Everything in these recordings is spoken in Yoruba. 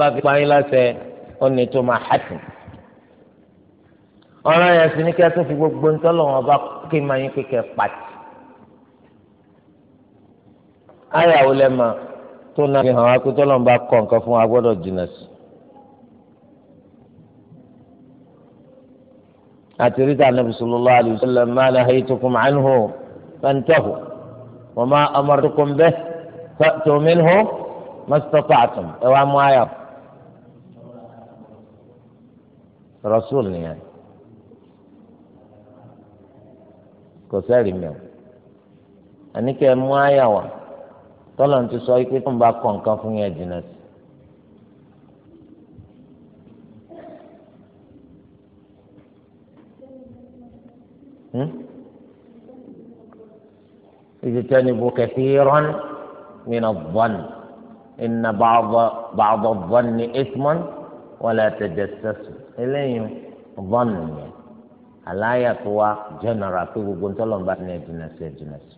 bá fi pààyàn láṣẹ ọ̀nà tó máa hàtì. ọ̀rọ̀ yẹn sì ní kí ẹ tún fi gbogbo ń tọ́lọ̀ wọn bá kí máa yín kékeré pàtì. ayàwó lẹ́mà tó náà fi hàn wá pé tọ́lọ̀ ń bá kọ̀ nǹkan fún wa gbọ́dọ̀ jìnnà sí. àti ríta anabi sallallahu alaihi wasallam ma nahaytukum anhu fantahu wa ma amartukum bihi fa'tu minhu mastata'tum ẹ wá mú ayàwó. rasul nìyẹn kò sẹ́rì mi o àníkẹ́ mú àyà wá tọ́lọ̀ ti sọ pé tó ń bá kọ̀ nǹkan fún yẹn jìnnà sí. اجتنبوا كثيرا من الظن إن بعض بعض الظن إثما ولا تجسسوا eléyìí vọ́ọ̀nù yẹn aláyà tó wá jẹ́nara pé gbogbo ntọ́lọ́mbà ní ẹ̀dínà sí ẹ̀dínà sí.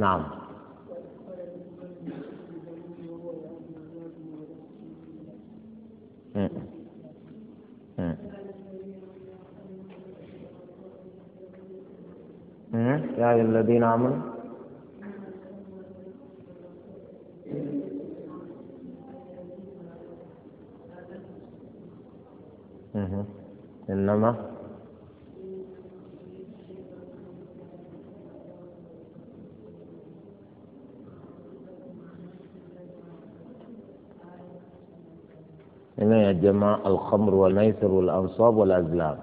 نعم mhm. mm يا أيها الذين آمنوا إنما náà yẹn jẹ́ mọ́ alhamdu wal maisir wal ansab wal azlam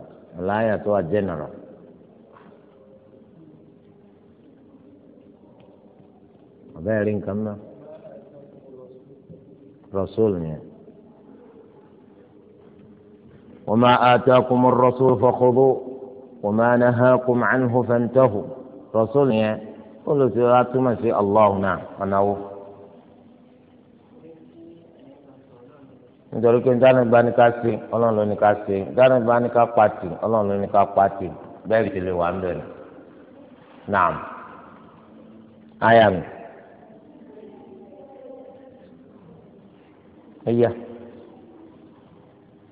láyà tó wà general. ọ̀bẹ́ rí nǹkan náà rasul yẹn. وما آتاكم الرسول فخذوه وما نهاكم عنه فانتهوا رسول يعني قل سيراتما في الله نعم أنا أوف nítorí pé nítorí bá ní ká ṣe ọlọ́run ló ní ká ṣe nítorí bá ní ká pàtì ọlọ́run ló ní ká pàtì bẹ́ẹ̀ lè tẹ̀lé wà ń bẹ̀rẹ̀ naam aya mi ẹ̀yà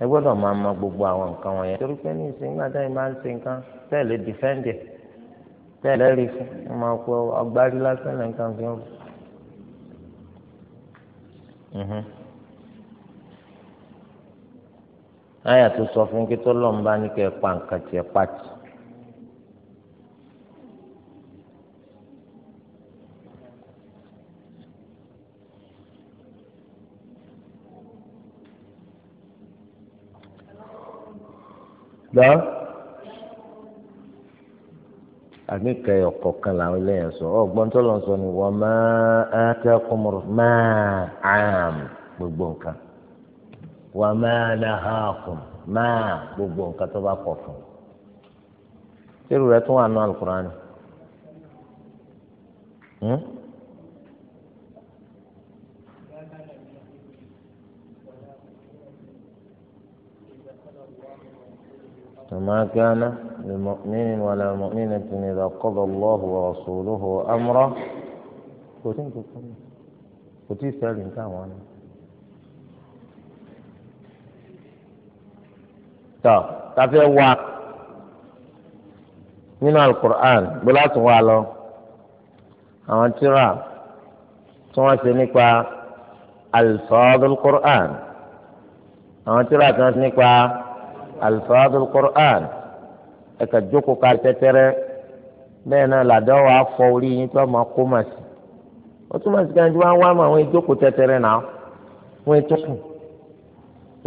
ẹ gbọ́dọ̀ máa ma gbogbo àwọn nǹkan wọ̀nyẹn torí pé ní ìsìnkú àtẹ̀yìn bá ń ṣe nǹkan tẹ́ẹ̀ lè dìfẹ́ǹdì tẹ́ẹ̀ lẹ́rì fún ọmọ ọgbà rí lásán lẹ́ǹkan fi ń àyà tó sọ fún kí tọ́lọ́run bá ní kẹ́ ẹ pa nǹkan tiẹ̀ pàtì. gbọ́ àmì kẹyọ ọ̀kọ̀ọ̀kan làwọn eléyàn sọ ọgbọ́n tọ́lọ́run sọ ni wọ́n máa ń tẹ́kùn máa àm gbogbo nǹkan. wà máa la ha kùn máa gbogbo nǹkan tó bá kọ̀ fún un. sírù rẹ tún wà nù alukurani وما كان لمؤمن ولا مؤمنة إذا قضى الله ورسوله أمره kò tí ì sẹ́rìn káwọn ni. tọ́ tafẹ́ wá nínú alukur'an bọ́lá tún wá lọ àwọn tíra tí wọ́n ṣe nípa alifadul kur'an àwọn tíra tí wọ́n ṣe nípa alifadul kur'an ẹ̀ka jókòó ká tẹ́tẹ́rẹ́ bẹ́ẹ̀ náà làdọ́ wa fọ orí yín tó máa kó màsí ó túmọ̀ sí káyọ̀ tí wọ́n wá mọ̀ àwọn ìjókòó tẹ́tẹ́rẹ́ náà wọ́n ètò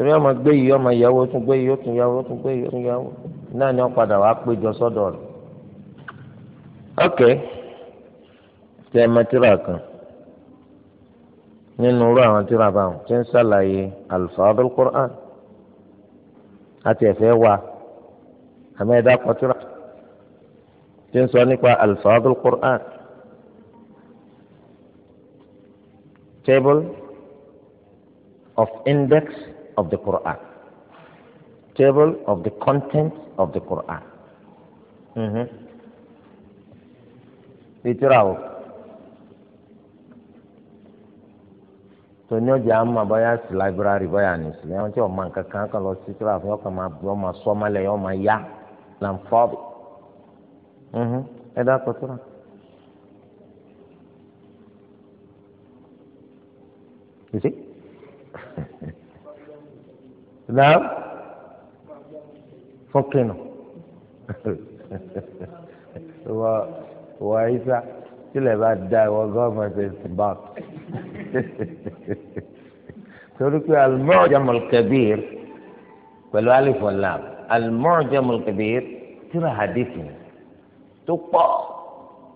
torí ọmọ gbé yìí ọmọ ìyàwó tún gbé yìí ó tún yàwó ó tún gbé yìí ó tún yàwó náà ni wọn padà wàá péjọ sọ́dọ̀ rẹ̀. ọkẹ́ tẹ mẹtíra kan nínú irú àwọn tíra báwọn tí ń ṣàlàyé alfaadul Qur'an àti ẹ̀fẹ́ wa àmẹ́ẹ̀dá kọtíra tí ń sọ nípa alfaadul Qur'an table of index. of the Quran. Table of the contents of the Quran. Ìtura o. Tòní ọjà àmà báyà sí láìbírárì báyà ní sílẹ̀. Àwọn tí ọ̀ma nǹkan kan kan lọ sí ìtura fún ọkàn máa bọ̀ ọmọ sọ́mọ́lẹ̀ ọmọ ya lànfọ́ọ̀bì. Mm-hmm. Ẹ dákọ̀ tura. You see? نعم فكينه و وعيسى كل بعد دا وقام في السباق تقولك المعجم الكبير بالالف واللام المعجم الكبير ترى حديثنا تقى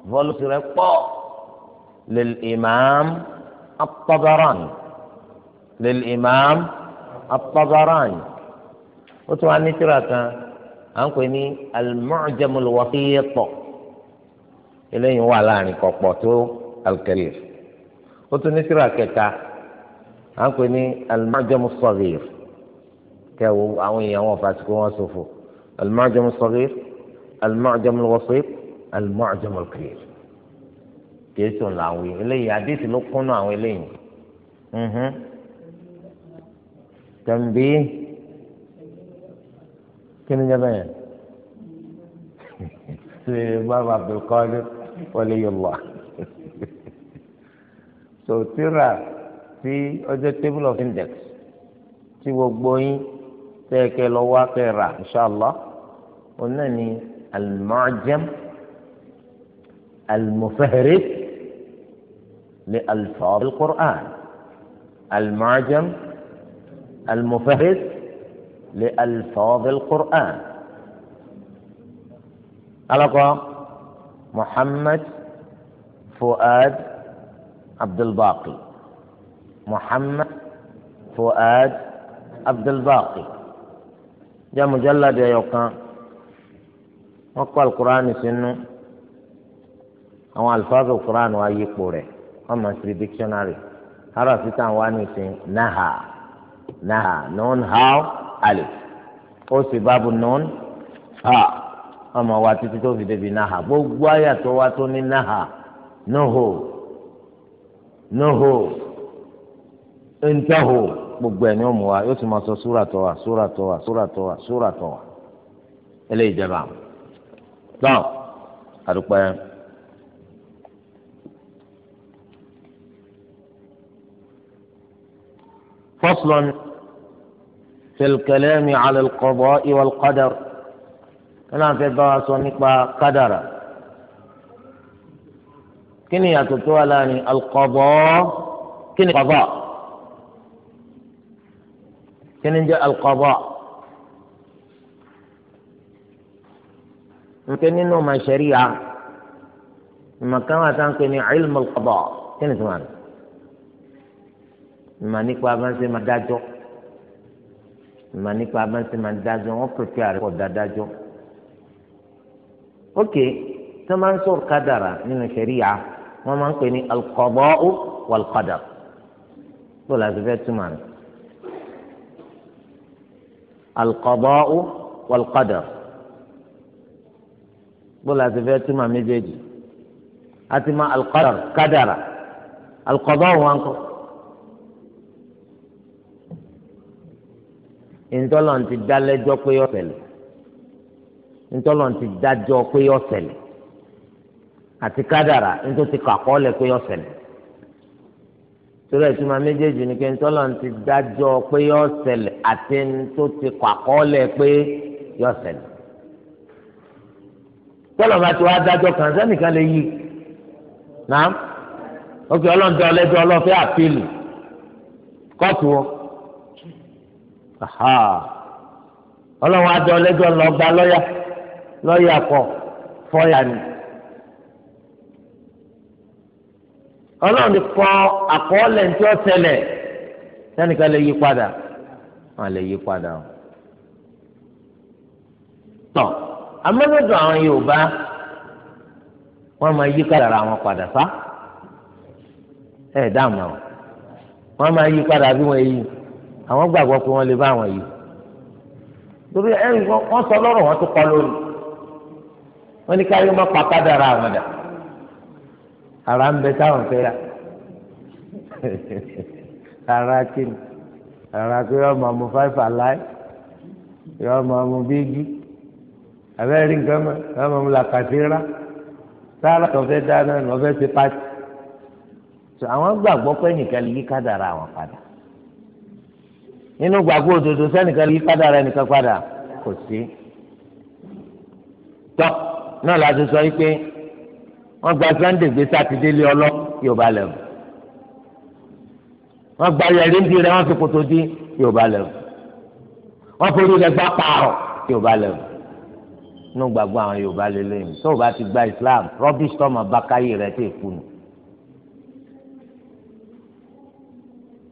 ظل ترى للإمام الطبراني للإمام at-Tabarani ó tún wá ní tírà kan à ń pè ní al-Mu'jam al-Wasit eléyìí wà láàrin kọ̀pọ̀ tó al-Kabir ó tún ní tírà kẹta à ń pè ní al-Mu'jam kẹwò àwọn èèyàn wọn fàṣikò wọn ṣòfò al-Mu'jam as kìí sùn làwọn eléyìí àdéhìí ló kún náà àwọn eléyìí. تنبيه كنن في بابا عبد القادر ولي الله سو ترى في اوجه تيبل اوف اندكس تي وغبوي تيكي لو واقيرا ان شاء الله ونني المعجم المفهرس لألفاظ القرآن المعجم المفهد لألفاظ القرآن ألقى محمد فؤاد عبد الباقي محمد فؤاد عبد الباقي جاء مجلد يوكا وقال القرآن سنو àwọn alifáàfù quran wa yípo rẹ̀ wọn máa ń fi dictionary harafi táwọn wá ní ìsìn náà nùn ha alif ó sì báàbù ha ọmọ wa títí tó fi débi gbogbo àyà tó wá tó ní gbogbo ẹ̀ ní òmù wa yóò sì máa sọ súrà tó tó في الكلام على القضاء والقدر أنا في الدراسة ونقبع قدر كني يتطوى القضاء كني قضاء كني جاء القضاء كني إنه ما شريعة ما كما تنقني علم القضاء كني سمعني ما نقبع ما سيما ìmọ̀ nípa abẹ́sẹ̀ máa dájọ́ wọ́n pèpè àrẹ́pọ̀ dájọ́ ok tó máa ń sọ̀rọ̀ kádàrà nínú ṣẹ̀ríyà wọ́n máa ń pè ní alqada'u walqadar tó láti fẹ́ túmọ̀ rẹ̀ alqada'u walqadar tó láti fẹ́ túmọ̀ méjèèjì àti máa alqadar kádàrà alqada'u wọn kọ́. ntọ́lọ̀ ti dálẹ́jọ́ pé yọ ṣẹlẹ̀ ntọ́lọ̀ ti dájọ́ pé yọ ṣẹlẹ̀ àti kádàrà ntọ́ ti kàkọ́lẹ̀ pé yọ ṣẹlẹ̀ torí ẹ̀túnmá méjèèjì ni pé ntọ́lọ̀ ti dájọ́ pé yọ ṣẹlẹ̀ àti ntọ́ ti kàkọ́lẹ̀ pé yọ ṣẹlẹ̀ tọ́lọ̀ bá ti wá dájọ́ kan sẹ́nìkan lè yí nàá ó kì ọlọ́dún ọlẹ́dún ọlọ́fẹ́ àpìlì kọ́ọ̀tù wọn. ọlọ́run adé ọlẹ́jọ́ lọ gba lọ́ọ̀yà kọ fọ́ọ̀yà ni ọlọ́run ti kọ àkọọ́lẹ̀ ó ṣẹlẹ̀ sẹ́nìkan lè yí padà wọn lè yí padà o. tọ́ àwọn Yorùbá wọ́n máa yí kádàrá wọn padà sá ẹ̀ dáhùn náà wọ́n máa yí bí wọ́n yí. àwọn gbàgbọ́ pé wọ́n lè bá àwọn yìí torí ẹ̀rí wọ́n sọ lọ́rọ̀ wọn tó kọ́ lórí wọ́n ní káyọ̀ má pàpà dára àwọn dà ara ń bẹ táwọn fẹ́ rà ara kíni ara pé yọ máa mu five alive yọ máa mu bígí abẹ́rẹ́ nǹkan mọ́ yọ máa mu làkàtìrà sára tó fẹ́ dáná ni wọ́n fẹ́ ṣe pàtì àwọn gbàgbọ́ pé nìkan lè yí kádàrà àwọn padà nínú gbàgbọ́ òdodo sẹ́nìkan yí kádàrá ẹnìkan padà kò sí. tọ́ náà láti sọ pé wọ́n gba sunday gbé sátidé lé ọlọ́ yorùbá lẹ́wọ̀ wọ́n gba yẹrí ń di rẹ̀ wọ́n fi kòtò di ba lẹ́wọ̀ wọ́n forí rẹ̀ gbá pààrọ̀ yorùbá lẹ́wọ̀ nínú gbàgbọ́ àwọn yorùbá lélẹ́yìn tó o bá ti gba islam rọ́bìṣì tó ọmọ bá káyé rẹ̀ tó èkú nù.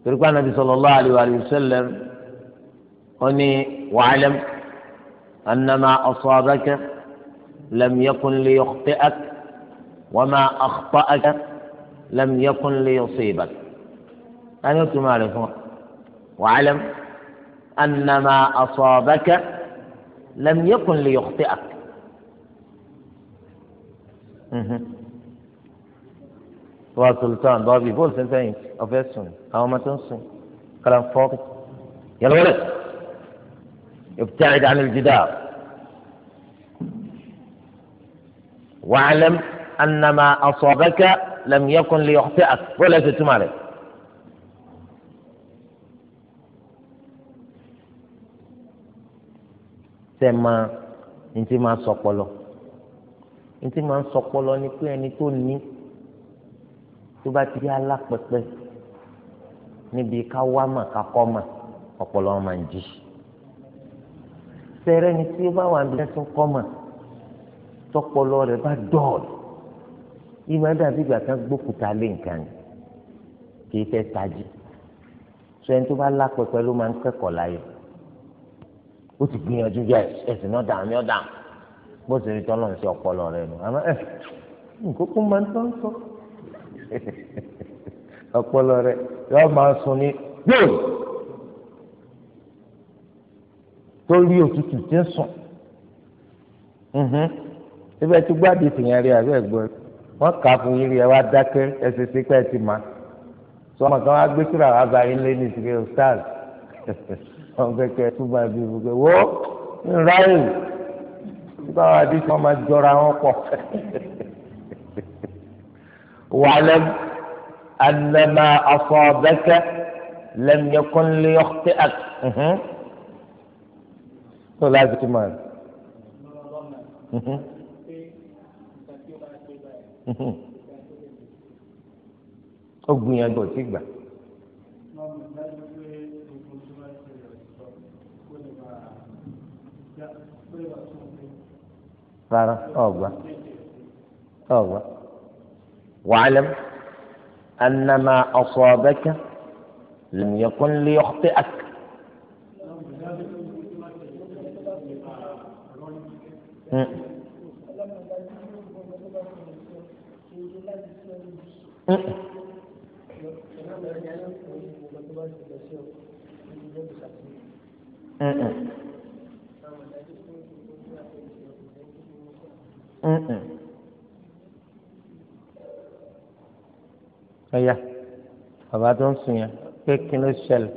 torípa nàbí sallallahu alayhi wa sallam ó ní wa'lam annama asabaka lam yakun liyukhti'ak wa ma akhta'aka lam yakun liyusibak ẹni ó túmọ̀ rẹ̀ fún wa'lam annama asabaka lam yakun liyukhti'ak. wọ́n sultan bọ́ọ̀bì bóòlù sí sẹ́yìn ọ̀fẹ́ sùn àwọn ọmọ tó ń sùn kàlà ń fọ́ yẹlẹ wọlé ابتعد عن الجدار واعلم أن ما أصابك لم يكن ليخطئك ولا تتمالك sẹ́ẹ̀ma ntí máa sọpọlọ ntí máa sọpọlọ ni pé ẹni tó ní tó bá ti rí alápẹpẹ níbi ká wá mà ká kọ́ mà ọpọlọ wọn máa ń jí sẹ́rẹ́ ni tí ó bá wà níbi tó kọ́ mà tọpọlọ rẹ̀ bá dọ̀ọ̀lù ìmọ̀ dàbí ìgbà kan gbókùtà lé nǹkan ni kì í fẹ́ tají sọ ẹni tó bá lápẹpẹ ló máa ń kẹ́kọ̀ọ́ láyé ó ti gbìyànjú jẹ ẹsìn náà dàn mí ọ̀ bó ṣe rí tọ́lọ́ ń ṣe ọpọlọ rẹ̀ nù àmọ́ ẹ̀ nǹkan kó máa ń tọ́ ń sọ. ọpọlọ rẹ yọọ máa sùn ní yóò torí òtútù tí ń sùn mhm. ibẹ̀ tí gbádùn ìfìyàn rí àbẹ́ ẹ̀gbọ́n wọ́n kà á fún yín rí ẹ wá dákẹ́ ẹsẹ̀ sí pé ẹ ti máa sọ ọmọ kan wá gbé síra wá bá yín lé ní ìsìnkú stars wọn kẹkẹ túbọ̀ ẹbí gbogbo wo ń ráyè tí báwa dé tí wọ́n máa jọra wọn pọ̀ واعلم ان ما اصابك لم يكن ليخطئك ولا اجتماعي ogun yẹn gbọ sí gbà. rárá ọgbà ọgbà. واعلم أن ما أصابك لم يكن ليخطئك Mm-mm. ẹ̀yà bàbá tó ń sùn yẹn pé kí ló ṣẹlẹ̀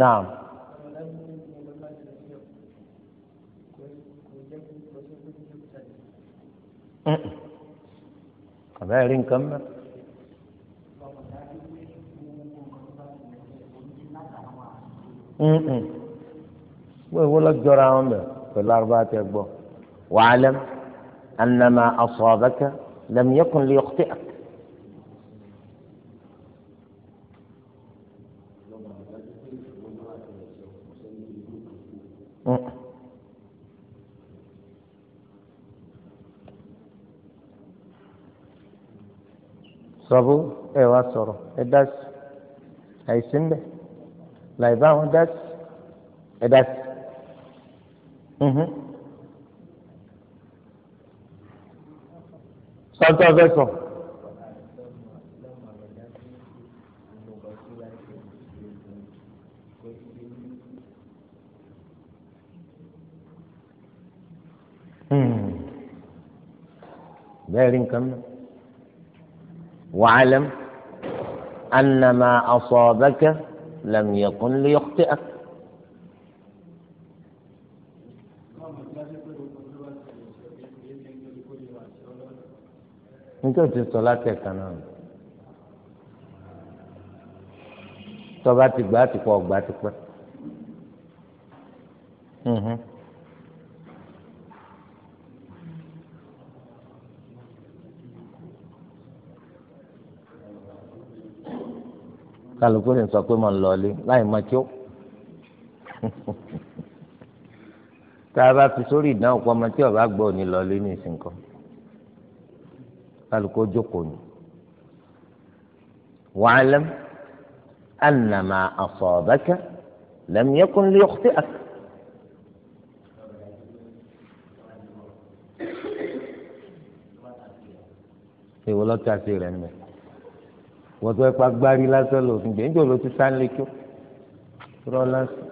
náà. àbẹ́ rí nǹkan mẹ́. wọ́n ìwọ́n lọ jọra wọn bẹ̀ pẹ̀lú arúgbó àti ẹgbọ́n. wàhálẹ́ anamá asọ̀ abẹ́kẹ́ lẹ́mìíyẹ́kùn lè yọ̀kùtẹ́ àti. sọ́bù ẹ wá sọ̀rọ̀ ẹ dá sí àìsí ń bẹ̀ láì bá wọn dá sí ẹ dá sí. sọ́tọ́ fẹ́ sọ. bẹ́ẹ̀ rí nǹkan náà. واعلم أن ما أصابك لم يكن ليخطئك nítorí tí sọlá tẹ kan náà tọba ti gbà á ti pọ ọgbà ti pẹ. kálukú sì ń sọ pé mo ń lọlé láì mọ kí ó tá a bá fi sórí ìdánwò pọ ọmọ tí ọba gbọ́ òní lọlé ní ìsìnkọ kálukú jókòó ni wa'lam anna ma asabaka lam yakun liyukhti'ak. èwo lọ́ọ́ tí rẹ̀ ń bẹ̀ wọ́n tó ẹ pa gbárí lásán lò fún gbé ńjọ́ ló ti sá lé kíó rọ́ lásán.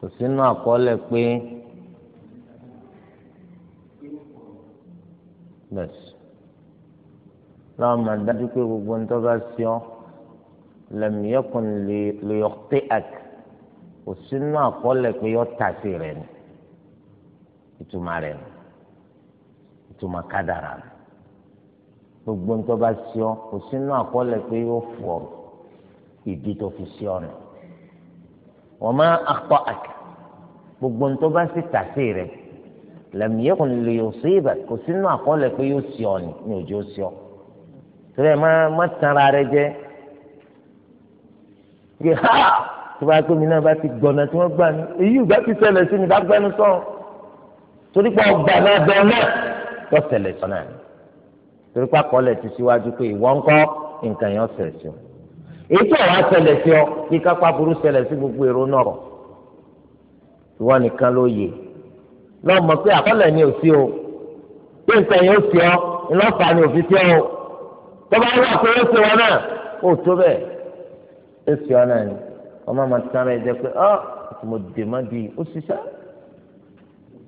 kò sínú àkọọ́lẹ̀ pé bẹ́ẹ̀ láwọn máa dájú pé gbogbo ń tọ́ bá sí ọ lẹ́mìíyẹ́kùn lè yọ̀ọ́ tẹ́ àkì kò sínú àkọọ́lẹ̀ pé yọ tàṣì rẹ̀ ni ìtumọ̀ rẹ̀ ni ìtumọ̀ kádàrà rẹ̀ gbogbo ńtọ́ bá sí ọ kò sínú àkọọ́lẹ̀ pé yóò fọ ìdí tó fi sí ọ nù wọ́n máa akọ àkà gbogbo ńtọ́ bá sì tàṣì rẹ̀ lẹ́mìíyẹ́kùn lè yọ sí ibà kò sínú àkọọ́lẹ̀ pé yóò sí ọ ní ní òjò sí ọ tẹ́lẹ̀ má má tanra rẹ jẹ́ yìí ha tó bá gbé mi náà bá ti gbọ̀nà tí wọ́n gbà ní èyí ìgbà ti ṣẹlẹ̀ sí mi bá gbẹ́nu sọ̀rọ̀ torí pé ọgbà náà dán náà tó ṣẹlẹ̀ sọ náà ni torí pé akọọlẹ̀ ti síwájú pé ìwọ ń kọ́ nǹkan yẹn ṣẹlẹ̀ sí ọ èyí tó wàá ṣẹlẹ̀ sí ọ kí kápá burú ṣẹlẹ̀ sí gbogbo èrò náà rọ̀ ìwọ nìkan ló yẹ lọ́mọ pé akọọlẹ̀ ni ò sí o pé nǹkan yẹn ó sí ọ ńlọ́fà ni òfin sí ọ tó ọmọ máa tán ara ẹ jẹ pé ọ mo dè má di ó ṣiṣẹ́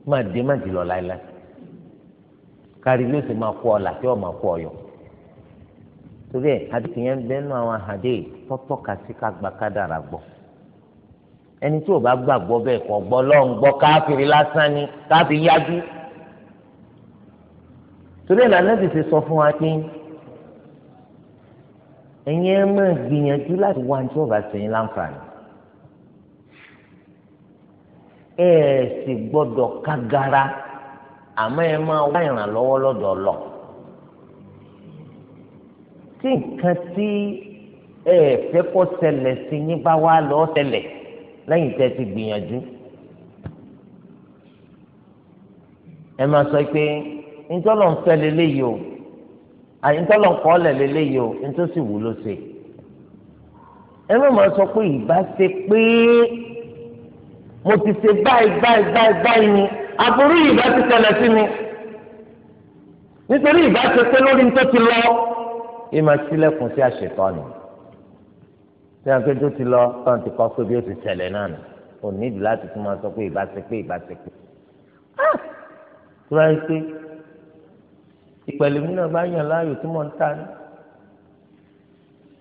máa dè má di lọ láéláé kárí ló sì máa kó ọ làtí ọ máa kó ọ yọ torí ẹ àdìsí yẹn bẹ nù àwọn àhàdé tọ́tọ́ kà sí ká gba kádàrà gbọ́ ẹni tí ò bá gbàgbọ́ bẹ́ẹ̀ kọ́ gbọ́ lọ́n gbọ́ káfíìrì lásán ni káfíì yájú torí ẹ̀ lànà ti ṣe sọ fún wa pé ẹ̀yin ẹ máa gbìyànjú láti wá ní tí ó bá ṣe láǹfààní ẹ sì gbọdọ kagara, àmọ́ ẹ máa wá ìrànlọ́wọ́ lọ́dọ̀ lọ tí nǹkan tí ẹ fẹ́ kó ṣẹlẹ̀ sí yín bá wá lọ ti gbìyànjú ẹ máa sọ pé ntọ́lọ̀ ń fẹ́ lélẹ́yìí o àyè ntọ́lọ̀ ń kọ́ mo ti ṣe báyìí báyìí báyìí báyìí ni aburú ìbá ti ṣẹlẹ̀ sí mi nítorí ìbá ti pé lórí tó ti lọ ìmọ̀ sílẹ̀kùn sí àṣetọ́ ni tí a ń pé tó ti lọ tán ti kọ́ pé bí ó ti ṣẹlẹ̀ náà nù ò nídìí láti tún máa sọ pé ìbá ti pé ìbá ti pé tó láyé pé ìpẹ̀lú mi náà bá yàn láàyò tí mò ń ta ni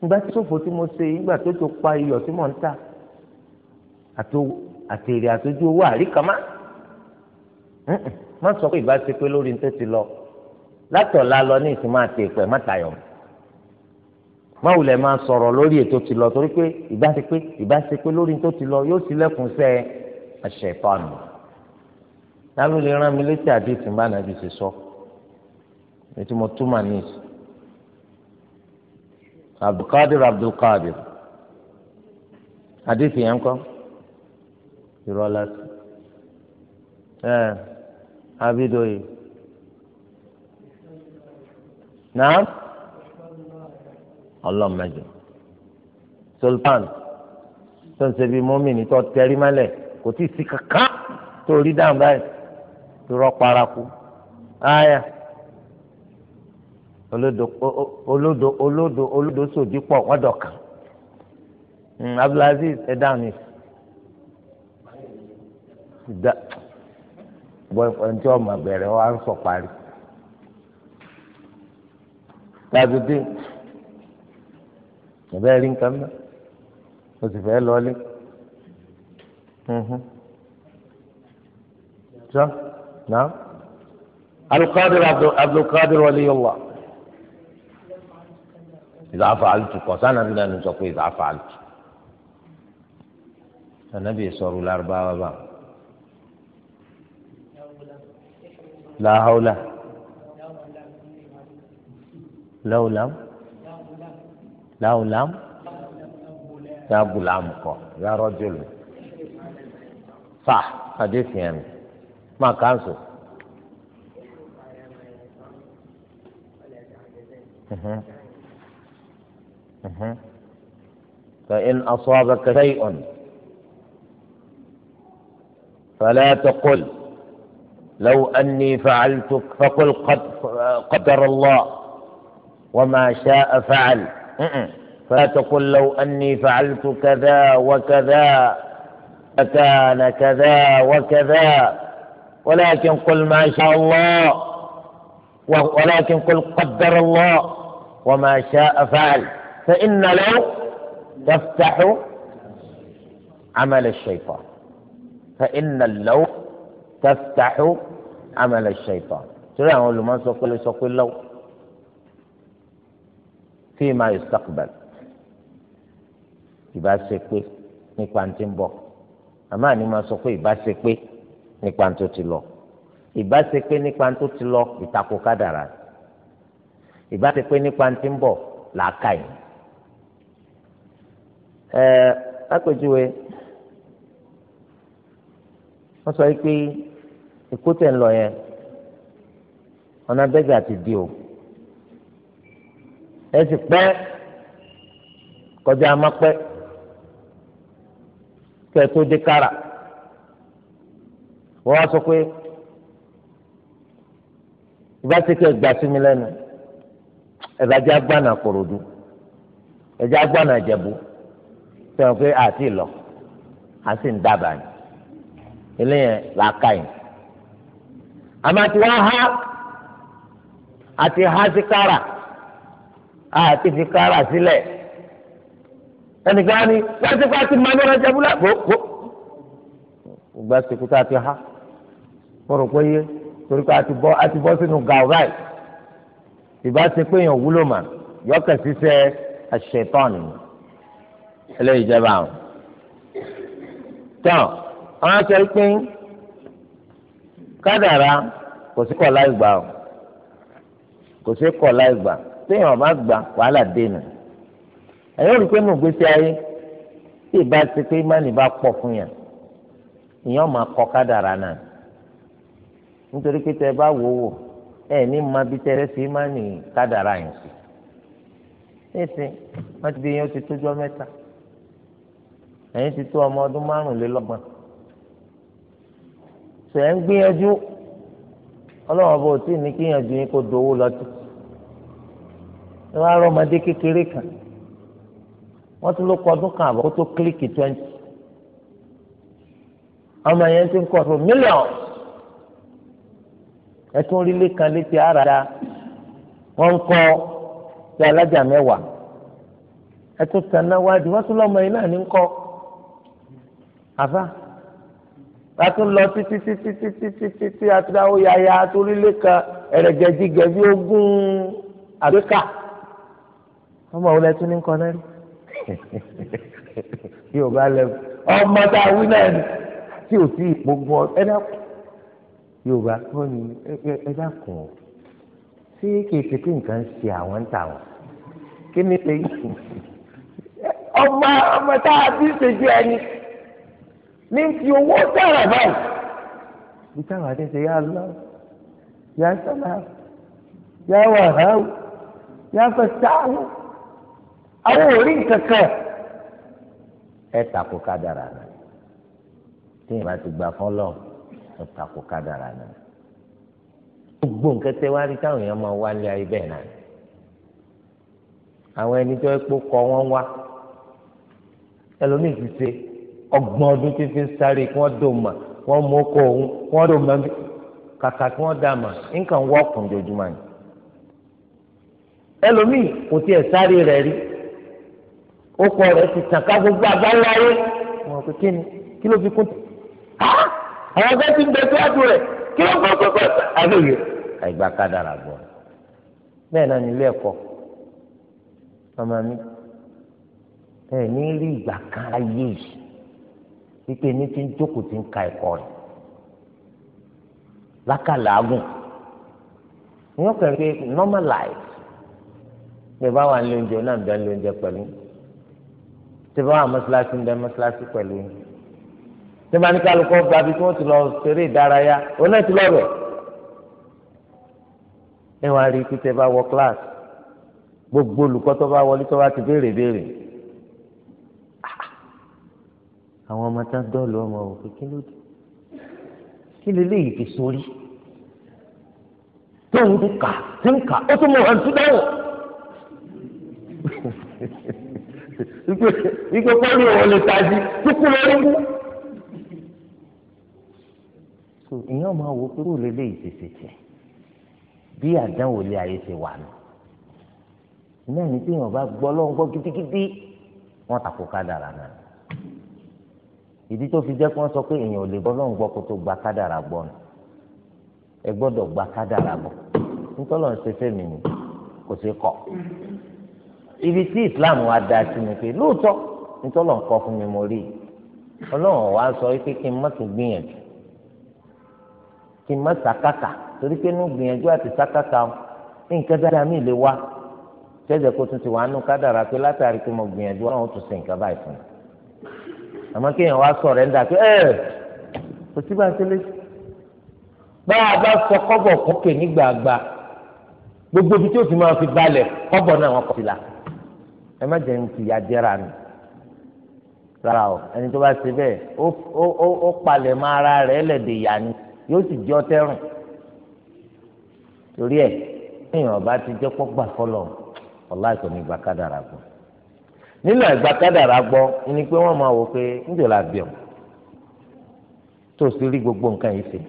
ìgbà tí ṣòfò tí mo ṣe ìgbà tó tó pa iyọ̀ tí mò ń ta àti àti èrè àtọ́jú owó àríkàmá má sọ pé ìbá ti pé lórí tó ti lọ látọ̀la lọ ní ìsìn máa tè pẹ̀ má tayọ̀ má wulẹ̀ máa sọ̀rọ̀ lórí ètò ti lọ torí pé ìbá ti pé ìbá ti pé lórí tó ti lọ yóò sílẹ̀kùn sẹ́ àṣẹ ìpanu lálù lè rán mi létí àdéhùn bá nàbì ṣe sọ ètò mo túmọ̀ ní ìsìn Abdulkadir Abdulkadir àdéhùn yẹn kọ́. irọ́ lásì ẹ abidoyi náà ọlọ́mọdé sultan tó bíi mọ́mìnì tó tẹrí mọ́lẹ̀ kò tí ì sí kankan tó rí dáhùn báyìí paraku áyà olódo Olodo, Olodo, Olodo, sòdí pọ̀ wọ́dọ̀ kan hmm, abdulaziz bọ́ẹ̀fọ́n tí ọmọ bẹ̀rẹ̀ wa ń sọ parí. Gbàdúdé ìbẹ́ rí nǹkan mọ́ o sì fẹ́ lọlé. Mhm. Sọ náà Al-Qadir Abdulkadir Waliyullah. Ìdá fàáltù kọ̀sánà bí lẹ́nu sọ pé ìdá fàáltù. Ànábì sọ̀rọ̀ lárúbáwá báwọn. لا حول لو لم لو لم يا ابو العمق يا رجل صح حديث يعني ما كان سو فإن أصابك شيء فلا تقل لو أني فعلت فقل قد قدر الله وما شاء فعل فلا تقل لو أني فعلت كذا وكذا لكان كذا وكذا ولكن قل ما شاء الله ولكن قل قدر الله وما شاء فعل فإن لو تفتح عمل الشيطان فإن اللو tẹ́fítàḥù àmàlẹ̀ ṣètò torí àwọn olùmọ̀ sọ pé sọ pé lọ́wọ́ fi máa yustaqbal ìbá ṣe pé nípa ti ń bọ̀ àmọ́ àní máa sọ pé ìbá ṣe pé nípa tó ti lọ ìbá ṣe pé nípa tó ti lọ ìtakò kádàrà ìbá nípa ti ń bọ̀ làákàyè ẹ lápèjúwe wọ́n sọ pé. èkó tẹ̀ ń yẹn ọ̀nà di o ẹ sì pẹ́ kọjá má pẹ́ kẹ́ tó dé kára wọ́n wá sọ pé ìbáṣekẹ́ gbà sí mi lẹ́nu ẹ̀dájá gbànà kòròdú ẹ̀dájá gbànà jẹ̀bú pé àti àmì àti wá há àti há sí kára àti fi kára sílẹ̀ ẹnìkan ni láti fún àti mọ́ni ọ̀rọ̀ jẹ́búlá gbogbo ìgbà sèkú tá a ti ha, mo rò pé yé torí pé a ti bọ́ sínú gàwáì ìbá ṣe pé èèyàn wúlò mà yọkẹ̀ sísẹ́ àṣetọ́ọ̀nù eléyìí jẹ́ báwọn. tán àwọn sọ pé. kadara kò sí kọ̀ láì gbà o kò sí kọ̀ láì gbà téèyàn bá gbà wàhálà dénú ẹ̀yọ́ rí pé mò gbèsè ayé tí ìbá ti pé ìmánì bá pọ̀ fún yàn máa kọ kadara náà nítorí pé tẹ bá wò ẹ ní ma bí tẹrẹ sí ìmánì kádàrá yẹn sí ẹsẹ wọn ti bí yẹn ó ti tójọ mẹ́ta ẹ̀yin ti tó ṣe ń gbìyànjú ọlọ́wọ́n bò tí ní kíyànjú yín kó dowó lọ́tí ẹ wá rọ ọmọdé kékeré kan wọ́n tún ló kọ ọdún kan àbọ̀ kó tó kílíkì ọmọ yẹn ti ń fún mílíọ̀n ara wọ́n ń kọ́ ti alájà mẹ́wàá ẹ tún tẹ̀ náwó tún lọ́mọ a tún lọ títí títí títí títí tí a ti dáwó yaya torí lẹ́ka ẹ̀rẹ̀gẹ̀dìgẹ̀ bí ogún àgbékà ọmọ òun lẹ́tún ní nǹkan náà rí yóò bá lẹ́bù ọmọ tá a wí náà tí ò sí ìpogun ẹ̀dá yóò bá wọ́n ní ẹ̀dá kùn ọ́ sí kéèké kí nǹkan ṣe àwọn ń tà wọ́n kí ni ṣe ọmọ ọmọ tá a bí ṣe jẹ́ ẹni ní fi owó tààrà báyìí bí táwọn àdéhùn yà lọ yà sọlá yà wà hàù yà fẹsàáwù àwọn òrí kankan ẹ tako kádàrà náà tí ìbá ti gbà fọlọ ẹ tako kádàrà náà gbogbo nǹkan tẹ wá rí táwọn èèyàn máa wá lé ayé bẹ́ẹ̀ náà àwọn ẹni tó ẹ kó wọn wá ẹlòmíì ti ṣe ọgbọ̀n ọdún tí fi ń sáré kí wọ́n dò mà wọ́n mú kó òun kí wọ́n dò mà kàkà kí wọ́n dà mà nǹkan wọ́ọ̀kùn jojúmọ́ ni ẹlòmíì kò tiẹ̀ sáré rẹ̀ rí ó kọ rẹ̀ ti tàn ká gbogbo àgbáyé ayé wọn kò kí ni kí ló fi kún tẹ̀ àwọn ọ̀gá ti ń bẹ síwájú rẹ̀ kí ló kọ́ kọ́kọ́ àlóye àìgbà kádàrà gbọ́ bẹ́ẹ̀ náà nílé ẹ̀kọ́ ọmọ mi ẹ̀ ní rí ìgbà kan ayé yìí wípé ní ti ń jókòó ti ń ka ẹ̀kọ́ rẹ̀ lákàlàágùn ní wọ́n kàn normalize normal life bí ẹ bá wà nílé oúnjẹ náà ń bẹ nílé oúnjẹ pẹ̀lú tí ẹ bá wà mọ́ṣáláṣí ń bẹ mọ́ṣáláṣí pẹ̀lú tí ẹ bá ní kálukọ́ gba bí wọ́n ti lọ ṣeré ìdárayá òun náà ti lọ rẹ̀ ẹ wá rí i pé tẹ bá wọ kíláàsì gbogbo olùkọ́ tó bá wọlé tó bá ti béèrè béèrè. àwọn ọmọ tán dọ́ọ̀lù ọmọ wò pé kí ló dé kí ló lè yìí fi sórí tó ń kà tó ń kà ó tó mọ ọ̀hún tó dáwọ̀ ikú pọ́lì wọn lè tají kúkú lórí kú. so ìyẹn máa wo pé kó lè lè yìí tètè tẹ bí àdánwò lé ayé ṣe wà nù náà ní tí èèyàn bá gbọ́ lọ́wọ́ gidigidi wọ́n tako ká dára náà ìdí tó fi jẹ́ kí wọ́n sọ pé èèyàn ò lè gbọ́ lọ́hùn gbọ́ kó tó gba kádàrà gbọ́ ni ẹ gbọ́dọ̀ gba kádàrà gbọ́ nítorí ọ̀n ṣe fẹ́mi ni kò sí kọ́ ibi tí Islam wa da sí ni pé lóòótọ́ nítorí ọ̀n kọ́ fún mi mo rí i ọlọ́run wa sọ pé kí n má tún gbìyànjú kí n má sàkàkà torí pé inú gbìyànjú àti sàkàkà nǹkan dáadáa mi lè wá tẹ́jẹ̀ kó tún ti wà á nú kádàrà pé látàrí pé mo gbìyànjú ọlọ́run àmọ́ kéèyàn wá sọ̀rẹ́ńdà pé ẹ̀ kò sí bá a ṣe lé sí. bá a bá sọ kọ́bọ̀ kókè nígbàgbà gbogbo ibi tí o ti máa fi balẹ̀ kọ́bọ̀ náà wọ́n kọ́ sí la ẹ má jẹun ti ya jẹ́ra mi rárá o ẹni tó bá ṣe bẹ́ẹ̀ ó palẹ̀ mọ́ ara rẹ̀ ẹlẹ́dẹ̀ yá ni yóò sì jẹ́ ọtẹ́rùn torí ẹ̀ kéèyàn bá ti jẹ́ pọ́ gbà fọlọ́ ọ̀la ìkànnì ìgbà kádàrà gbọ́n. nínú ẹ̀gbá kádàrá gbọ́ ni pé wọ́n máa wò pé níjọ́ la bíọ̀ tó sì rí gbogbo nǹkan yìí ṣe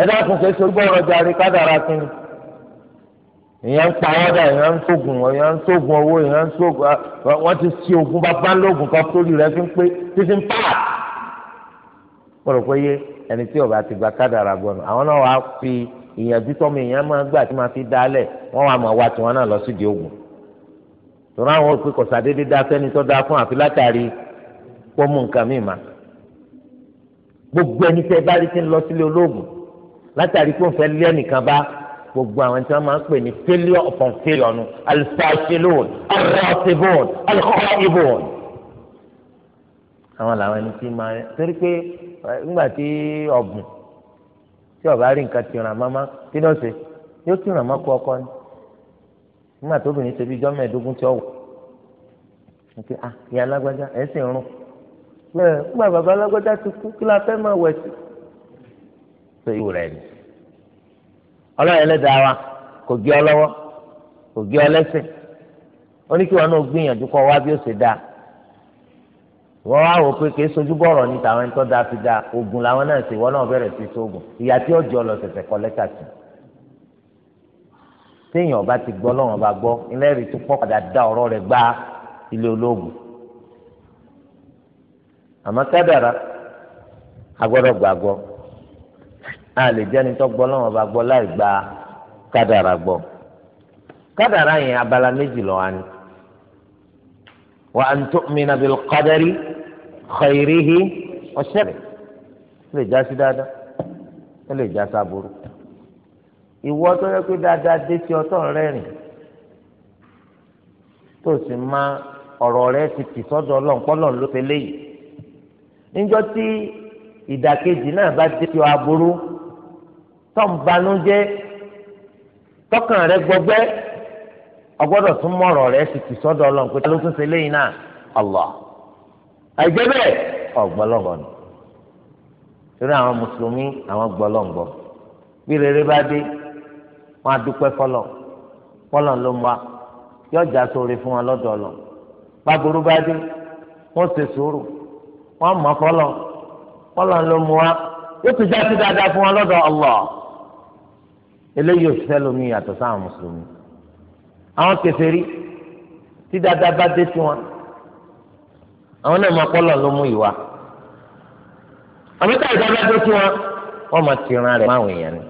ẹ dákun ṣe sọgbọ́ ọjà rí kádàrá kí ni èèyàn ń pa ọ́dà èèyàn ń sógun èèyàn ń sógun owó èèyàn ń sógun ti rẹ fi ń pé títí ẹni tí ọba ti gba kádàrá gbọ́ nù àwọn náà wàá fi ìyànjú èèyàn máa gbà tí fi wàá máa wá tiwọn náà lọ sídìí ogun. tọ́ra àwọn òpin kọ̀sádédé dá sẹ́ni tó dá fún àfi látàrí pọ́nmù nǹkan míì má gbogbo ẹni tẹ́ bá rí ti ń lọ sílé olóògùn látàrí pé òun fẹ́ lé ẹnìkan bá gbogbo àwọn tí wọ́n máa ń pè ní failure upon failure nu alifashilon arasibon alikọ́ibon àwọn làwọn ẹni tí máa torí pé nígbà tí ọ̀bùn tí ọ̀bá rí nǹkan ti ràn máma kí ló ṣe yóò ti ràn má kú ọkọ ni nígbà tó obìnrin ṣe bí ijọ́ mẹ́ẹ̀ẹ́dógún tí ó wọ̀ nígbà ah ìyá alágbájá ẹ̀ sì ń rún bẹ́ẹ̀ nígbà bàbá alágbájá ti kú kí la fẹ́ máa wẹ̀ sí. ṣé ìwò rẹ̀ ni ọlọ́run ẹlẹ́dàá wa kò gé ọ lọ́wọ́ kò gé ọ lẹ́sẹ̀ ó ní kí wọn náà gbìyànjú kọ́ wá bí ó ṣe dáa wọ́n wá wò pé kìí sojú bọ̀rọ̀ ní tàwọn ẹni tó dáa fi dáa oògùn làwọn náà ṣe wọ́n náà bẹ̀rẹ̀ sí sóògùn ìyá tí ó jọ lọ ṣẹ̀ṣẹ̀ kọ́ lẹ́tà sí i téèyàn bá ti gbọ́ lọ́wọ́n bá gbọ́ ilé rí tó pọ̀ padà dá ọ̀rọ̀ rẹ̀ gba ilé ológun àmọ́ kádàrá agbọ́dọ̀ gbàgbọ́ a lè jẹ́ni tó gbọ́ lọ́wọ́n bá gbọ́ láì gba kádàrá gbọ́ kádàrá yẹn abala méjì ló wà ní wa an tu'mina bil qadari khayrihi wa sharrihi lè já sí dáadáa ó lè já sábúrú ìwọ tó yẹ pé dáadáa dé tí ọtọ rẹ rìn tó sì máa ọ̀rọ̀ rẹ ti tì sọ́dọ̀ ọlọ́run pọ́lọ́n ló fi léyìí níjọ́ tí ìdàkejì náà bá dé tí o aburú tó ń banújẹ́ tọkàn rẹ gbọgbẹ́ ọgbọ́dọ̀ tún mọ ọ̀rọ̀ rẹ ti tì sọ́dọ̀ ọlọ́run pé ló tún ṣe léyìí náà Allah àìjẹ́ bẹ́ẹ̀ ọ̀gbọ́lọ́gbọ́ ni torí àwọn mùsùlùmí àwọn gbọ́lọ́ngbọ́ bí rere bá dé wọn adúpẹ́ fọlọ fọlọ ló ń wa yọ ọjà sóore fún wọn lọ́dọ̀ lọ gbàgbóró bá dé wọn ṣe sùúrù wọn mọ fọlọ fọlọ ló mú wa yóò tún já sí dáadáa fún wọn lọ́dọ̀ Allah eléyìí òṣìṣẹ́ lomi yàtọ̀ sáwọn mùsùlùmí àwọn kèfèrí tí dáadáa bá dé sí wọn àwọn náà máa kọ́lọ̀ ló mú ìwà àmì táyì dáadáa dé sí wọn wọ́n máa ti ran rẹ̀ máa ni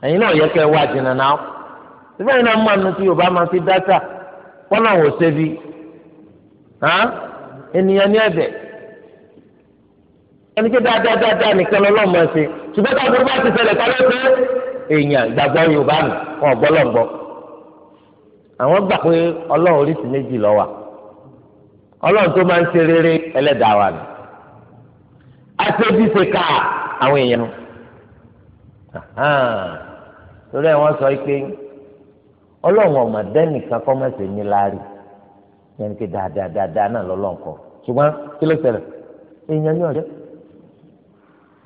ẹ̀yin náà yẹ kẹ́ ẹ wá jìnnà náà síbẹ̀ yìí náà mú àánú tí yorùbá máa fi dáta kọ́nà wò sébi ènìyàn ní ẹ̀bẹ̀ ẹni pé dáadáa nìkan lọ́lọ́ mọ̀ ṣe ṣùgbọ́n tí àbúrò bá ti ṣẹlẹ̀ kálọ́ pé èèyàn gbàgbọ́ yorùbá nù wọn gbọ́lọ́gbọ́ àwọn gbà pé ọlọ́run oríṣi méjì ló wà ọlọ́run tó máa ń ṣe rere ẹlẹ́dàá wa nù àṣebí ṣe ká àwọn èèyàn nù torí ẹ̀ wọ́n sọ pé ọlọ́run ọ̀mọ̀ dẹ́nìkan kọ́ mẹ́sẹ̀ ní láàrí yẹn ni pé dáadáa dáadáa náà lọ́lọ́run kọ ṣùgbọ́n kí ló ṣẹlẹ̀ èèyàn ní ọ̀rẹ́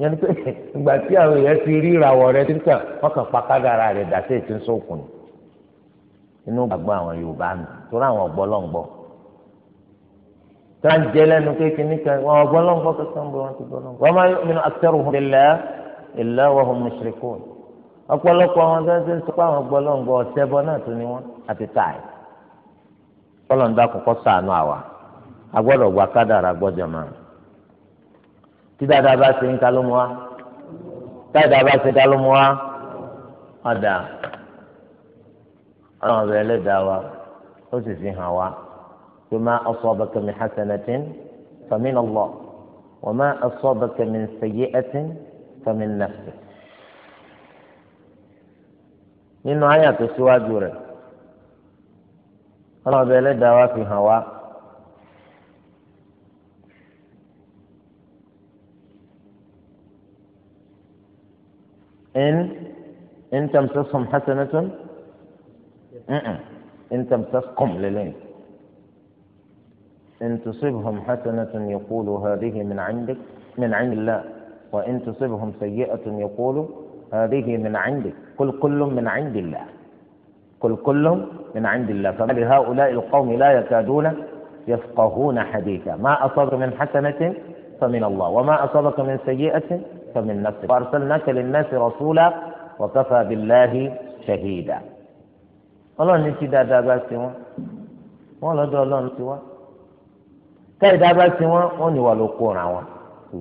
yẹn ni pé ìgbà tí àwọn èèyàn ti rí ìràwọ̀ rẹ títà wọ́n kàn pa kádàrà rẹ̀ dàsẹ́ ètò ìṣòkùn ni inú gbàgbọ́ àwọn Yorùbá mi torí àwọn ọ̀gbọ́lọ́ngbọ́ tàǹjẹ́ lẹ́nu kékeré kan wọn ọ̀gbọ́lọ́ngbọ́ kankan bọ̀ wọn ti gbọ́lọ́ngbọ́ wọn máa yọ ọ̀pọ̀lọpọ̀ àwọn tó ń ṣe ń sọ pé àwọn gbọlọǹgbọ ọtẹbọ náà tún ni wọn àti táì kọlọǹda kọ́kọ́ sànù àwa agbọ́dọ̀ gba kádàrà gbọ́dọ̀ máa tí dáadáa bá ṣe ń ta ló mu wá dáadáa bá ṣe ta ló mu wá ọ̀dà ọ̀rọ̀ ọ̀bẹ ẹlẹ́dàá wa ó sì fi hàn wá pé má asabaka min hasanatin famin Allah wa má asabaka min sayyi'atin famin nafsik. nínú àyà tó síwájú rẹ̀ ọlọ́ọ̀bẹ ẹlẹ́dàá wa fi hàn wá. إن إن تمسسهم حسنة إن تمسسكم للين إن تصيبهم حسنة يقول هذه من عندك من عند الله وإن تصيبهم سيئة يقولوا هذه من عندك قل كل من عند الله قل كل من عند الله فما لهؤلاء القوم لا يكادون يفقهون حديثا ما أصاب من حسنة فمن الله وما أصابك من سيئة فمن نفسك وأرسلناك للناس رسولا وكفى بالله شهيدا والله نسي دا wá si دا الله lodo bá sí wọn wọn ní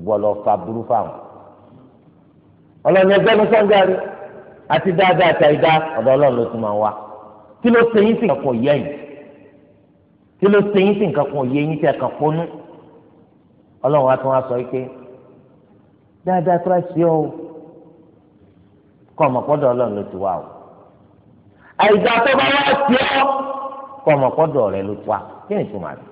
won ọlọ́ni ẹgbẹ́ ló sọ́njà rẹ àti dáadáa àti àìdá ọ̀dọ̀ ọlọ́run ló ti máa wá kí ló ṣe yín sí nǹkan kan yẹ yìí kí ló ṣe yín sí nǹkan kan yẹ yín tí ẹ kàn ponú ọlọ́run wa tún wá sọ pé dáadáa tó a ṣe ọ kọ́ ọmọ pọ́dọ̀ ọlọ́run ló ti wá o àìdá tó bá wá ṣe ọ kọ́ ọmọ pọ́dọ̀ rẹ ló ti wá kí ni ìtumọ̀ rẹ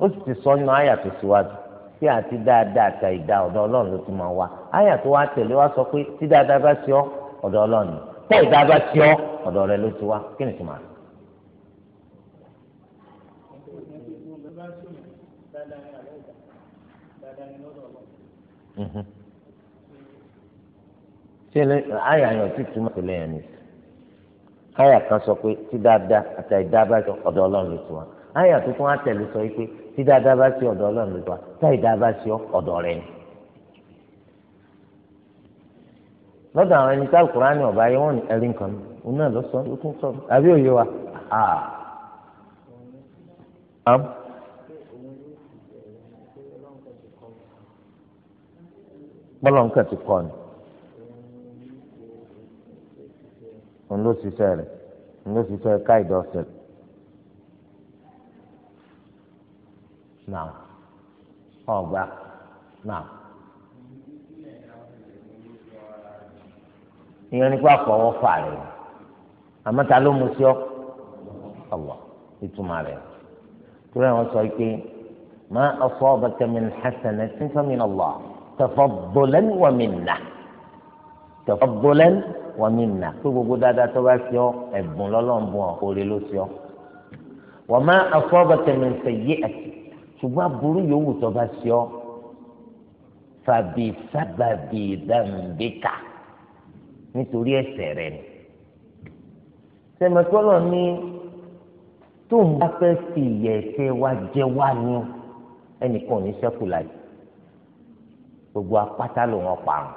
ó sì ti sọ nínú àyà tó síwájú kí àti dáadáa àti àìdá ọ̀dọ̀ ọlọ́run ló ti máa wá àyà tó wá tẹ̀lé wá sọ pé tí dáadáa bá sí ọ ọ̀dọ̀ ọlọ́run ni tẹ́ ìdá bá sí ọ ọ̀dọ̀ rẹ ló ti wá kí ni tìmọ̀ mhm. ṣe àyà yẹn ò tí túmọ̀ sí lẹ́yìn nìyí káyà kan sọ pé tí dáadáa àti àìdá bá sí ọ̀dọ̀ ọlọ́run ló ti wá àyà tuntun á tẹ̀lé sọ pé tí dáadáa bá sí ọ̀dọ̀ ọlọ́run ló ti wá tí àìdá bá sí ọ̀dọ̀ rẹ ni. lọ́dọ̀ àwọn ẹni tí alukurani ọba yẹ wọ́n ní ẹ̀rí nǹkan mi òun náà lọ sọ ló tún sọ àbí òye wa. bọ́lọ̀ nǹkan ti kọ́ ni òun ló ṣiṣẹ́ rẹ̀ òun ló ṣiṣẹ́ ká ìdọ́sẹ̀ náà ọgbà náà. ìyẹn ní pa fọwọ́ fà rẹ̀ àmọ́ ta ló mu sí ọ ọ̀wọ́ ìtumọ̀ rẹ̀ tóra wọn sọ pé ma asabaka min hasanatin famin Allah tafaddulan wa minna tafaddulan wa minna tó gbogbo dáadáa tó bá sí ọ ẹ̀bùn lọ́lọ́ọ̀bùn ọ̀rẹ́ ló sí ọ wa ma asabaka min sayyi'atin ṣùgbọ́n aburú yòówù tó bá sí ọ fàbí sábàbí dhanbika nítorí ẹ̀ṣẹ̀ rẹ̀ ni sẹmẹtọlọ ní tó ń bá fẹ́ fi ìyẹ̀ ẹ̀ṣẹ̀ wa jẹ wá ni ẹnìkan ò ní ṣẹ́kù láyé gbogbo apáta ló wọn parun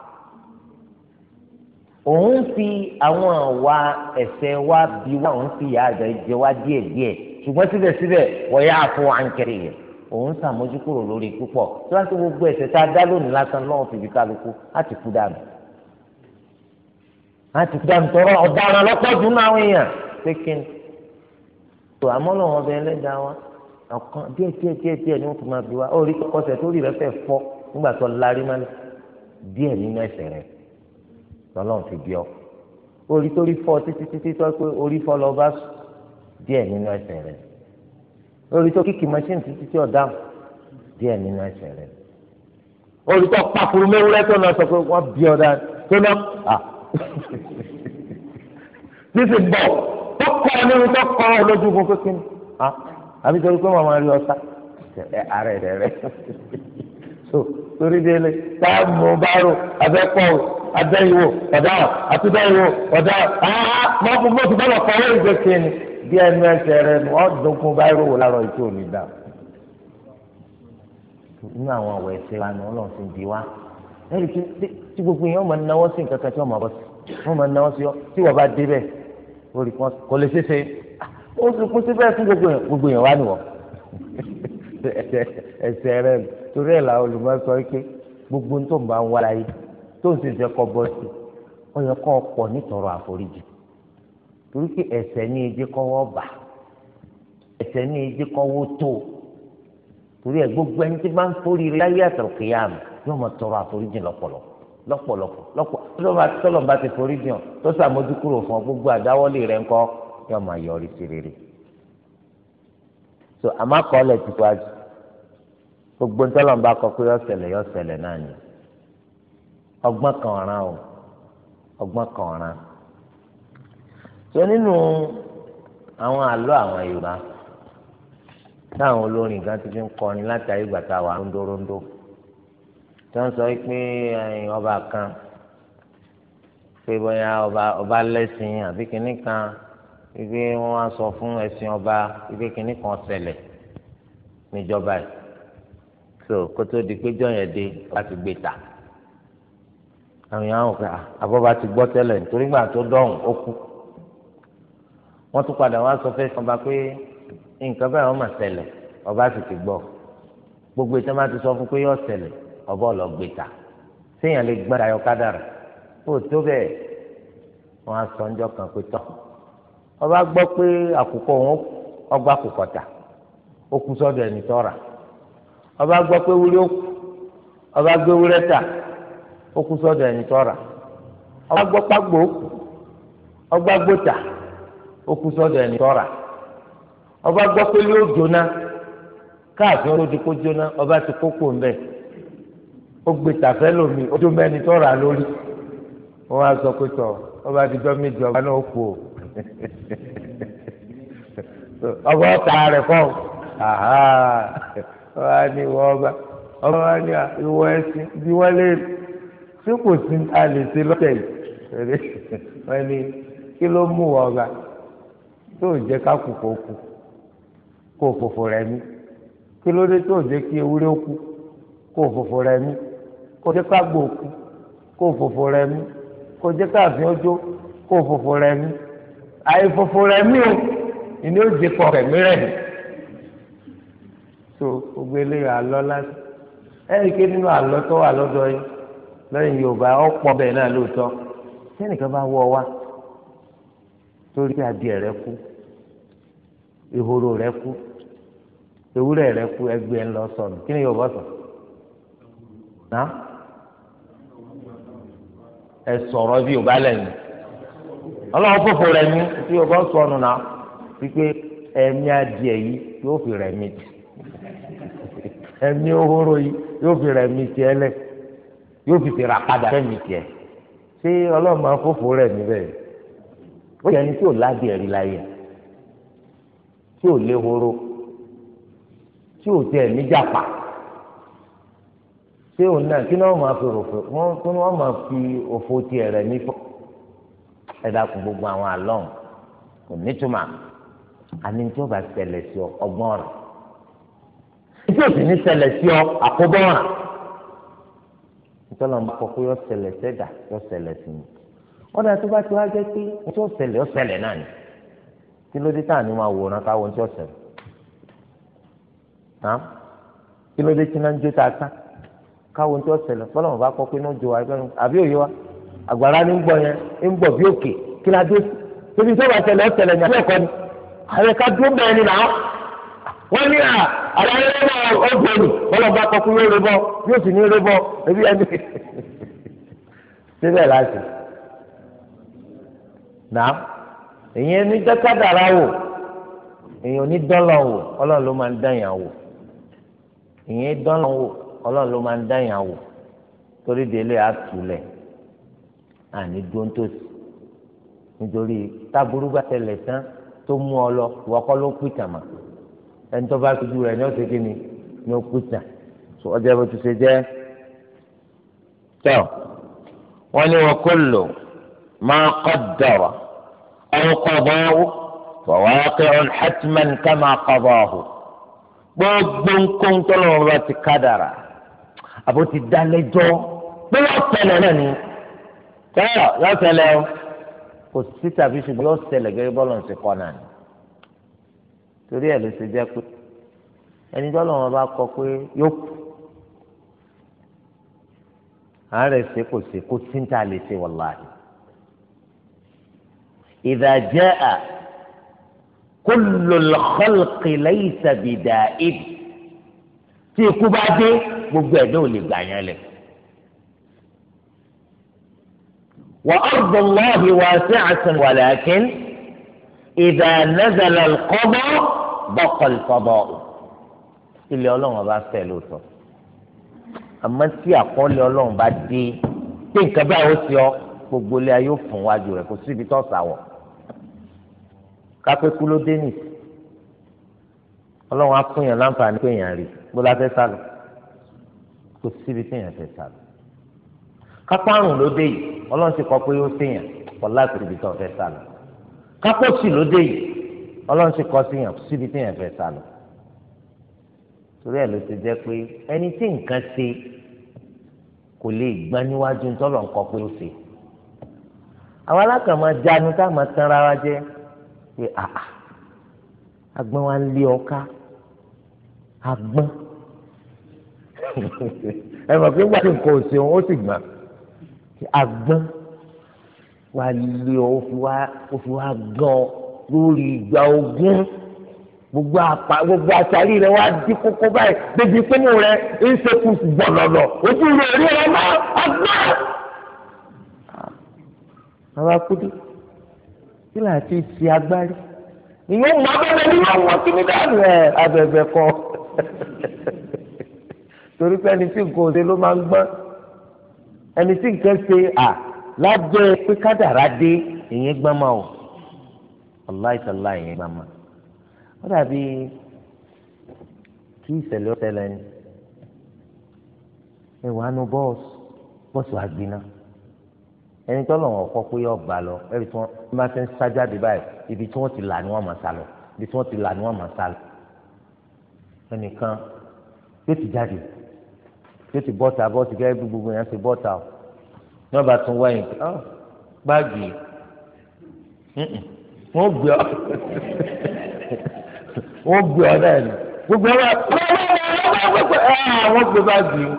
òun fi àwọn àwa ẹ̀ṣẹ̀ wa bí wa òun fi ìyà rẹ̀ jẹ wá díẹ̀ díẹ̀ ṣùgbọ́n síbẹ̀síbẹ̀ wọ́n yá fún àǹkẹ́rẹ́ yẹn òun ṣàmójúkúrò lórí púpọ̀ tí wọ́n ti gbogbo ẹ̀ṣẹ̀ tá a dá lónìí lásán lọ́wọ́ fìdí kálukú láti kú dànù láti dantọrọ ọ̀daràn lọ́pọ̀jù náà àwọn èèyàn pé kí ni. tó àmọ́ lọ́wọ́ ọbẹ̀ ẹlẹ́dàá wa ọ̀kan díẹ̀ díẹ̀ díẹ̀ díẹ̀ ni wọ́n fi máa bí wa ó rí kọ́sẹ̀ tó rí rẹ fẹ́ fọ́ nígbà tó larí mọ́lẹ̀ díẹ̀ nínú ẹsẹ̀ rẹ lọ́lọ́run fi bí ọ orí tó rí fọ́ títí títí tó pé orí fọ́ lọ bá díẹ̀ nínú ẹsẹ̀ rẹ orí tó kíkì mọ́ṣíìnì títí tí ọ̀dà díẹ̀ nínú ẹsẹ̀ rẹ orí tó pàkúrú mẹ́wúrẹ́ tó náà sọ pé wọ́n bí ọ̀dà tó náà sísè bọ̀ tó kọ́ nínú tó kọ́ lójú fún kékeré ha àbí torí pé màmá rí ọ̀sá ẹ ara ẹ̀ rẹ̀ so torí délé tá a mú bárò abẹ́pọ̀ adẹ́yìnwó ọ̀dà àtúndẹ́yìnwó ọ̀dà àá mọ́kùn mọ́kùn bọ́lọ̀ kọ́ lórí kékeré ni bí ẹnu ẹsẹ̀ rẹ̀ ọ̀dùnkún bárò wò lárọ̀ ètò òní dà nínú àwọn ọ̀wẹ̀ ìsìlámù ọlọ́run ti di wá ẹni tí gbogbo yẹn ọmọ náwó sí nǹkan kan tí ọmọ bọ sí ọmọ náwó sí ọ tí wọn bá débẹ̀ orí kan kò lè ṣeéṣe ah, ó sì kú síbẹ̀ fún gbogbo yẹn gbogbo yẹn wá nìwọ ẹsẹ̀ rẹ torí ẹ̀ làwọn olùmọ̀sọ pé gbogbo tó ń bá ń wára yìí tó ń ṣiṣẹ́ kọ bọ́ sí ó yẹ kó pọ̀ nítorọ àforíjì torí pé ẹ̀ṣẹ̀ ní ejé kọ́wọ́ bà ẹ̀ṣẹ̀ ní ejé kọ́wọ́ tó torí ẹ̀ gbogbo ẹni tí bá ń forí rẹ láyé àtọ̀kìyàmù yóò máa tọrọ àforíjì lọ́pọ̀lọpọ̀ lọ́pọ̀lọpọ̀ lọ́pọ̀ tọ́lọ̀ bá ti foríjì hàn tó sàmójúkúrò fún ọ gbogbo àdáwọ́lé rẹ̀ ńkọ́ yóò máa yọrí sí rere so àmọ́ akọọ́lẹ̀ ti pa jù gbogbo ntọ́lọ̀ ń bá kọ pé yọ̀sẹ̀lẹ̀ yọ̀sẹ̀lẹ̀ náà ni ọgbọ́n kan ọ̀ràn o ọgbọ́n kan ọ̀ràn so nínú àwọn àlọ́ àwọn Yorùbá táwọn olórin kan ti fi ń kọrin látàrí ìgbà táwa rondórondó. Rondo tí wọ́n sọ pé ọba kan pé bóyá ọba lẹ́sìn àbí kìnnì kan wípé wọ́n wá sọ fún ẹ̀sìn ọba wípé kìnnì kan ṣẹlẹ̀ níjọba yìí so kótó di pé jọyọ̀ dé ọba ti gbé ta àwọn yàrá òkè ah, àbọ̀bá ti gbọ́ tẹ́lẹ̀ nítorí gbà tó dọ̀hùn ó kú wọ́n tún padà wá sọ fẹ́ ọba pé nǹkan báyìí wọ́n mà ṣẹlẹ̀ ọba sì ti gbọ́ gbogbo ìtàn bá ti sọ fún pé yóò ṣẹlẹ̀ ọbọ lọ gbé ta séèyàn lè gbá dayọ kádàrà kó tó bẹ́ẹ̀ wọn á sọ ọjọ́ kan pé ọba gbọ́ pé àkùkọ òun ọgbà àkùkọ ta ó kú sọ́dọ̀ ẹni tọra ọba gbọ́ pé wúlé ó ọba gbé wúlé ta ó kú sọ́dọ̀ ẹni tọra ọba gbọ́ ó gbó ó kú sọ́dọ̀ ẹni ọba gbọ́ pé jóná ó di kó jóná ọba ti ń bẹ́ẹ̀. ó gbé tàfẹ́ lómi ó dún mẹ́ni tó rà lórí wọ́n á sọ pé tọ̀ ọba àtijọ́ méjì ọba náà kú o ọba ọ̀tá rẹ̀ kọ́ ọba ni wọ́n ọba ọba wa ni ìwọ ẹsìn bí wọ́n lè tí kò sí a lè ṣe lọ́tẹ̀ yìí wọ́n ní kí ló mú wọ́n ọba tó jẹ́ ká kú kó kú kó fòfò rẹ̀ mí kí ló dé tó jẹ́ kí ewúrẹ́ kú kó fòfò rẹ̀ mí kó jẹ́ ká gbòòkú kó fòfò rẹ̀ mí kó jẹ́ ká àfihàn ọjọ́ kó fòfò rẹ̀ mí àyè fòfò rẹ̀ mí o ìní ó jẹ pọ̀ rẹ̀ mí rẹ̀ so gbogbo eléyà alọ́ láti ẹ̀rí ké nínú àlọ́ tó wà lọ́dọ̀ yìí lẹ́yìn yorùbá ọ̀pọ̀ bẹ́ẹ̀ náà lóòótọ́ sẹ́nìkan bá wọ wa torí pé adìẹ rẹ kú ehoro rẹ kú ewúrẹ́ rẹ kú ẹgbẹ́ ńlọ sọnù kí ni yorùbá sọ náà ẹ sọ̀rọ̀ bí yorùbá lẹ́yìn ọlọ́run fòfò rẹ̀ mí tí yorùbá sọnù náà wípé ẹ̀mí adìẹ yìí yóò fi rẹ̀ mí jù ẹ̀mí òhóró yìí yóò fi rẹ̀ mí tiẹ̀ lẹ̀ yóò fi tèrà padà rẹ̀ mí tiẹ̀ ṣé ọlọ́run máa fòfò rẹ̀ bẹ́ẹ̀ ó yẹ ni tí ò ládìẹ rí láyé tí ò léhóró tí ò tẹ̀ mí ṣé òun náà kí ni wọ́n máa fi òfò kí ni wọ́n máa fi òfò tiẹ̀ rẹ̀ ní fọ́ ẹ dákun gbogbo àwọn àlọ́n kò nítumà àní tí ó bá ṣẹlẹ̀ sí ọ ọgbọ́n rẹ̀ tí ó sì ní ṣẹlẹ̀ sí ọ àkóbọ́ rẹ̀ nítorí wọn kọ pé yọ ṣẹlẹ̀ sẹ́dà yọ ṣẹlẹ̀ sí mi ọ̀dà tó bá ti wá jẹ́ pé tí ó ṣẹlẹ̀ ó ṣẹlẹ̀ náà ni kí ló dé tá à ní máa wòran káwọn tí ó ṣẹlẹ̀ kí ló dé tí náà jó tá a tán káwọn tí wọ́n ṣẹlẹ̀ fọlọ́mù bá kọ́ pé ní ojú wa ẹgbẹ́rún àbí òye wa àgbàrá ní ń gbọ́ yẹn ń gbọ́ bí òkè kí la dé tóbi tó bá ṣẹlẹ̀ ọ̀ṣẹlẹ̀ ní àbí ẹ̀kọ́ ni àwọn ẹ̀ka dúró bẹ́ẹ̀ ni làwọn wọ́n ní à àwọn ẹlẹ́wọ̀n ọ̀gbọ̀nù fọlọ́mù bá kọ́ pé yóò rebọ́ yóò sì ní rebọ́ ebi ẹni síbẹ̀ láti náà èyí ní dẹ́kadàrà wò èyí ò ní dọ́lọ̀ wò ọlọ́run ló máa ń dán yàn wò èyí wò ọlọ́run ló máa ń dá yàn wò torí délé àtúlẹ̀ àní dóńtòsí nítorí táburú bá tẹlẹ̀ tán tó mú ọ lọ wọ́kọ́ ló kú ìtàmà ẹni tó bá tuju rẹ̀ ní ọ̀sẹ̀ kìíní ní ó kú ìtà tó ọjọ́ bó ti ṣe jẹ́ tẹ́ wọ́n ní wọn kó lò máa kọ́ dọ̀rọ̀ ọ̀hún kọ́ bọ́ fọwọ́ kẹ́ ọ̀n ká máa kọ́ bọ́ gbogbo nǹkan lọ́wọ́ bá ti ká dára àbó ti dá lẹ́jọ́ pé yọ ṣẹlẹ̀ náà ni tẹ́lọ̀ yọ ṣẹlẹ̀ o kò sí tàbí ṣùgbọ́n yọ ṣẹlẹ̀ gẹ́gẹ́ bọ́ọ̀lù ṣe kọ́ náà ni torí ẹ̀ ló ṣe jẹ́ pé ẹni tó lọ́wọ́ bá kọ pé yóò kú àárẹ̀ ṣe kò ṣe kó tí lè ṣe wàláhì idha jaa kullu al-khalqi laysa bida'ib tí ikú bá dé gbogbo ẹ̀dá ò lè gbà yẹn lẹ̀. wà á bọ̀ lọ́ọ̀hì wà sí àtún wàlàkín ìdá nẹ́sẹ̀lẹ̀ kọ́bọ̀ bọ́kọ̀lì kọ́bọ̀ ilé ọlọ́run ọba fẹ́ lóòótọ́ àmọ́ tí àkọọ́lẹ̀ ọlọ́run bá dé pé nǹkan báyìí ó ṣe ọ gbogbo ilé ayé fún wájú rẹ kó síbi tó sàwọ̀ kápẹ́kú ló dé nìsí ọlọ́run á fún yàn láǹfààní pé yàn rí i bó la fẹ́ sálọ kò síbi téèyàn fẹ́ sálọ kápárùn ló dé yìí ọlọ́run ti kọ pé ó téèyàn kọ láti ibi tó fẹ́ sálọ kápọ́sì ló dé yìí ọlọ́run ti kọ séèyàn síbi téèyàn fẹ́ sálọ torí ẹ̀ ló ti jẹ́ pé ẹni tí nǹkan ṣe kò lè gbá níwájú tọ́lọ̀ ń kọ pé ó ṣe àwọn alákàmọ́ jánu tá a máa tán rárá jẹ́ pé àà agbọ́n wa ń lé ọ ká ẹ mọ̀ pé wà ní nǹkan òṣèlú ó sì gbọ́n agbọ́n wà lé ọ ó fi wá gan lórí ìgbà ogún gbogbo apá gbogbo àtàrí rẹ wá di kókó báyìí bébí pinnu rẹ ń ṣe kù gbọlọlọ ojú rẹ rí ẹ lọ ọgbọ́n. àwọn akúdé kí là á ti ṣe agbárí ìyẹn mọ abẹ́rẹ́ ní àwọn kìnnìkan rẹ abẹ́bẹ́ kọ́. torí pé ẹni tí nǹkan ò ṣe ló máa ń gbọ́n ẹni tí nǹkan ṣe à lábẹ́ pé kádàrá dé ìyẹn gbọ́n máa wọ̀ aláìsàlá ìyẹn gbọ́n máa ó dàbí kí ìṣẹ̀lẹ̀ ọ̀ṣẹ̀lẹ̀ ni ẹ̀wọ̀n anú bọ́ọ̀sì bọ́ọ̀sì wa gbiná ẹni tó lọ́wọ́ ọkọ pé yọ gbà lọ ẹni tí wọ́n bá ti ń sájáde báyìí ibi tí wọ́n ti là ni wọ́n máa sá lọ ibi tí wọ́n ti là ni wọ́n máa sá ẹnìkan yóò ti jáde yóò ti bọ́ta bọ́ọ̀tì gẹ́gẹ́ bí gbogbo yẹn ti bọ́ta o ní ọba tún wáyé pé ọ ah, gbáàgì wọn gbé ọ wọn gbé ọ náà ni gbogbo ẹ wọn ah, ah, gbé báàgì o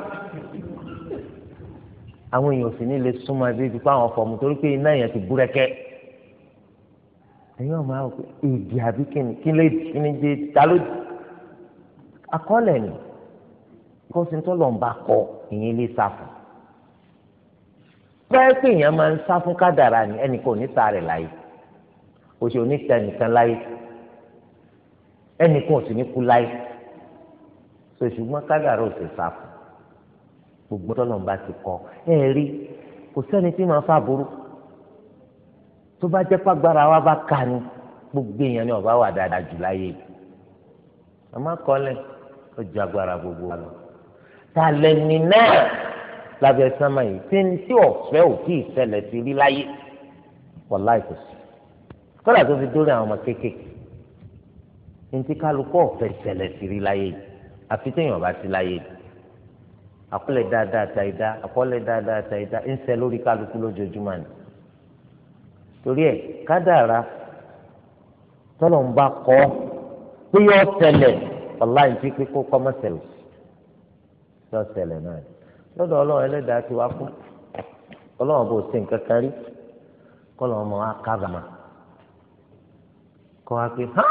àwọn èèyàn sì ní lè súnmọ́ ẹbí ibi pa àwọn fọ̀mù torí pé iná yẹn ti búrẹ́kẹ́ ẹ̀yin ọmọ àwọn èdè àbí kíni kí dé ta ló akọ́lẹ̀ ni kó sì tó lọ́n bá kọ ìyẹn lè sá fún bẹ́ẹ̀ èèyàn máa ń sá fún kádàrà ni ẹnì kan ò ní sáré láyé òṣèlú ní tẹnìkan láyé ẹnì kan ò sì ní kú láyé ṣùgbọ́n kádàrà ò sì sá fún gbogbo tọ́lọ̀ ń bá ti kọ́ ẹ rí kò sẹ́ni tí máa fà burú tó bá jẹ́ pàgbára wa bá ka ni gbogbo èèyàn ni ọba wà dáadáa jù láyé àmọ́ kọ́lẹ̀ ó ju agbára gbogbo wa lọ talẹni náà lábẹ́ sánmà yìí tí ní tí ọ̀fẹ́ ò tí ì ṣẹlẹ̀ sí rí láyé wàlá ìkò sí kódà tó fi dórí àwọn ọmọ kéékèèké ní tí kálukú ọ̀fẹ́ ṣẹlẹ̀ sí rí láyé àfi téèyàn bá sí láyé àkọlẹ̀ dáadáa ta ìdá àkọlẹ̀ dáadáa ta ìdá ń ṣẹ lórí kálukú lójoojúmọ́ ni torí ẹ̀ kádàrá tọ́lọ̀ ń bá kọ́ pé yọ ọ́ ṣẹlẹ̀ wàlá ìdí pé kó kọ́ mọ́ ṣẹlẹ̀ yọ ṣẹlẹ̀ náà lọ́dọ̀ ọlọ́run ẹlẹ́dàá ti wá fún ọlọ́run bò sí nǹkan rí kọ́lọ́ ọmọ wa kábàámà kọ́ wa pé hàn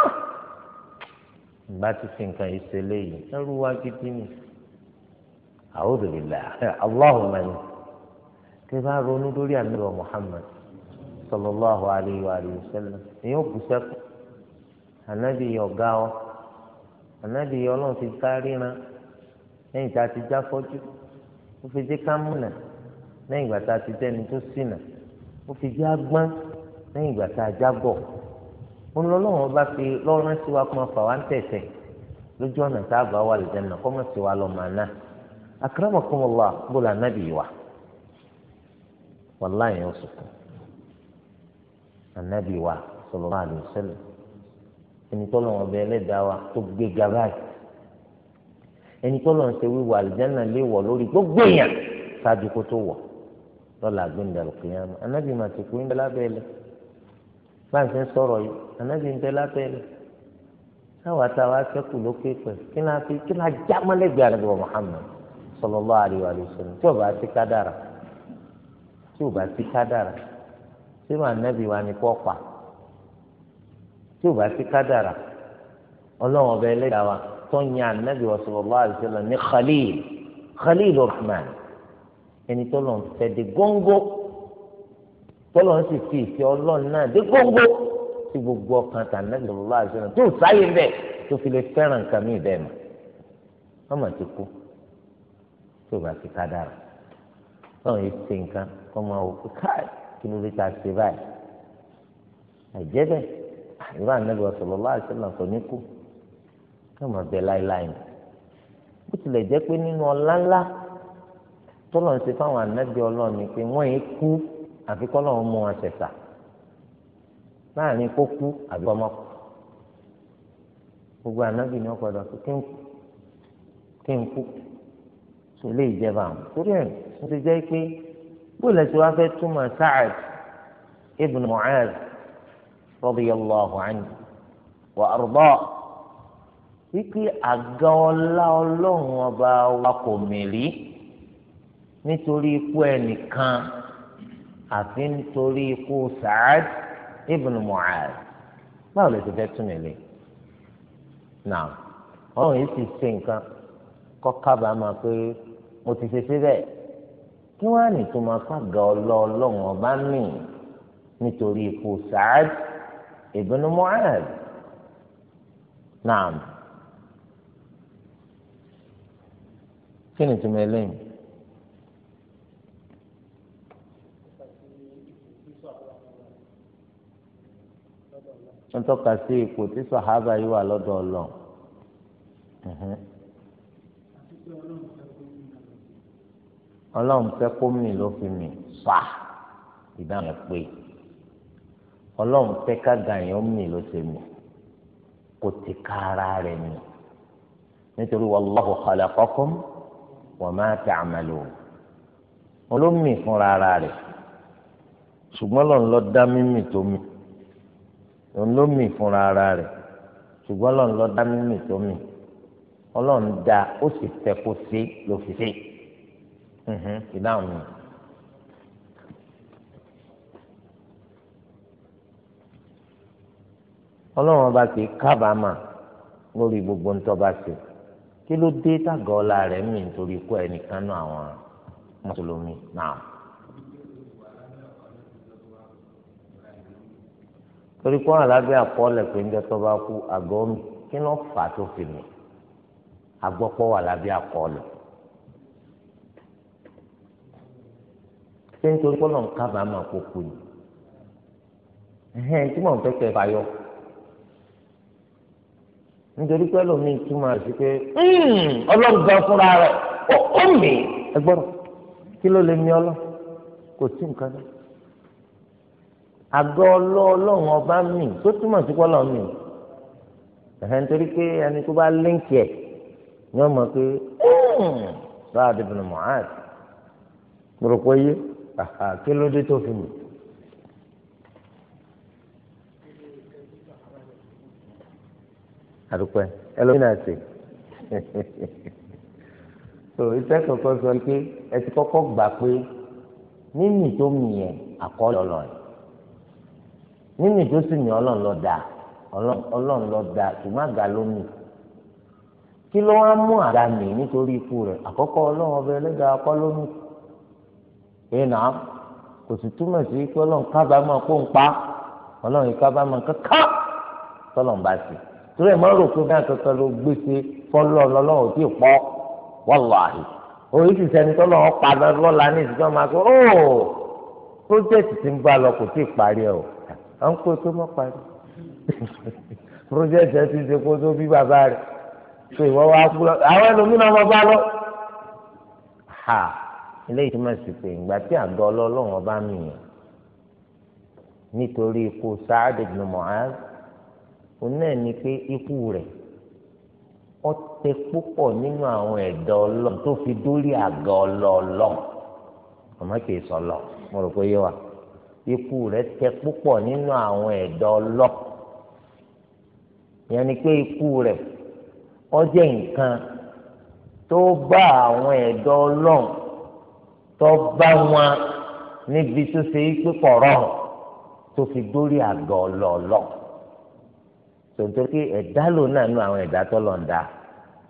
ìgbà tí sí nǹkan yìí ṣe léyìí ẹrú wa gidi ni ni kí bá ronú lórí muhammad sallallahu alayhi wa sallam èyí sẹ́kù ọ̀gá lẹ́yìn tá a ti já fọ́jú ó fi jẹ́ kámúnà lẹ́yìn ìgbà tá a ti dẹ́ni tó ṣìnà ó fi jẹ́ agbọ́n lẹ́yìn ìgbà tá a já bọ̀ òun lọ́lọ́wọ́n bá fi lọ́rùn sí wa kó máa fà wá ń tẹ̀sẹ̀ lójú ọ̀nà tá a bá wà lẹ́dẹ̀ẹ́nà kó máa sì wá lọ́ màá náà akramakumullah bóla anabi wa wàláyé ọ̀sùnkùn anabi wa sallallahu alaihi wasallam ẹni tọ́lọ́wọ́n bẹ ẹlẹ́dàá wa tó gbé gabáyìí ẹni tó lọ́n ṣe wíwọ àlìjáná lè wọ̀ lórí gbogbo èèyàn ṣáájú kó tó wọ̀ lọ́la gbẹ̀ndẹ̀rù kìíyàn anábì mà ti kú ń bẹ lábẹ́lẹ̀ báyìí ń sọ̀rọ̀ yìí anábì ń bẹ lábẹ́lẹ̀ táwa táwa sẹ́kù lókè pẹ̀ kí náà fi kí náà já mọ́lẹ́gbẹ̀ẹ́ àdàbọ̀ Muhammad sallallahu alaihi wa sallam tí ò bá ti ká dára tí ò bá ti ká dára tí ò anábì wa ni kó pa tí ò bá ti ká dára ọlọ́run ọba ẹlẹ́dàá wa tó ń yan anabi wa sallallahu alaihi wasallam ní khalil khalil rahman ẹni tó lọ́n fẹ́ de góńgó tó lọ́n sì fi ìfẹ́ ọlọ́run náà de góńgó tí gbogbo ọkàn tà anabi sallallahu alaihi wasallam tó sáyé bẹ́ẹ̀ tó fi lè fẹ́ràn nǹkan mi bẹ́ẹ̀ mọ́ wọ́n mà ti kú tó bá ti ká dára báwọn yìí ṣe nǹkan kọ́ máa wò pé káì kí ló dé ta ṣe báyìí àìjẹ́ bẹ́ẹ̀ àìbá anabi wa sallallahu alaihi kò ní kú yóò máa bẹ láéláé ni bó tilẹ̀ jẹ́ pé nínú ọlá ńlá tọ́lọ̀ ń ṣe fáwọn ànábì ọlọ́run ni pé wọ́n yìí kú àfi kọ́ lọ́run mú wọn ṣẹ̀ṣà láàrin kó kú àbí ọmọ kú gbogbo ànábì ni wọ́n padà kú kí n kú kí n kú tó lè jẹba àwọn torí ẹ̀ ń ṣe jẹ́ pé bó lè ṣe wá fẹ́ túmọ̀ Sa'ad ibn Mu'az radiyallahu anhu wa arda wípé àga ọlá ọlọ́run ọba wa kò mìrí nítorí ikú ẹnìkan àfi nítorí ikú Sa'ad ibn Mu'az báwo lè ti fẹ́ tún mi lé náà ọ̀hún yìí ti ṣe nǹkan kọ́ kábàámà pé mo ti ṣe síbẹ̀ kí wọ́n á ní tó máa fàgà ọlọ́ọ̀lọ́run ọba mi nítorí ikú Sa'ad ibn Mu'az náà. kí ni tìmọ̀ eléyìí. ń tọ́ka sí ipò tí sàhábà yìí wà lọ́dọ̀ ọlọ́run. ọlọ́run fẹ́ kó mi ló fi mi fà ìdáhùn ẹ̀ pé ọlọ́run fẹ́ kága yẹn ó ló ṣe mi kò ti ká ara rẹ̀ mi nítorí wallahu khalaqakum wa ma ta'malun wọn ló mì fúnra ara rẹ̀ ṣùgbọ́n lọ́n lọ dá mímì tó mì òun ló mì fúnra ara rẹ̀ ṣùgbọ́n lọ́n lọ dá mímì tó mì ọlọ́run dá ó sì fẹ́ kó ṣe ló fi ṣe ìdáhùn ọlọ́run ọba kì í kábàámà lórí gbogbo ń tọ́ bá ṣe kí ló dé tàgọ́ ọ̀la rẹ̀ mì nítorí kó ẹnìkan náà àwọn mùsùlùmí náà. torí kó alábẹ́ àkọọ́lẹ̀ pé ń jẹ́tọ́ bá kú àgọ́ mi kí ló fà á tó fi mi agbọ́pọ̀ wà lábẹ́ àkọọ́lẹ̀. ṣé nítorí kó lọ́n kábàámà kó kú ni ẹ̀hẹ́n tí mò ń fẹ́ kẹ́ fayọ́ nítorí pé lómìn túmọ̀ sí pé hmm, ọlọ́run gan fúnra rẹ̀ ó mì ẹgbọ́n kí ló lè mi ọlọ́ kò tí nǹkan náà àgọ́ ọlọ́ọ̀lọ́run ọba mì tó túmọ̀ sí pọ́lọ́ mì ẹ̀hẹ́ nítorí pé ẹni tó bá líǹkì ẹ̀ ni wọ́n mọ̀ pé hmm, Sa'd ibn Mu'adh mo rò pé yé kí ló dé tó fi mì. àdúpẹ́ ẹlòmínà ṣe so iṣẹ́ kọ̀ọ̀kan sọ pé ẹ ti kọ́kọ́ gbà pé mímì tó mì yẹn àkọọ́lẹ̀ ọlọ́run mímì tó sì mì ọlọ́run lọ dáa ọlọ́run lọ dáa ṣùgbọ́n àga ló mì kí ló wá mú àga mì nítorí ikú rẹ̀ àkọ́kọ́ ọlọ́run ọbẹ̀ ẹlẹ́dàá akọ́ ló mì ìnà kò sì túmọ̀ sí pé ọlọ́run kábàámọ̀ kó ń pa ọlọ́run kábàámọ̀ kankan tọ́lọ̀ ń bá sí i torí ẹ̀ má rò pé náà kankan ló gbèsè fọlọ́ lọ́lọ́run tí ì pọ́ wàláhì òye sì sẹ́ni tọ́lọ́ wọn padà lọ́la ní ìsìnkú máa sọ óò project ti ń bá lọ kò tí ì parí ẹ o à ń pè pé mọ́ parí project ẹ ti ṣe kó tó bí bàbá rẹ̀ pé ìwọ wá kú lọ àwọn ẹlòmíràn ọmọ bá lọ ha eléyìí túmọ̀ sí pé ìgbà tí àgọ́ ọlọ́run ọba mìíràn nítorí ikú Sa'ad òun náà ni pé ikú rẹ̀ ó tẹ púpọ̀ nínú àwọn ẹ̀dọ́ ọlọ́run tó fi dórí àgọ́ ọlọ́ọ̀lọ́ọ̀ àmọ́ kìí sọ̀lọ̀ mo rò pé yé wa ikú rẹ̀ tẹ púpọ̀ nínú àwọn ẹ̀dọ́ ọlọ́ọ̀ yẹn ni pé ikú rẹ̀ ó jẹ́ nǹkan tó bá àwọn ẹ̀dọ́ ọlọ́run tó bá wọn níbi tó ṣe é pé kọ̀ọ̀rọ̀ tó fi dórí àgọ́ ọlọ́ọ̀lọ́ọ̀ tòǹtò pé ẹ̀dá lòun náà nú àwọn ẹ̀dá tó lọ ń da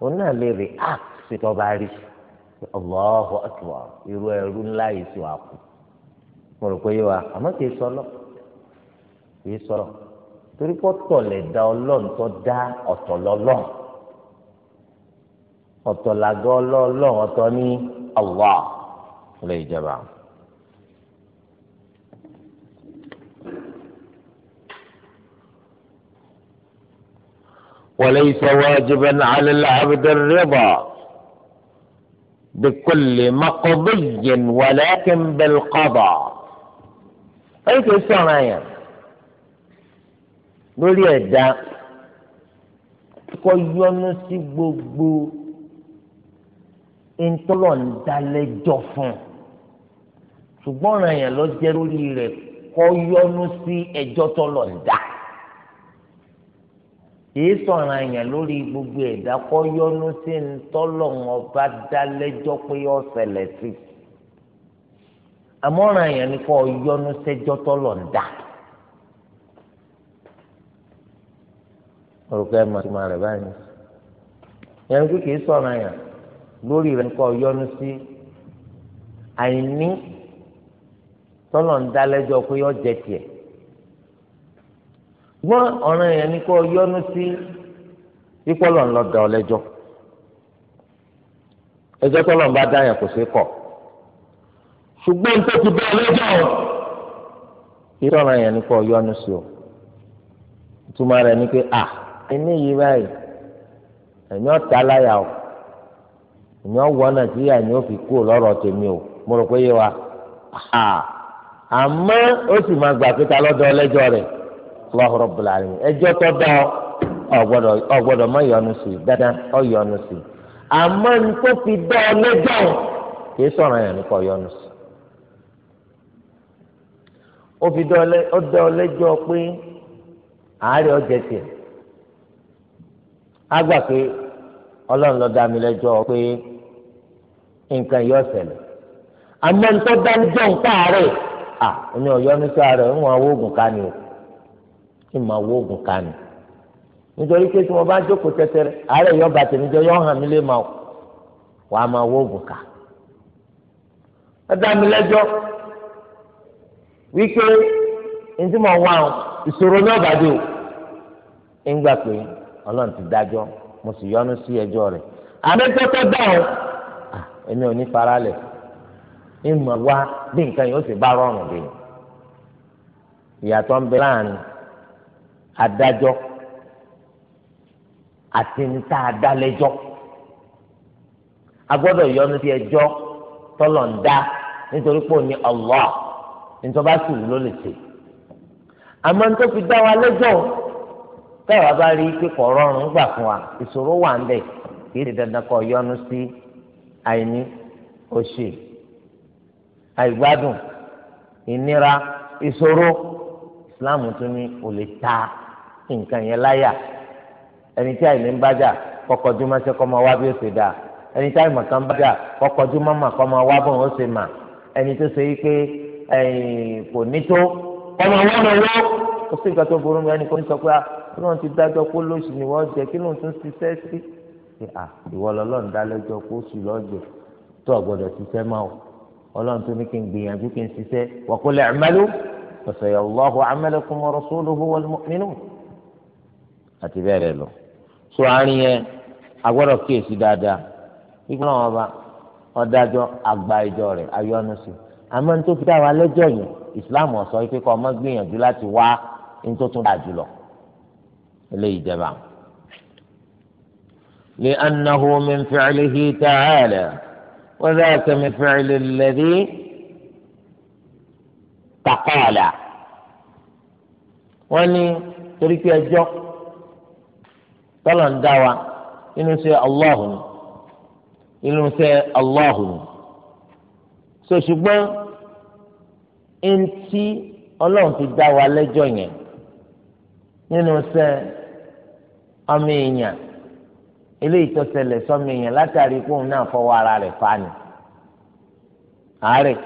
òun náà lè react sí tó bá rí Allahu akbar irú ẹrú ńlá yìí sì wà mo rò pé yé wa àmọ́ kì í sọlọ kì torí pé lè da ọlọ́run tó dá ọ̀tọ̀ lọ́lọ́run ọ̀tọ̀ làgọ́ ọlọ́ọ̀lọ́run ọ̀tọ̀ ní Allah lè jẹba. وليس واجبا على العبد الرضا بكل مقضي ولكن بالقضاء أي كسرانيا lórí ẹ̀dá kọ́ yọnu sí gbogbo ntọ́lọ̀ ń dalẹ́jọ́ fún un ṣùgbọ́n ọ̀ràn yẹn lọ jẹ́ lórí rẹ̀ kọ́ yọnu sí ẹjọ́ tọ́lọ̀ ń dá. kìí sọ̀ràn èèyàn lórí gbogbo ẹ̀dá kọ́ yọnu sí ń tọ́lọ̀ wọn bá dá lẹ́jọ́ pé ó ṣẹlẹ̀ sí i àmọ́ràn ni kọ́ yọnu sẹ́jọ́ tọ́lọ̀ ń ṣùgbọ́n ọ̀ràn yẹn ni kò yọnu sí ìpọ́lọ̀ ńlọ́dà ọlẹ́jọ́ ẹjọ tọ́lọ̀ ń bá dá yẹn kò sí kọ̀ ṣùgbọ́n tó ti bá ọlẹ́jọ́ ìtọ́ ọ̀ràn yẹn ni kò yọnu sí o ìtumọ̀ rẹ̀ ni pé ẹni yìí o náà kú o mo rò pé wa àmọ́ ó sì máa gbà pé ta lọ́dọ̀ Allahu Rabbul ẹjọ́ tó dá ọgbọdọ ọ̀gbọ́dọ̀ má yọnu sí dáadáa ọ yọnu sí ní fi dá ọ kìí sọrọ yẹn yọnu sí ó fi dá ọ pé á gbà pé dá mi pé nǹkan ní tó dá lẹ́jọ́ à ní sí ń ká ni o. kí n máa wó oògùn kánì nítorí pé tí mo bá jókòó tẹtẹrẹ àárẹ̀ yọ bàtẹ níjọ yọ hàn mí lé ma o wà á máa wó oògùn ká ẹ mi lẹ́jọ́ wípé ntí mo wá o ìṣòro ní ọ̀bàdì o ń pé ọlọ́run ti dájọ́ mo sì yọnu sí ẹjọ́ rẹ̀ o èmi ò ní faralẹ̀ wá bí nǹkan yóò ṣe bá adájọ́ àti níta adálẹ́jọ́ agbọ́dọ̀ yọnu sí ẹjọ́ tọ́lọ̀ ń dá nítorí pé ó ní Allah nítorí bá sì wù ló lè ṣe àmọ́ nítorí fi dá wa lẹ́jọ́ táwa bá rí kíkọ̀ rọrùn gbà fún wa ìṣòro wà ń bẹ̀ kì í dandan kọ́ yọnu sí àìní òṣì àìgbádùn ìnira ìṣòro Islam tún ní ò ta nǹkan yẹn láyà ẹni tí àìní ń bájà kọkọjú máa ṣe kọ́ máa wá bí ó ṣe dáa ẹni tí àìmọ̀ kan bájà kọkọjú máa mà kọ́ máa wá bọ̀ ó ṣe mà ẹni tó ṣe yí pé kò ní tó kọ́ máa wá máa wá ó sì gbà tó burú mi ẹni kò ní sọ pé ah, kí lóun ti dájọ́ pé lóṣù ni wọ́n jẹ kí lóun tún ṣiṣẹ́ sí ah, ìwọ lọ́lọ́run dá lẹ́jọ́ pé lọ́jọ́ tó ọ̀gbọ́dọ̀ ṣiṣẹ́ máa wọ̀ ọlọ́run tó ní kí n gbìyànjú kí n ṣiṣẹ́ wa qul i'malu fasayallahu 'amalakum wa rasuluhu wal mu'minun àti bẹ́ẹ̀ rẹ̀ lọ. so àárín yẹn a gbọ́dọ̀ kíyèsí dáadáa wípé wọn bá ọ̀dájọ́ àgbà ìjọ rẹ̀ ayọ́nu sí i àmọ́ ní tó fi dá wa lẹ́jọ́ yẹn islam ọ̀sọ́ yìí kọ́ ọmọ gbìyànjú láti wá ní tó tún dáa jùlọ eléyìí jẹba. لأنه من فعله تعالى وذاك من فعل الذي تقالى wọ́n ní torí pé ẹjọ́ tọ́lọ̀ ń dá wa inú ṣe ọlọ́hùn inú ṣe ọlọ́hùn so ṣùgbọ́n eŋti ọlọ́run ti dá wa lẹ́jọ́ yẹn nínú ṣe ọmọ èèyàn eléyìí tó ṣẹlẹ̀ sọmọ èèyàn látàrí náà fọwọ́ ara rẹ̀ fani àárẹ̀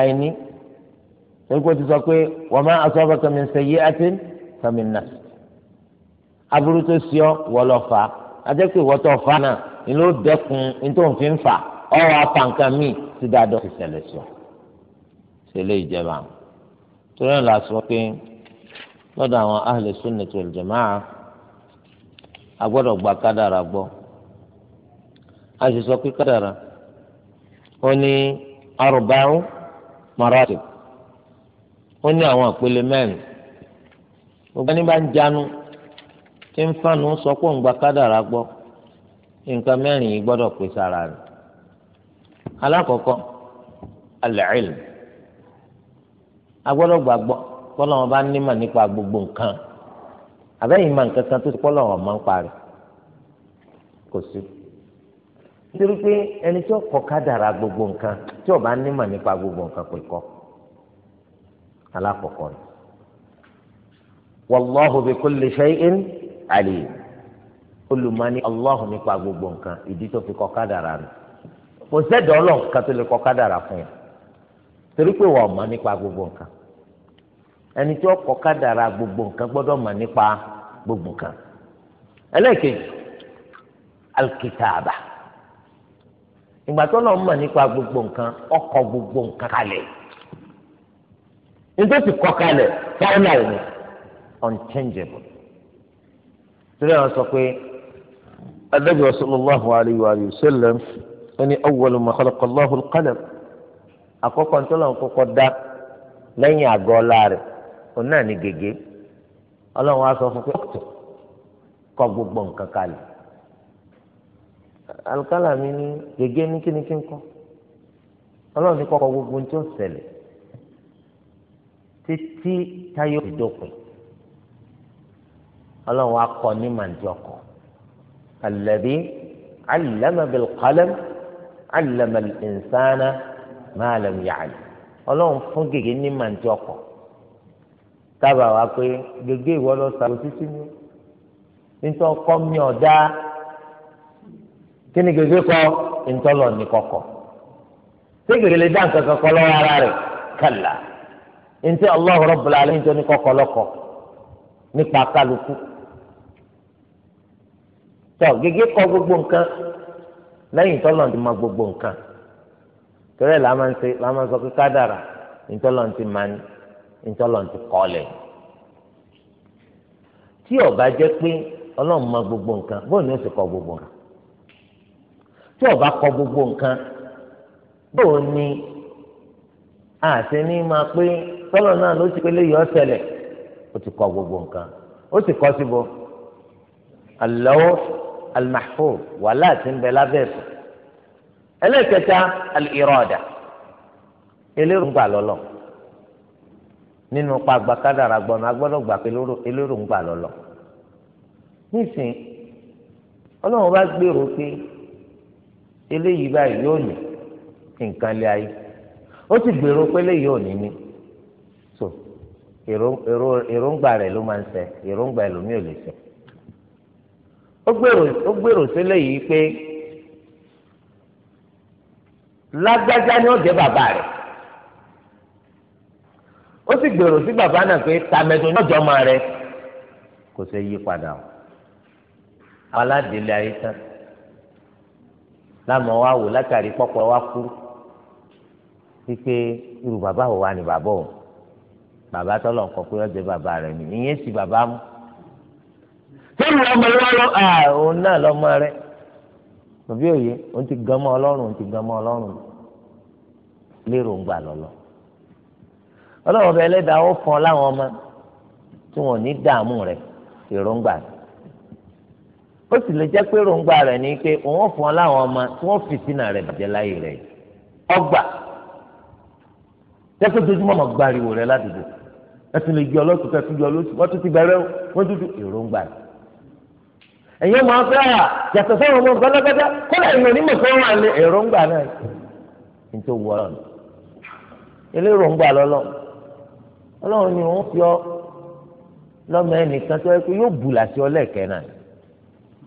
àìní ti aburú tó sí ọ wọ lọ fà á adẹ́pẹ́ ìwọ́ tó fà náà ni ló dẹ́kun nítorí òfin fà ọ̀rọ̀ apàǹkà míì ti dáadọ́ ti ṣẹlẹ̀ sọ ṣẹlẹ̀ ìjẹba torí ẹ̀ la sọ pé lọ́dọ̀ àwọn ahlẹ̀ sunnah wal jamaa a gbọ́dọ̀ gba kádàrà gbọ́ a sì sọ pé kádàrà ó ní arba'u maratib ó ní àwọn àpele mẹ́rin gbogbo ẹni bá ń jánu. ìfànù sọ pé òǹgbà kádàrà gbọ́ nǹkan mẹ́rin yìí gbọ́dọ̀ pè sára rẹ̀ alákọ̀ọ́kọ́ al agbọ́dọ̀ gbàgbọ́ kọ́lọ́wọ́n bá nímọ̀ nípa gbogbo nǹkan àbẹ́yìn máa nǹkan kan tó ti kọ́lọ́wọ́n máa ń parí kò sí nítorí pé ẹni tí ó kọ gbogbo nǹkan tí ó nímọ̀ nípa gbogbo nǹkan pè kọ́ alákọ̀ọ́kọ́ Ali olùmọ̀ni Allah nípa gbogbo nǹkan ìdí tó fi kọ kádàrà rẹ̀ kò sẹ́dọ̀ ọlọ́run kan tó lè kọ kádàrà fún yà torí pé wọ́n mọ̀ nípa gbogbo nǹkan ẹni tí wọ́n kọ kádàrà gbogbo nǹkan gbọ́dọ̀ mọ̀ nípa gbogbo nǹkan ẹlẹ́ẹ̀kejì alikitaaba ìgbà tó lọ́ọ́ mọ̀ nípa gbogbo nǹkan ó gbogbo nǹkan kalẹ̀ nítorí kọ kalẹ̀ náà ni unchangeable. torí àwọn sọ pé anabi sallallahu alayhi wa sallam ẹni awwalu ma khalaqa Allahu al-qalam àkọ́kọ́ ntọ́lọ́n kọ́kọ́ dá lẹ́yìn àgọ́ ọ̀la rẹ̀ òun náà ní gègé ọlọ́run á sọ fún pé ọ̀tọ̀ kọ gbogbo nǹkan kalẹ̀ alukala mi ní gègé ní kíníkí ńkọ ọlọ́run ní kọ́kọ́ gbogbo ní tí ó ṣẹlẹ̀ títí táyọ̀ fi dópin ọlọ́run wa kọ́ ní màǹdí ọkọ̀ alladhi allama bil qalam allama al insana ma lam ya'lam ọlọ́run fún gègé ní màǹdí ọkọ̀ tábà wá pé gègé ìwọ lọ sàrò títí mi nítorí ọkọ mi ọ̀dá kí ni gègé kọ ntọ́lọ̀ ní kọ̀kọ̀ ṣé gègé lè dá nǹkan kọ̀kọ́ lọ́wọ́ ara rẹ̀ kàlà ntí Allahu Rabbul Alamin ní kọ̀kọ̀ lọ́kọ̀ nípa kálukú. tọ gègé kọ gbogbo nǹkan lẹ́yìn tọ́lọ̀ ti ma gbogbo nǹkan torí ẹ̀ la máa ń ṣe la máa ń sọ pé kádàrà ìtọ́lọ̀ ti máa ń ìtọ́lọ̀ ti kọ́lẹ̀ tí ó bá pé ọlọ́run mọ gbogbo nǹkan bóun ni ó sì kọ gbogbo nǹkan tí ọba kọ gbogbo nǹkan bóun ni àti ní máa pé tọ́lọ̀ náà ló ti pé léyìí ọ̀sẹ̀lẹ̀ ó ti kọ gbogbo nǹkan ó sì kọ síbo àlọ́ al-mahfuz wàhálà àti nbẹ lábẹ́ ẹ̀sùn ẹlẹ́kẹta al-irada nínú pa àgbàkádàrà gbọ́nà agbọ́dọ̀ gbà pé elérògbà lọ́lọ́ ọlọ́run bá gbèrò pé eléyìí báyìí yóò ní nǹkan ayé so èròǹgbà rẹ̀ ló ó gbèrò ó gbèrò sílẹ̀ yìí pé lágbájá ni ó jẹ́ bàbá rẹ̀ ó sì gbèrò sí bàbá náà pé tàmẹ́tò ní ọjọ́ ọmọ rẹ̀ kò ṣe yí padà o aládìlẹ̀ ayé tán lámọ̀ wá wò látàrí pọ́pọ́ wá kú wípé irú bàbá wo wá ní bàbá òun bàbá tọ́lọ̀ kọ́ pé ó jẹ́ bàbá rẹ̀ ni ìyẹn sì bàbá mú lọ́rùn ọmọ ìwà lọ ah, òun náà lọ́mọ rẹ òbí òye òun ti gan mọ́ ọlọ́run òun ti gan mọ́ ọlọ́run lérò ń gbà lọ́lọ́ ọlọ́run ọba ẹlẹ́dàá ó fọn láwọn ọmọ tí wọn ò ní dààmú rẹ èròǹgbà rẹ ó sì lè jẹ́ pé èròǹgbà rẹ ni pé òun fọn láwọn ọmọ tí wọ́n fi sínú rẹ bàjẹ́ láyé rẹ ọgbà jẹ́pẹ́ dojúmọ́ mọ̀ gbariwo rẹ ládùúgbò ẹ tún lè gbé ọlọ́tún kẹ́ẹ́ gbé ọlọ́tún wọ́n tún ti bẹ̀rẹ̀ wọ́n tún ti èròǹgbà rẹ ẹ̀yin ọmọ afẹ́ à yàtọ̀ sọ́wọ́ ọmọ gbọ́dọ́gbọ́dọ́ kọ́lá ẹ̀yin onímọ̀ sọ́wọ́ wà ní èròǹgbà náà nítorí wọ́n lọ eléròǹgbà lọ́lọ́ ọlọ́run ni wọ́n fi ọ lọ́mọ ẹnìkan tó yẹ kó yóò bù làṣẹ ọlẹ́ẹ̀kẹ́ náà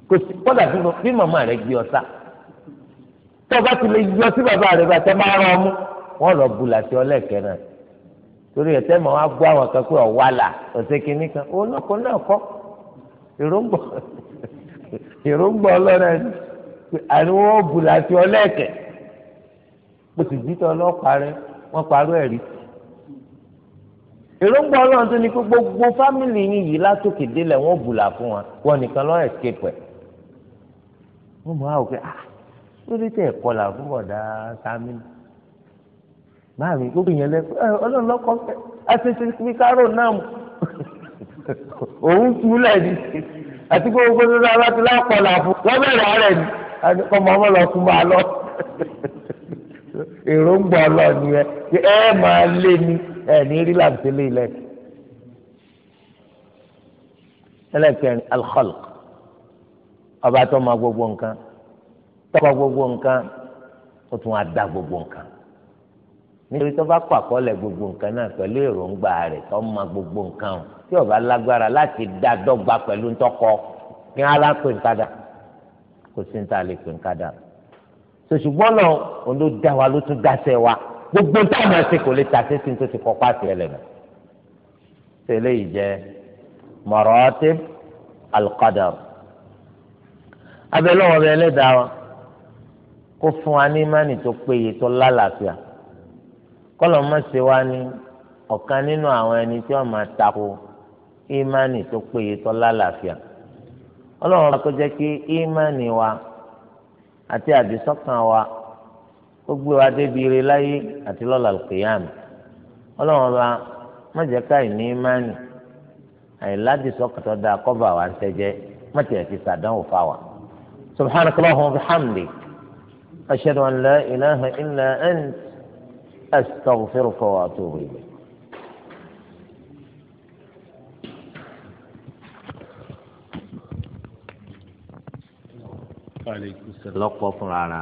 kò sí kọ́dà bí màmá rẹ gbé ọ sá tó o bá ti lè yọ sí bàbá rẹ bá tẹ́ máa rán ọmú wọ́n lọ bù làṣẹ ọlẹ́ẹ̀kẹ́ náà torí ẹ̀ tẹ́ mọ̀ wá gbọ́ àwọn kan pé ọ̀wá là ọ̀sẹ̀ kìíní kan òun náà kọ́ náà kọ́ èròǹgbà èròǹgbà ọlọ́run ẹni àníwọ́ òbúlà àti ọlẹ́ẹ̀kẹ́ bó ti dìtọ̀ ọlọ́pàá rẹ wọ́n parọ́ ẹ̀rí. èròǹgbà ọlọ́run tó ní pé gbogbo fámìlì yín yìí látòkè délẹ̀ wọ́n òbúlà fún wa wọ́n nìkan lọ́ọ́ escape ẹ̀. wọ́n mọ̀ àwọn òkè ah lórí tẹ̀ ẹ̀kọ́ là fún bọ̀dá sámi. báàmì gbogbo ìyẹn lẹ́kọ̀ọ́ eh, ọlọ́run lọ́kọ̀ọ́ fẹ́ àti ṣe fi kárò náà òun túlẹ̀ ní àti gbogbo nínú aláti lápọ̀lá fún lọ́bẹ̀rẹ̀ ààrẹ ni ọmọ ọmọ lọ tún bá a lọ èròǹgbà ọlọ́ọ̀ni ẹ ẹ máa lé ní ẹ ní rí làǹtí lé ilẹ̀ ẹlẹ́kẹ̀rin alkhalq ọba tó máa gbogbo nǹkan tọ́kọ gbogbo nǹkan ó tún á dá gbogbo nǹkan nítorí tó bá kọ àkọọ́lẹ̀ gbogbo nǹkan náà pẹ̀lú èròǹgbà rẹ̀ tó máa gbogbo nǹkan o tí ó bá lágbára láti dá dọ́gba pẹ̀lú ntọ́kọ kí wọ́n á pè nkádà kò sí ní ta lè pè nkádà sòṣùgbọ́n náà òun ló dá wa ló tún dáṣẹ́ wa gbogbo táwọn ẹsẹ̀ kò lè tàṣẹ́ sí tó ti kọ́ pàṣẹ ẹ lẹ́nu tẹ́lẹ̀ yìí jẹ́ maratib al-qadar abẹ́lẹ́wọ̀n bẹ́ẹ̀ lẹ́dàá wa kó fún wa ní mánì tó péye tó lálàáfíà kọ́lọ́ wa ní ọ̀kan nínú àwọn ẹni tí wọ́n máa tako ìmánì tó péye tó lálàáfíà ọlọ́run bá kó jẹ́ kí ìmánì wa àti àdìsọ́kàn wa kó gbé wa débi ire láyé àti lọ́la kìyàmù ọlọ́run bá má jẹ́ ká ìní ìmánì àìládìsọ́kàn tó dáa kọ́ba wa ń tẹ́jẹ́ má tiẹ̀ sàdánwò fa wa. سبحانك اللهم وبحمدك أشهد أن لا إله إلا أنت أستغفرك وأتوب إليك lọ́pọ̀ fúnra rà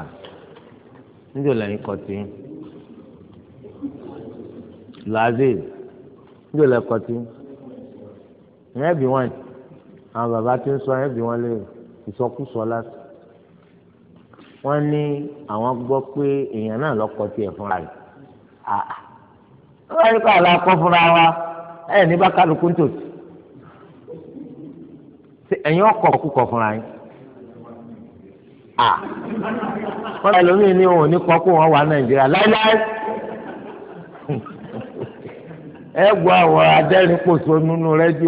níjọ́ lẹ́yìn kọtí lazil níjọ́ lẹ́yìn kọtí ìyẹn bí wọ́n àwọn bàbá tí ń sọ ìyẹn bí wọ́n lè ìsọkúsọ láti wọ́n ní àwọn gbọ́ pé èèyàn náà lọ́kọ tiẹ̀ fúnra rẹ̀ àà wọ́n rí ká la kọ́ fúnra wa ẹ̀ ní bá kálukú ń tòtí ẹ̀yin ọkọ̀ kúkọ̀ fúnra yín. à kọ́lá ẹlòmíín ni òun ò ní kọ́ kó wọn wà nàìjíríà láíláí ẹ gbọ́ àwọn adẹ́rìnpòṣò nínú tí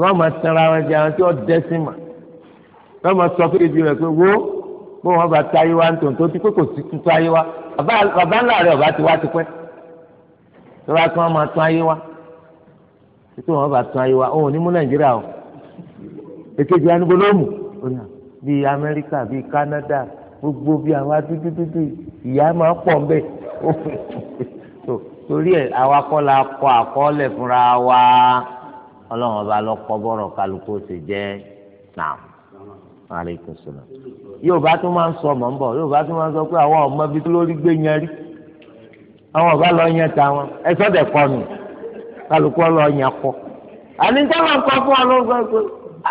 wọ́n máa tẹ̀ra wọn jẹ àwọn tí wọ́n dẹ́sìn wọ́n máa sọ fún pé wo wọn bá wa tó ti pé kò sí tuntun ayé wa bàbá ti wá ti tó bá tún wọn máa tún ayé wa tó wọn bá tún ayé wa òun ní mú nàìjíríà o èkejì bíi amẹ́ríkà bíi kánádà gbogbo bíi àwọn adúdúdúdú ìyá máa pọ̀ ń bẹ̀ torí ẹ̀ àwa kọ́ la kọ àkọọ́lẹ̀ fúnra wa ọlọ́run ọba lọ kọ́ bọ́rọ̀ kálukú ṣe jẹ́ náà maaleykum salaam yóò bá tún máa ń sọ mọ̀ ń bọ̀ yóò bá tún máa ń sọ pé àwọn ọmọ bíi lórí gbé yẹn rí àwọn ọba lọ yẹn ta wọn ẹ sọdẹ kọ nù kálukú ọlọ yẹn kọ àní kọ fún ọ lọ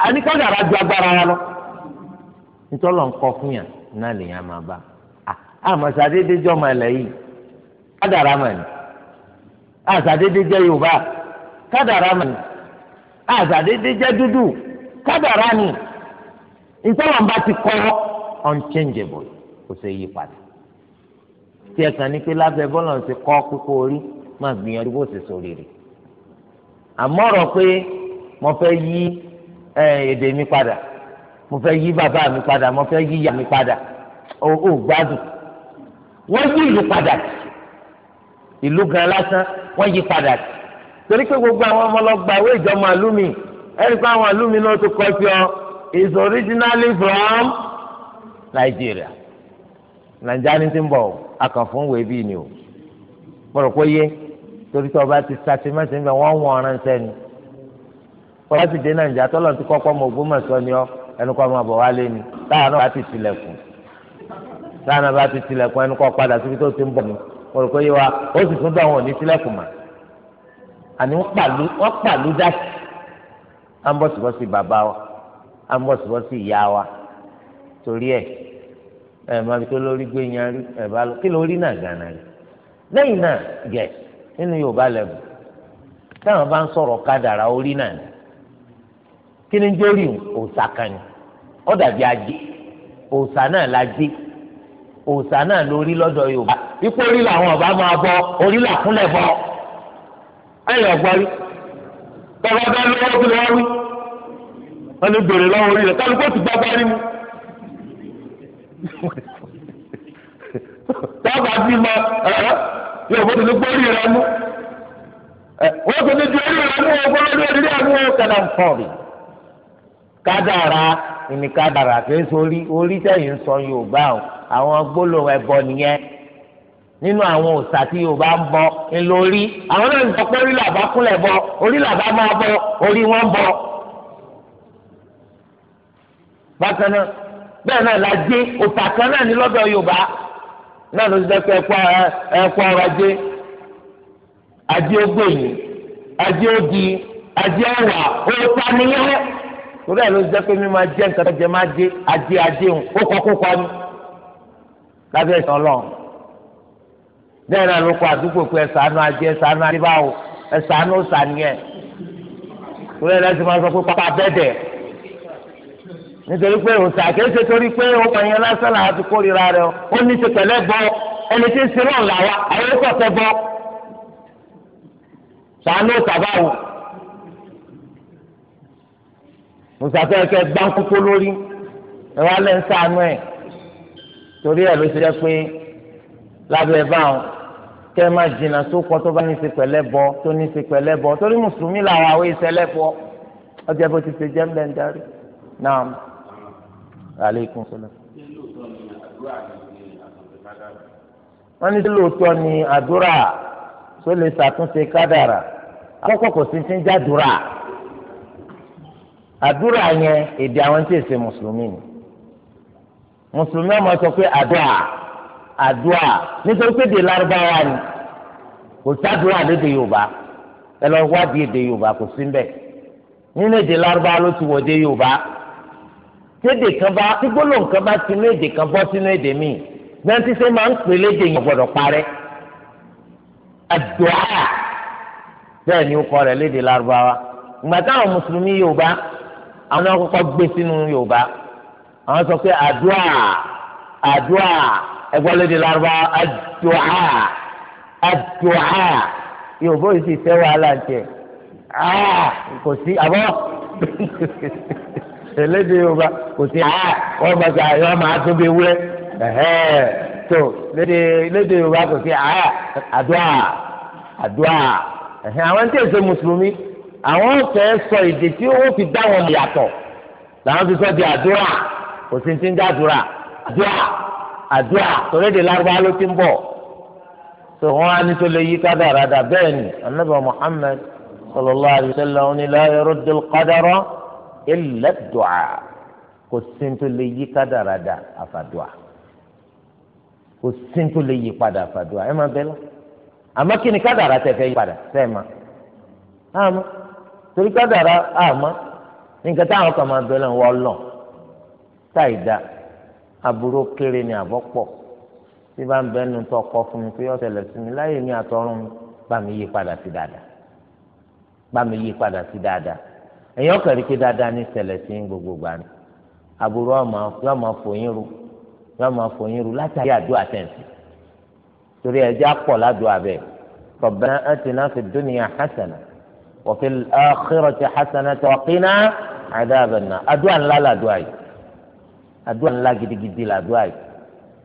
àní kádàrá agbára wa lọ nítorí ọ̀nkọ́ fún yàn náà ya máa bá àmọ̀sàdédé jọ́ máa lẹ̀ yìí ma mà ní àsàdédé jẹ́ yorùbá kádàrá mà ní àsàdédé jẹ́ dúdú kádàrá ni nítorí ti kọ́ unchangeable kò ṣe yí padà tí ẹ kàn ní pé lábẹ́ bọ́lá ń ṣe kókó orí máa gbìyànjú bó ṣe sórí rẹ̀ àmọ́ pé mo yí èdè mo fẹ́ yí bàbá mi padà mo fẹ́ yí ìyá mi padà ó ó gbádùn wọ́n yí ìlú padà ìlú gan lásán wọ́n yí padà torí pé gbogbo àwọn ọmọlọ́gba owó ìjọba àlùmí ẹni pé àwọn àlùmí náà tó kọ́ ọ is originally from Nigeria nàìjíríà ní ti ń bọ̀ akànfún wèé bíi ni o mo yé torí tí ọba ti sàtìmẹ́sì ń bẹ wọ́n wọ́n ọ̀rẹ́ ń ọba ti dé nàìjíríà tọ́lọ́ ti kọ́kọ́ mọ̀ ògbómọ̀ṣọ́ ni ọ́ ẹnu kọ́ ọmọ bọ̀ wá lé ni táyà náà bá ti tilẹ̀kùn táyà náà bá ti tilẹ̀kùn ẹnu padà síbi tó ti ń bọ̀ ni mo rò pé yé wa ó sì tún dọ̀wọ́n ní tilẹ̀kùn mà àní wọ́n pàlú dáṣì à ń bọ̀ síbọ̀ sí bàbá wa à ń bọ̀ síbọ̀ sí ìyá wa torí ẹ̀ ẹ̀ máa tó lórí gbé yan rí ẹ̀ bá lọ kí lórí náà gànà rí lẹ́yìn náà gẹ̀ nínú Yorùbá lẹ́bùn táwọn bá ń sọ̀rọ̀ kádàrá orí náà kí ni jórí òòsà ó dàbí ajé òòṣà náà la jẹ́ òòṣà náà lórí lọ́dọ̀ yorùbá ipò orí làwọn ọba máa bọ orí làkúnlẹ̀ bọ ẹ̀yọ̀ gbọ́rí tọ́lá bá lọ́wọ́ tó lọ́wọ́ wí wọ́n lè béèrè lọ́wọ́ orí rẹ̀ kálukú ti gbá gbárí mu tọ́ba bí ma yóò bó tẹ̀lé gbórí rẹ̀ mú wọ́n tẹ̀lé ju orí rẹ̀ mú ọgbọ́n lórí rẹ̀ mú ọ̀kadà ń pọ̀ rẹ̀ kádàrà ìní kádàrà kìí sórí orí tẹ̀yìn sọ yorùbá o àwọn gbólóhùn ẹ̀bọ nìyẹn nínú àwọn òòṣà tí yorùbá ń bọ ńlórí àwọn náà ń sọ pé orí làbá kúnlẹ̀ bọ orí làbá máa bọ orí wọn bọ. bákan bẹ́ẹ̀ náà la dé òòṣà kan náà ní lọ́dọ̀ yorùbá náà ló ti dẹ́kun ẹ̀kọ́ ọrọ̀ ajé ajé ó gbèyìn ajé ó di ajé ọ̀wà òòṣà nìyẹn. torí ẹ̀ ló jẹ́ pé mi máa jẹ́ nǹkan tó jẹ́ máa jẹ́ ajé ajé ń kókókókó ni lábẹ́ ìtàn lọ. bẹ́ẹ̀ náà ló kọ àdúgbò pé ẹ̀sánú ẹ̀sánú báwo ẹ̀sánú torí lẹ́sìn máa sọ pé pápá bẹ́ẹ̀dẹ̀ nítorí pé torí pé yẹn lásán làwọn ti àwọn sàbáwò. mùsàfẹ́ kẹ gbáǹkókó lórí ẹ wá lẹ́ ń sànú ẹ̀ torí ẹ̀ ló ṣe jẹ́ pé lábẹ́ báwọn kẹ́ ẹ má jìnnà sókọ tó bá ní í ṣe pẹ̀lẹ́ bọ tó ní í ṣe pẹ̀lẹ́ bọ torí mùsùlùmí làwọn àwọn ìṣẹ̀lẹ̀ bọ ọjà bó ti ṣe jẹ́ ń bẹ̀ ń darí náà aleykum salaam. ní lóòótọ́ ni àdúrà tó lè ṣàtúnṣe kádàrà àkọ́kọ́ kò sí ti ń jádùrà àdúrà yẹn èdè àwọn tí èsè mùsùlùmí ni mùsùlùmí ọmọ sọ pé àdúrà àdúrà nítorí pé èdè lárúbáwá ni kò sádùúrà lédè yorùbá ẹ lọ wádìí èdè yorùbá kò sí mbẹ nínú èdè lárúbáwá ló ti wọ èdè yorùbá tédè kan bá tí gbólóhùn kan bá tinú èdè kan bọ́ sínú èdè míì gbẹ́ntì sẹ́ máa ń pè lédè yẹn gbọ́dọ̀ parẹ́ àdúrà bẹ́ẹ̀ ni ó kọ́ rẹ̀ lédè lárúbáwá ìgbà táwọn mùsùlùmí yorùbá àwọn náà kọ́kọ́ gbé sínú yorùbá àwọn sọ pé àdúrà àdúrà ẹgbọ́n lédè lárúbá àdúrà àdúrà yorùbá yìí sì fẹ́ wàhálà ń tiẹ̀ kò sí àbọ̀ elédè yorùbá kò sí wọ́n gbà sọ àyọ̀ máa tó bí ewúrẹ́ tó lédè yorùbá kò sí àdúrà àdúrà àwọn tí èso mùsùlùmí àwọn fẹ́ sọ èdè tí owó fi dá wọn yàtọ̀ làwọn fi sọ di àdúrà kò sí ti ń dá àdúrà àdúrà àdúrà torí de lárúbáwá ló ti ń bọ̀ tó wọn á ní tó lè yí kádàrá dà bẹ́ẹ̀ ni anabi muhammed sallallahu alayhi wa sallam ní la yaruddul qadara kò sí tó lè yí kádàrá dà àfàdùà kò sí tó lè yí padà àfàdùà ẹ má bẹ́ẹ̀ lọ àmọ́ kí ni kádàrá tẹ̀ fẹ́ yí padà sẹ́ẹ̀ ma torí kádàrá àmọ́ nǹkan táwọn kan máa bẹ̀rẹ̀ wọ́n lọ táì da aburú kéré ni àbọ̀pọ̀ tí bá ń bẹ́ẹ̀ nu tó kọ́ fún mi pé ọ̀sẹ̀lẹ̀ sí mi láyé mi àtọ́run bá mi yí padà sí dáadáa bá mi yí padà sí dáadáa èyàn kẹ̀rí pé dáadáa ní ṣẹlẹ̀ sí gbogbo ni aburú yóò máa fòyín ru yóò máa fòyín ru látàrí àdúrà tẹ̀sí torí ẹ̀jẹ̀ á pọ̀ ládùúgbà bẹ́ẹ̀ Rabbana atina fid dunya hasana. وفي الآخرة حسنة وقنا عذاب النار أدعاء لا لا دعاء أدعاء لا جدي جدي لا دعاء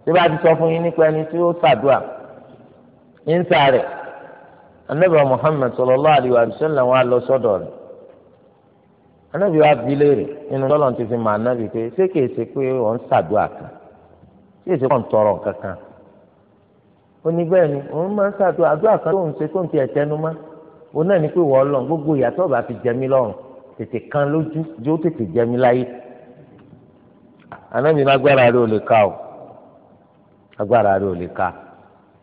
تبع تشوفون إني كأني سيو سادعاء إن سارع النبي محمد صلى الله عليه وسلم وعلى صدره anabi wa bi léèrè nínú lọ́lọ́run ti fi mọ anabi pé ṣé kìí ṣe pé wọ́n ń ṣàdúrà kan ṣé kìí ṣe pé wọ́n ń tọrọ kankan ó ní bẹ́ẹ̀ ni òun máa ń ṣàdúrà àdúrà kan tó ń ṣe tó ń ti ẹ̀tẹ́nu máa òun náà ní pé wọ́n lọ gbogbo ìyàtọ̀ bá fi jẹ mí lọ́rùn tètè kan lójú yóò tètè jẹ mí láyé ànábì má gbára rẹ ò lè ka o agbára rẹ ò lè ka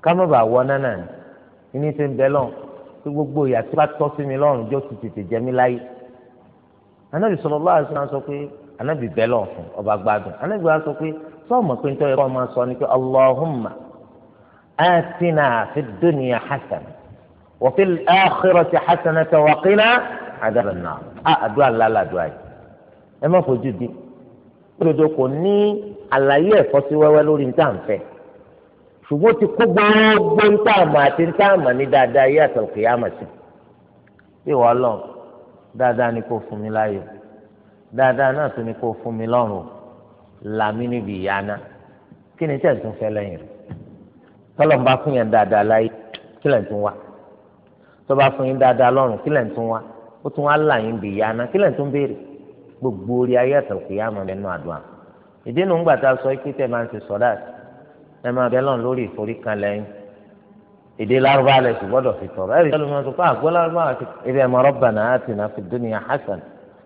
ká má bàa wọ nánà ní ní ṣe ń bẹ lọ pé gbogbo ìyàtọ̀ bá tọ́ sí mi lọ́rùn yóò ti tètè jẹ láyé ànábì sallallahu alaihi wasallam sọ pé ànábì bẹ lọ fún ọba gbádùn ànábì wa sọ pé sọọmọ pé nítorí ọmọ sọ ni pé Allahumma atina fid dunya hasana. وفي الآخرة حسنة وقنا عذاب النار àdúrà ńlá لا yìí ẹ má fojú di olùdó kò ní àlàyé ẹ̀fọ́síwẹ́wẹ́ lórí ní tàǹfẹ́ ṣùgbọ́n ti kó gbogbo ń tààmà àti ń tààmà ní dáadáa yé àtàlùkè yá màsí ìwọ lọ dáadáa ni kò fún mi láyò dáadáa náà tún ni kò fún mi lọ́rùn làmí níbi ìyá kí ni tẹ̀sán fẹ́ lẹ́yìn rẹ̀ tọ́lọ́mbà fún yẹn dáadáa láyé kí lẹ́yìn tún wá tó bá fún yín dáadáa lọ́rùn kí lẹ̀ ń tún wá ó tún wá là yín bì yáná kí lẹ̀ ń tún béèrè gbogbo orí ayé àtàkùn yá mọ̀ lẹ́nu àdúrà ìdí nu ńgbà tá a sọ pé tẹ̀ máa ń ṣe sọ́dà ẹ máa bẹ́ lọ́run lórí ìforíkanlẹ̀ yín èdè lárúbá lẹ̀ sì gbọ́dọ̀ fi tọ̀rọ̀ ẹ̀rí ẹlòmí wọn sọ pé àgọ́ ah, lárúbá àti ibi ẹ̀mọ rabbana atina fid dunya hasan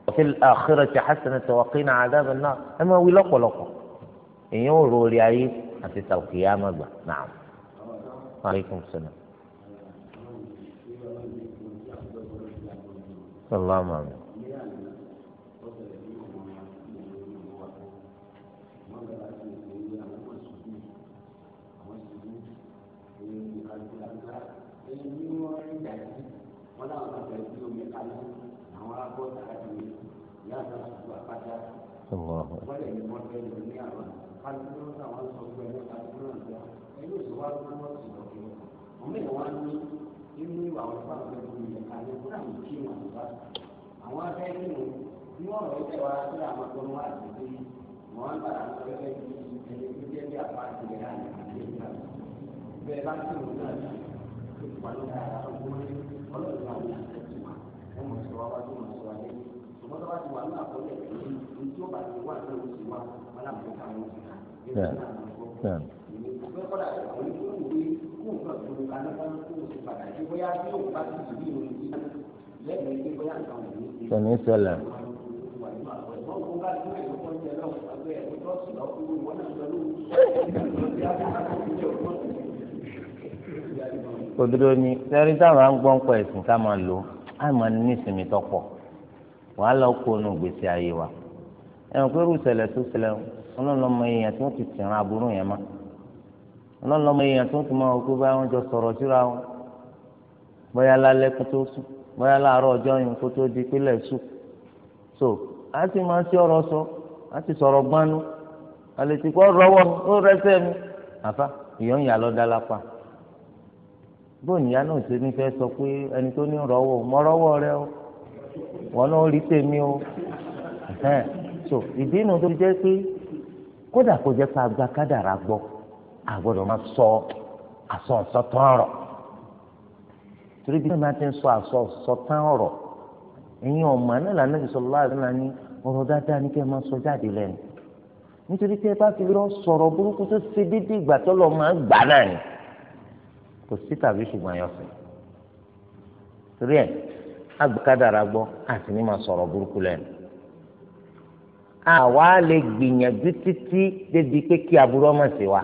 wa fil akhirati hasanatan wa qina adhaban nar ẹ máa wí lọ́pọ̀lọpọ̀ èèyàn ò ro orí ayé àti tàkùn yá mọ̀ gbà náà. Wa alaikum salaam. sọlá màmí. Allahu Akbar. ní àwọn pàṣẹ ìlú yẹn àti kúrò àwọn kí wọn àwọn akẹ́kẹ́ wọn ní ọ̀rọ̀ ìfẹ́ wa sí àwọn tó ń wá àtúntò yìí wọn ń bára àwọn ẹgbẹ́ yìí ẹni tó jẹ́ bí apá àtìlẹ́ àti àtìlẹ́ bẹ́ẹ̀ bá tí wọn náà ti tó ti pàdé ara ọgbọ́n ní àwọn àtẹ̀tù wa wọn mọ̀ sọ wá tó mọ̀ sọ wá lẹ́yìn ṣùgbọ́n tó bá ti wà ní àkọọ́lẹ̀ ní ìlànà kan tó ṣe pàtàkì bóyá tí òun bá ti dùn ní òun yìí lẹ́nu ilé bóyá nǹkan òun yìí. tẹ̀mí sẹlẹ̀. òdodo ni sẹ́rí táwọn á ń gbọ́n pẹ̀ ẹ̀sìn ká máa lò á máa ní ìsinmi tó pọ̀ wàhálà ó kó gbèsè ayé wa ẹ̀rọ pé irú ìṣẹ̀lẹ̀ tó ṣẹlẹ̀ ọlọ́run ọmọ èèyàn tí wọ́n ti tìran aburú yẹn máa ọlọ́lọ́mọ èèyàn tó ń tún máa wọ pé báyà wọ́n jọ sọ̀rọ̀ síra wọn bóyá lálẹ́ kó tó sùn bóyá láàárọ̀ ọjọ́ yìí kó tó di pílẹ̀ sùn so a ti máa ń sí ọ̀rọ̀ sọ a ti sọ̀rọ̀ gbanú àlètí kọ́ rọwọ́ ó rẹsẹ̀ mi àfa ìyọ̀ ń yà lọ dá lápá bóun ìyá náà ṣe ní fẹ́ sọ pé ẹni tó ní rọwọ́ mọ rọwọ́ rẹ o wọn náà rí tèmi o so ìdí inú tó jẹ́ pé kódà kó jẹ́ ká gba gbọ́ àgbọ̀dọ̀ máa sọ àsọ ọ̀sọ́tán ọ̀rọ̀ torí bí wọ́n ti ń sọ àsọ ọ̀sọ́tán ọ̀rọ̀ ẹ̀yin ọ̀mọ náà lànà ìṣòro láàrin náà ní ọ̀rọ̀ dáadáa Ni kẹ́ ẹ máa sọ jáde lẹ́nu nítorí pé ẹ bá fi lọ sọ̀rọ̀ burúkú tó ṣe déédéé ìgbà tó lọ máa gbà náà ni kò sí tàbí ṣùgbọ́n ayọ̀fẹ́ torí ẹ̀ agbẹ́kádàrà gbọ́ àti ní máa sọ̀rọ̀ burúkú lẹ́nu àwa lè gbìyànjú títí débi pé kí aburú ọmọ sí wa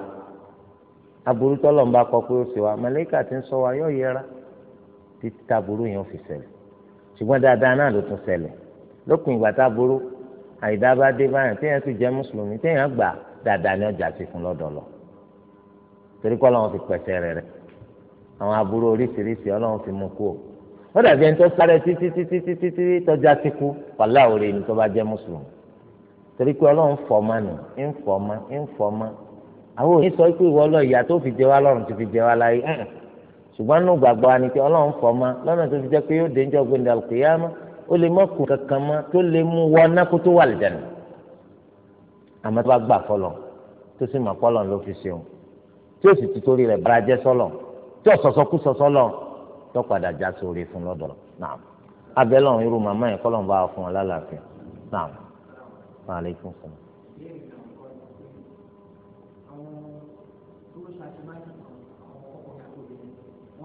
aburú tọ́lọ̀ ń bá kọ pé ó sì wá màlẹ́kà ti ń sọ wa yóò yẹra títí taburú yẹn ò fi ṣẹlẹ̀ ṣùgbọ́n dáadáa náà ló tún ṣẹlẹ̀ lópin ìgbà taburú àìdá bá dé báyìí téèyàn sì jẹ́ mùsùlùmí téèyàn gbà dáadáa ní ọjà sí fún lọ́dọ̀ lọ torí kọ́ lọ́wọ́ fi pẹ̀sẹ̀ rẹ̀ rẹ̀ àwọn aburú oríṣiríṣi ọlọ́run fi mú kú o ó dàbí ẹni tó sáré títí títí títí títí tọ́já sí kú wàhálà òre ni tó bá jẹ́ mùsùlùmí torí pé ọlọ́run fọ́ ọmọ nù ń fọ́ ọmọ ń fọ́ ọmọ àwọn òní sọ pé ìwọ lọ ìyà tó fi jẹ wá lọ́rùn tó fi jẹ wá láyé ṣùgbọ́n nù gbàgbọ́ àni pé ọlọ́run fọ́ ma lọ́nà tó fi jẹ́ pé yóò dé njọ́ gbẹ̀ndà kìyàmá ó lè mọ́ kù kankan mọ́ tó lè mú wọ ná kó tó wà lìjànà àmọ́ tó bá gbà fọlọ́ tó sì mọ̀ pọ́lọ́ ló fi ṣeun tí ó sì ti torí rẹ̀ bára jẹ́ sọ́lọ̀ tí ọ̀sọ̀sọ́ kú sọ́sọ́ lọ tó padà já sórí fún lọ́dọ̀ náà abẹ́lọ́run irú màmá yẹn kọ́lọ́run bá wa fún wa lálàáfíà náà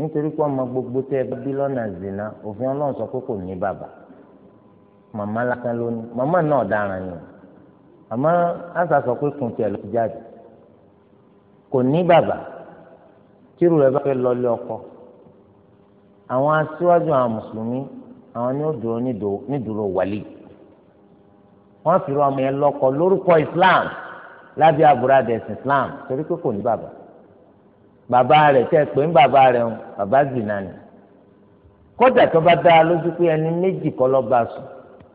nítorí pé ọmọ gbogbo tẹ bí lọ́nà zina òfin ọlọ́run sọ pé kò ní bàbá màmá lásán lónìí màmá náà dáràn yìí àmọ́ àṣà sọ pé kùn tiẹ̀ ló ti jáde kò ní bàbá tírù rẹ bá fẹ́ lọlé ọkọ àwọn aṣíwájú àwọn mùsùlùmí àwọn ni ó dúró nídúró wàlí wọ́n fi rọ ọmọ yẹn lọ́kọ lórúkọ Islam lábẹ́ àbúradà ẹ̀sìn Islam torí pé kò ní bàbá bàbá rẹ̀ tẹ́ pé ń bàbá rẹ̀ ń bàbá zìnà ni kódà tó bá dá a lójú pé ẹni méjì kọ́ lọ́ọ́ bá sùn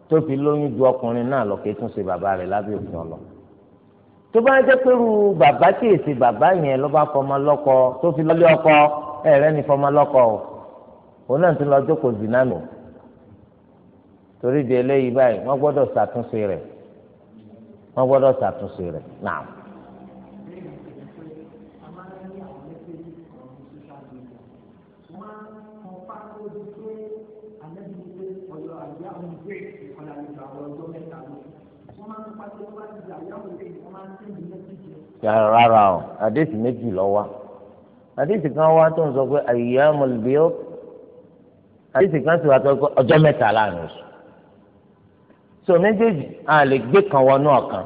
tó fi lóyún ju ọkùnrin náà lọ kí tún ṣe bàbá rẹ̀ lábẹ́ òfin ọlọ tó bá jẹ́ pé irú bàbá tí èsì bàbá yẹn ló bá fọmọ lọ́kọ tó fi lọ́lé ọkọ ẹ̀rẹ́ ni fọmọ lọ́kọ o òun náà tún lọ jókòó zìnà nù torí di eléyìí báyìí wọ́n gbọ́dọ̀ ṣàtúnṣe rẹ̀ wọ́n gbọ́dọ̀ ṣàtúnṣe rẹ̀ náà. rárá o àdéhùn méjì lọ wá àdéhùn kan wá tó ń sọ pé ayyamul biyd àdéhùn kan sì wá tó ń ọjọ́ mẹ́ta láàrin oṣù so méjèèjì a lè gbé kan wọnú ọ̀kan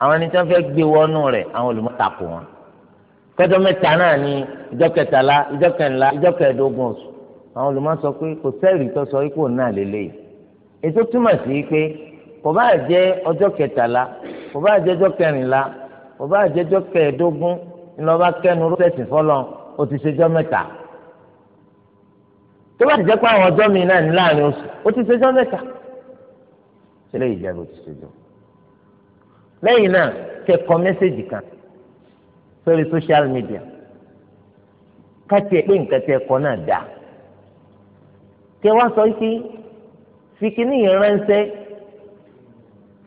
àwọn ẹni tí wọ́n fẹ́ gbé wọnú rẹ̀ àwọn olùmọ̀tàkù wọn kẹjọ mẹ́ta náà ni ìjọ kẹtàlá ìjọ kẹńlá ìjọ kẹẹ̀ẹ́dógún oṣù àwọn olùmọ̀ sọ pé kò sẹ́ẹ̀rì tó sọ ipò náà lélẹ́yìí ètò túmọ̀ sí pé kò bá jẹ́ ọjọ́ kẹtàlá kò bá jẹ́ ọjọ́ kẹrìnlá kò bá jẹjọ́ kẹẹ̀ẹ́dógún ńlọba kẹnu rọ́sẹ̀sì fọlọ́ o ti ṣèjọ́ mẹ́ta tó bá ti jẹ́ pé àwọn ọjọ́ mi náà ní láàrin oṣù o ti ṣèjọ́ mẹ́ta sílẹ̀ ìjẹ́bù ti ṣèjọ́ lẹ́yìn náà kẹ́kọ̀ọ́ mẹ́sẹ̀gì kan sórí social media káti ẹ̀ pé nǹkan tẹ́ ẹ̀kọ́ náà dáa kẹ wá sọ pé fi kíní yẹn ránṣẹ́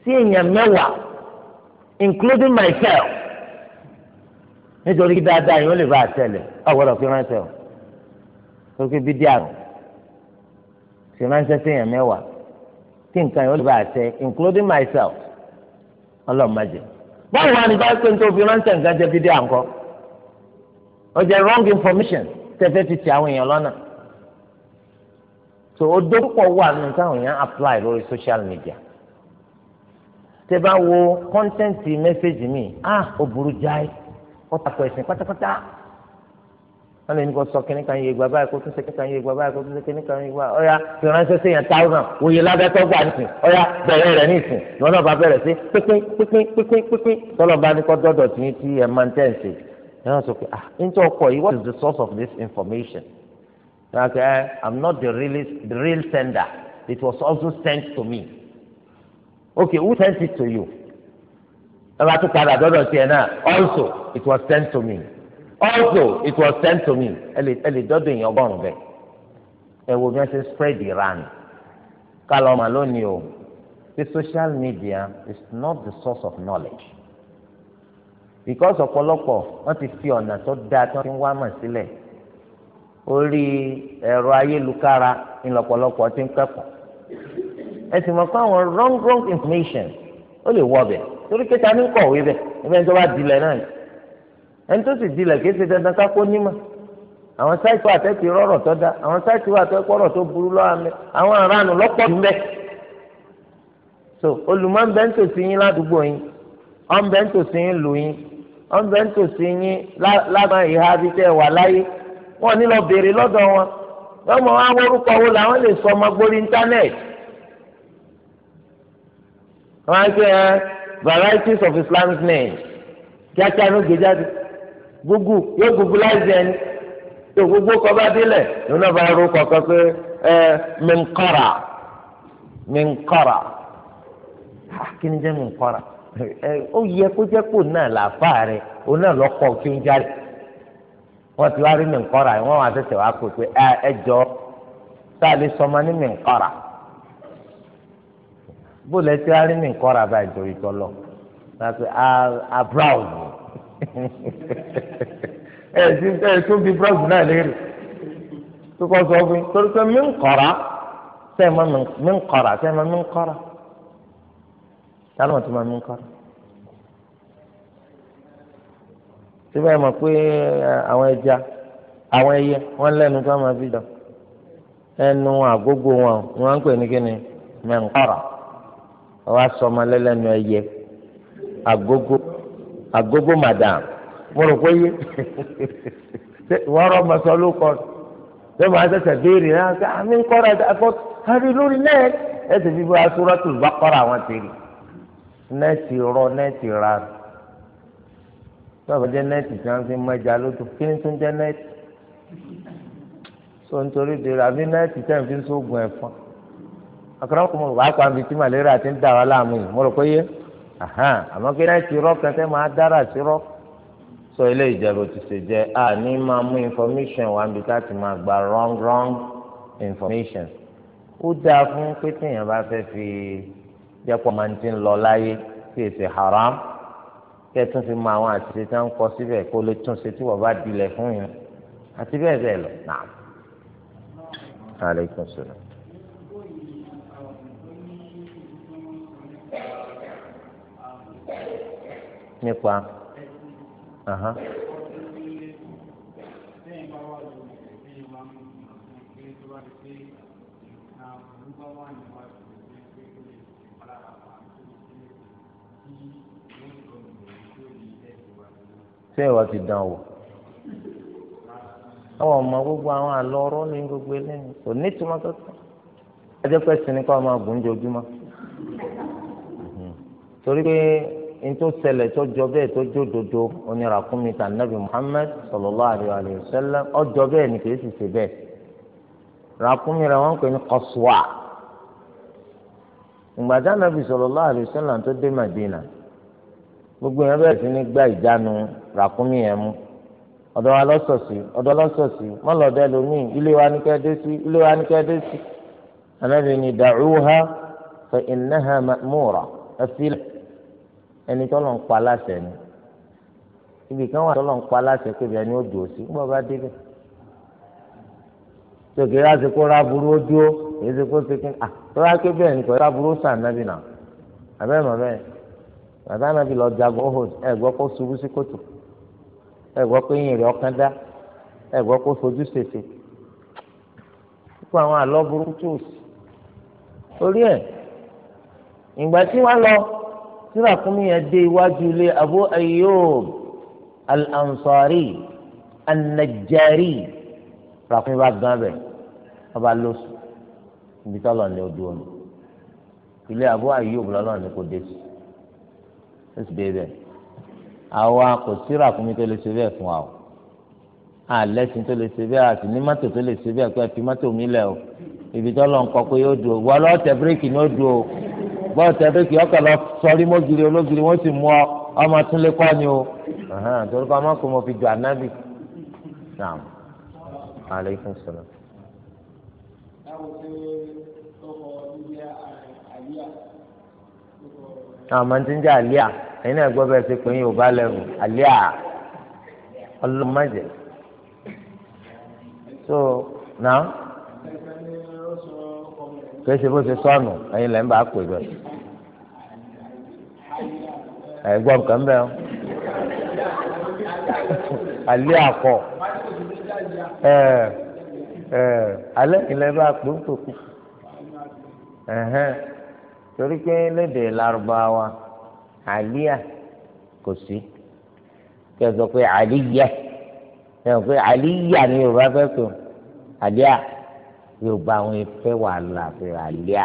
sí èèyàn mẹ́wàá including myself nítorí dáadáa yìí ó lè bá a tẹ̀lé ọ̀gbọ́dọ̀ fi ránṣẹ́ o tó fi bí díàrùn fi ránṣẹ́ séèyàn mẹ́wàá tí nǹkan yìí ó lè bá a tẹ including myself ọlọ́mọdé báwo wá ní báyìí pé n tó fi ránṣẹ́ nǹkan jẹ́ bí díàrùn ó jẹ́ wrong information tẹ́fẹ́ ti ti àwọn èèyàn lọ́nà tó o dókòwò wà nínú táwọn èèyàn apply lórí social media tẹ bá wo kọ́ńtẹ́ǹtì mẹ́sẹ̀gì mi ah ó burú jáì ó takò ẹ̀sìn pátápátá wọn lè ní kó sọ kíní kan yé gba báyìí kó tún ṣe kíní kan yé gba báyìí kó tún ṣe kíní kan yé gba ọyà fìránṣẹ́ sí yẹn táwọn òye lábẹ́tọ́ gbà nìsín ọyà bẹ̀rẹ̀ rẹ̀ nìsín ìwọ náà bá bẹ̀rẹ̀ sí pínpín pínpín pínpín pínpín tọ́lọ̀ bá ní kó dọ́dọ̀ tí tí ẹ̀ máa ń tẹ̀ ń ṣe ẹ̀ náà sọ pé ah nítorí ọkọ̀ yìí what is the source of this information? like I am not the real the real sender it was also sent to me okay who sent it to you ọba tó padà dọ́dọ̀ sí ẹ náà also it was sent to me also it was sent to me ẹ lè dọ́dọ̀ èèyàn ọgọ́rùn-ún bẹ́ẹ̀ ẹ wo bí wọ́n ṣe spread Iran kálọ̀ ọmọ lónìí o the social media is not the source of knowledge because ọ̀pọ̀lọpọ̀ wọ́n ti fi ọ̀nà tó dáa tí wọ́n ti ń wá mọ̀ sílẹ̀ orí ẹ̀rọ ayélujára ńlọpọlọpọ ti ń kẹ́kọ̀ọ́ ẹ sì mọ̀ pé àwọn wrong wrong information ó lè wọ ọbẹ̀ torí pé ta ni kọ̀wé bẹ̀ ẹgbẹ́ ní tó bá dilẹ̀ náà ni ẹni tó sì dilẹ̀ kì í ṣe dandan ká kó nímọ̀ àwọn sáìtì wà tẹ́tì rọ̀rọ̀ tó da àwọn sáìtì wà tẹ́tì rọ̀rọ̀ tó burú lọ́wọ́ àwọn aráàlú lọ́pọ̀ ń bẹ̀ so olùmọ̀ ń bẹ́ ń tòsí yín ládùúgbò yín ọ̀ ń bẹ́ ń tòsí yín lù yín ọ̀ ń bẹ́ ń tòsí yín lábàá ìhà bí tẹ́ wà láyé wọn ò ní lọ béèrè lọ́dọ̀ wọn lọ́mọ wọn orúkọ wo làwọn lè sọ ọmọ gbórí íńtánẹ́ẹ̀tì wọn á ẹ varieties of Islamic names kíákíá ló gbé jáde gúgù yóò gúgù láì jẹ tó gbogbo kọba délẹ̀ ló náà bá rú kọ̀ọ̀kan pé ẹ mìǹkọ́ra mìǹkọ́ra kí ni jẹ́ mìǹkọ́ra ó yẹ kó jẹ́ kó náà làáfà ó náà kí ti wá rí mìǹkọ́ra yìí wọ́n wá sẹ̀sẹ̀ wá pè pé ẹ jọ lè sọmọ bó lẹ ti arí mi kọ́ra báyìí torí tọ́lọ̀ láti a browse ẹ ti ẹ tún fi browse náà léèrè tó kọ́ sọ fún mi torí pé mi ń mi ń kọ́ra sẹ́ẹ̀ mi ń kọ́ra tálọ̀ tó mi ń síbẹ̀ mọ̀ pé àwọn ẹja àwọn ẹyẹ tó máa fi dàn ẹnu àgógó wọn ń pè ọwọ asọmọ lẹlẹnu ẹyẹ agogo agogo madam mo rò pé yé wọn rọ ọmọ sọ ló kọ ṣé màá ṣẹ̀ṣẹ̀ béèrè náà ṣe àmì kọrọ àgbọ àrí lórí náà ẹ ti fi bá aṣọrọtò bá kọrọ àwọn tèrè nẹẹtì rọ nẹẹtì ra tọ́ọ̀bù jẹ́ nẹẹtì tí wọ́n fi mẹ́ja lójú kí ni tó ń jẹ́ nẹẹtì so nítorí dèrò àbí nẹẹtì tẹ̀ ń fi sóògùn ẹ̀fọn àkàrà kò mọ̀ wá pa ibi tí malaria ti ń dà wá láàmú yìí mo rò pé yé àmọ́ pé náà ti rọ́ kẹsẹ́ máa dára sí rọ́ sọ ilé ìjẹ̀bù ti ṣe jẹ́ a ní máa mú information wá níbi tá máa gba wrong wrong information ó dáa fún pé téèyàn bá fẹ́ fi jẹ́pọ̀ máa ti ń lọ láyé kí èsì haram kẹ́tún fi mọ àwọn àṣìṣe tí wọ́n ń kọ síbẹ̀ kó lè tún ṣe tí wọ́n bá dilẹ̀ fún yín àti bẹ́ẹ̀ bẹ́ẹ̀ lọ. Alaikum salaam. nípa. Uh-huh. ṣé ìwà ti dàn wò àwọn ọmọ gbogbo àwọn àlọ ọ̀rọ̀ ní gbogbo eléyìí kò ní ìtumọ̀ kankan ajẹpẹ sí ni ká máa gùn jojúmọ́ torí pé ntó ṣẹlẹ̀ tó jọ bẹ́ẹ̀ tó jó dodo onírakúnmi ta nabi muhammed sallallahu alayhi wa sallam ọjọ́ bẹ́ẹ̀ ni kìí ṣiṣẹ́ bẹ́ẹ̀ rakúnmi rẹ̀ wọ́n pè ní kọ́sùwà ìgbàdá nabi sallallahu alayhi wa sallam tó dé madina gbogbo yẹn bẹ́ẹ̀ sí ní gbá ìjánu rakúnmi yẹn mú ọ̀dọ̀ wa lọ́sọ̀ọ̀sì ọ̀dọ̀ lọ́sọ̀ọ̀sì mọ́lọ̀dẹ́ lomi ilé wa ní kẹ́ ẹni t'ọlọ ń pa aláṣẹ ni ibì kan wà tọ́lọ̀ ń pa aláṣẹ pé ibẹ̀ ó dùn sí gbọ́ bá débẹ̀ tòkè láti kó ráburú ó dúró èyí kó à sàn nà àbẹ́ bàbá lọ jagun ọ̀hún ẹ̀ gbọ́ kó sí kòtò rẹ̀ ọ̀kan dá kó fojú kó àwọn àlọ́ tó sí orí ẹ̀ ìgbà tí tí ràkúnmí yẹn dé iwájú ilé abu ayyub al-ansari an-najjari ràkúnmí bá gán bẹ̀ ọba lóṣù ibi tọ́lọ̀ ní odò ọ̀nà ilé abu ayyub lọ́lọ́ ní kò dé sí ó sì dé bẹ́ẹ̀ àwa kò sí ràkúnmí tó lè ṣe bẹ́ẹ̀ fún wa o àlẹ́sìn tó lè ṣe bẹ́ẹ̀ àti ní mọ́tò tó lè ṣe bẹ́ẹ̀ pé ẹ fi mọ́tò mi lẹ̀ o ibi tọ́lọ̀ ń kọ́ pé yóò dùn o wọ́n lọ́ọ́ tẹ bíréèkì ní ó o bọ́ọ̀ tẹ̀bẹ́kì ọkọ̀ lọ sọrí mọ́gìrì ológìrì wọ́n sì mú ọ ọmọ túnlé kọ́ ni o torí kọ́ ọmọ kò mọ̀ fi jù ànábì. naam aleykum salaam. àmọ́ ti ń jẹ́ àlíà ẹ̀yin náà gbọ́ bẹ́ẹ̀ ṣe pé yín ò bá lẹ́rù àlíà ọlọ́mọdé. so now kìí bó ṣe sọnù ẹ̀yin lẹ ń bá pè bẹ ẹ̀gbọ́n kan bẹ ọ alẹ́ akọ ẹ ẹ alẹ́ yìí lẹ bá pè ń tòkù torí pé lédè Lárúbáwá àlíyà kò sí kẹsàn pé àlíyà kẹsàn pé àlíyà ni Yorùbá fẹ́ pè ọ yóò bá àwọn ìfẹ́ wàhálà fẹ́ àlíà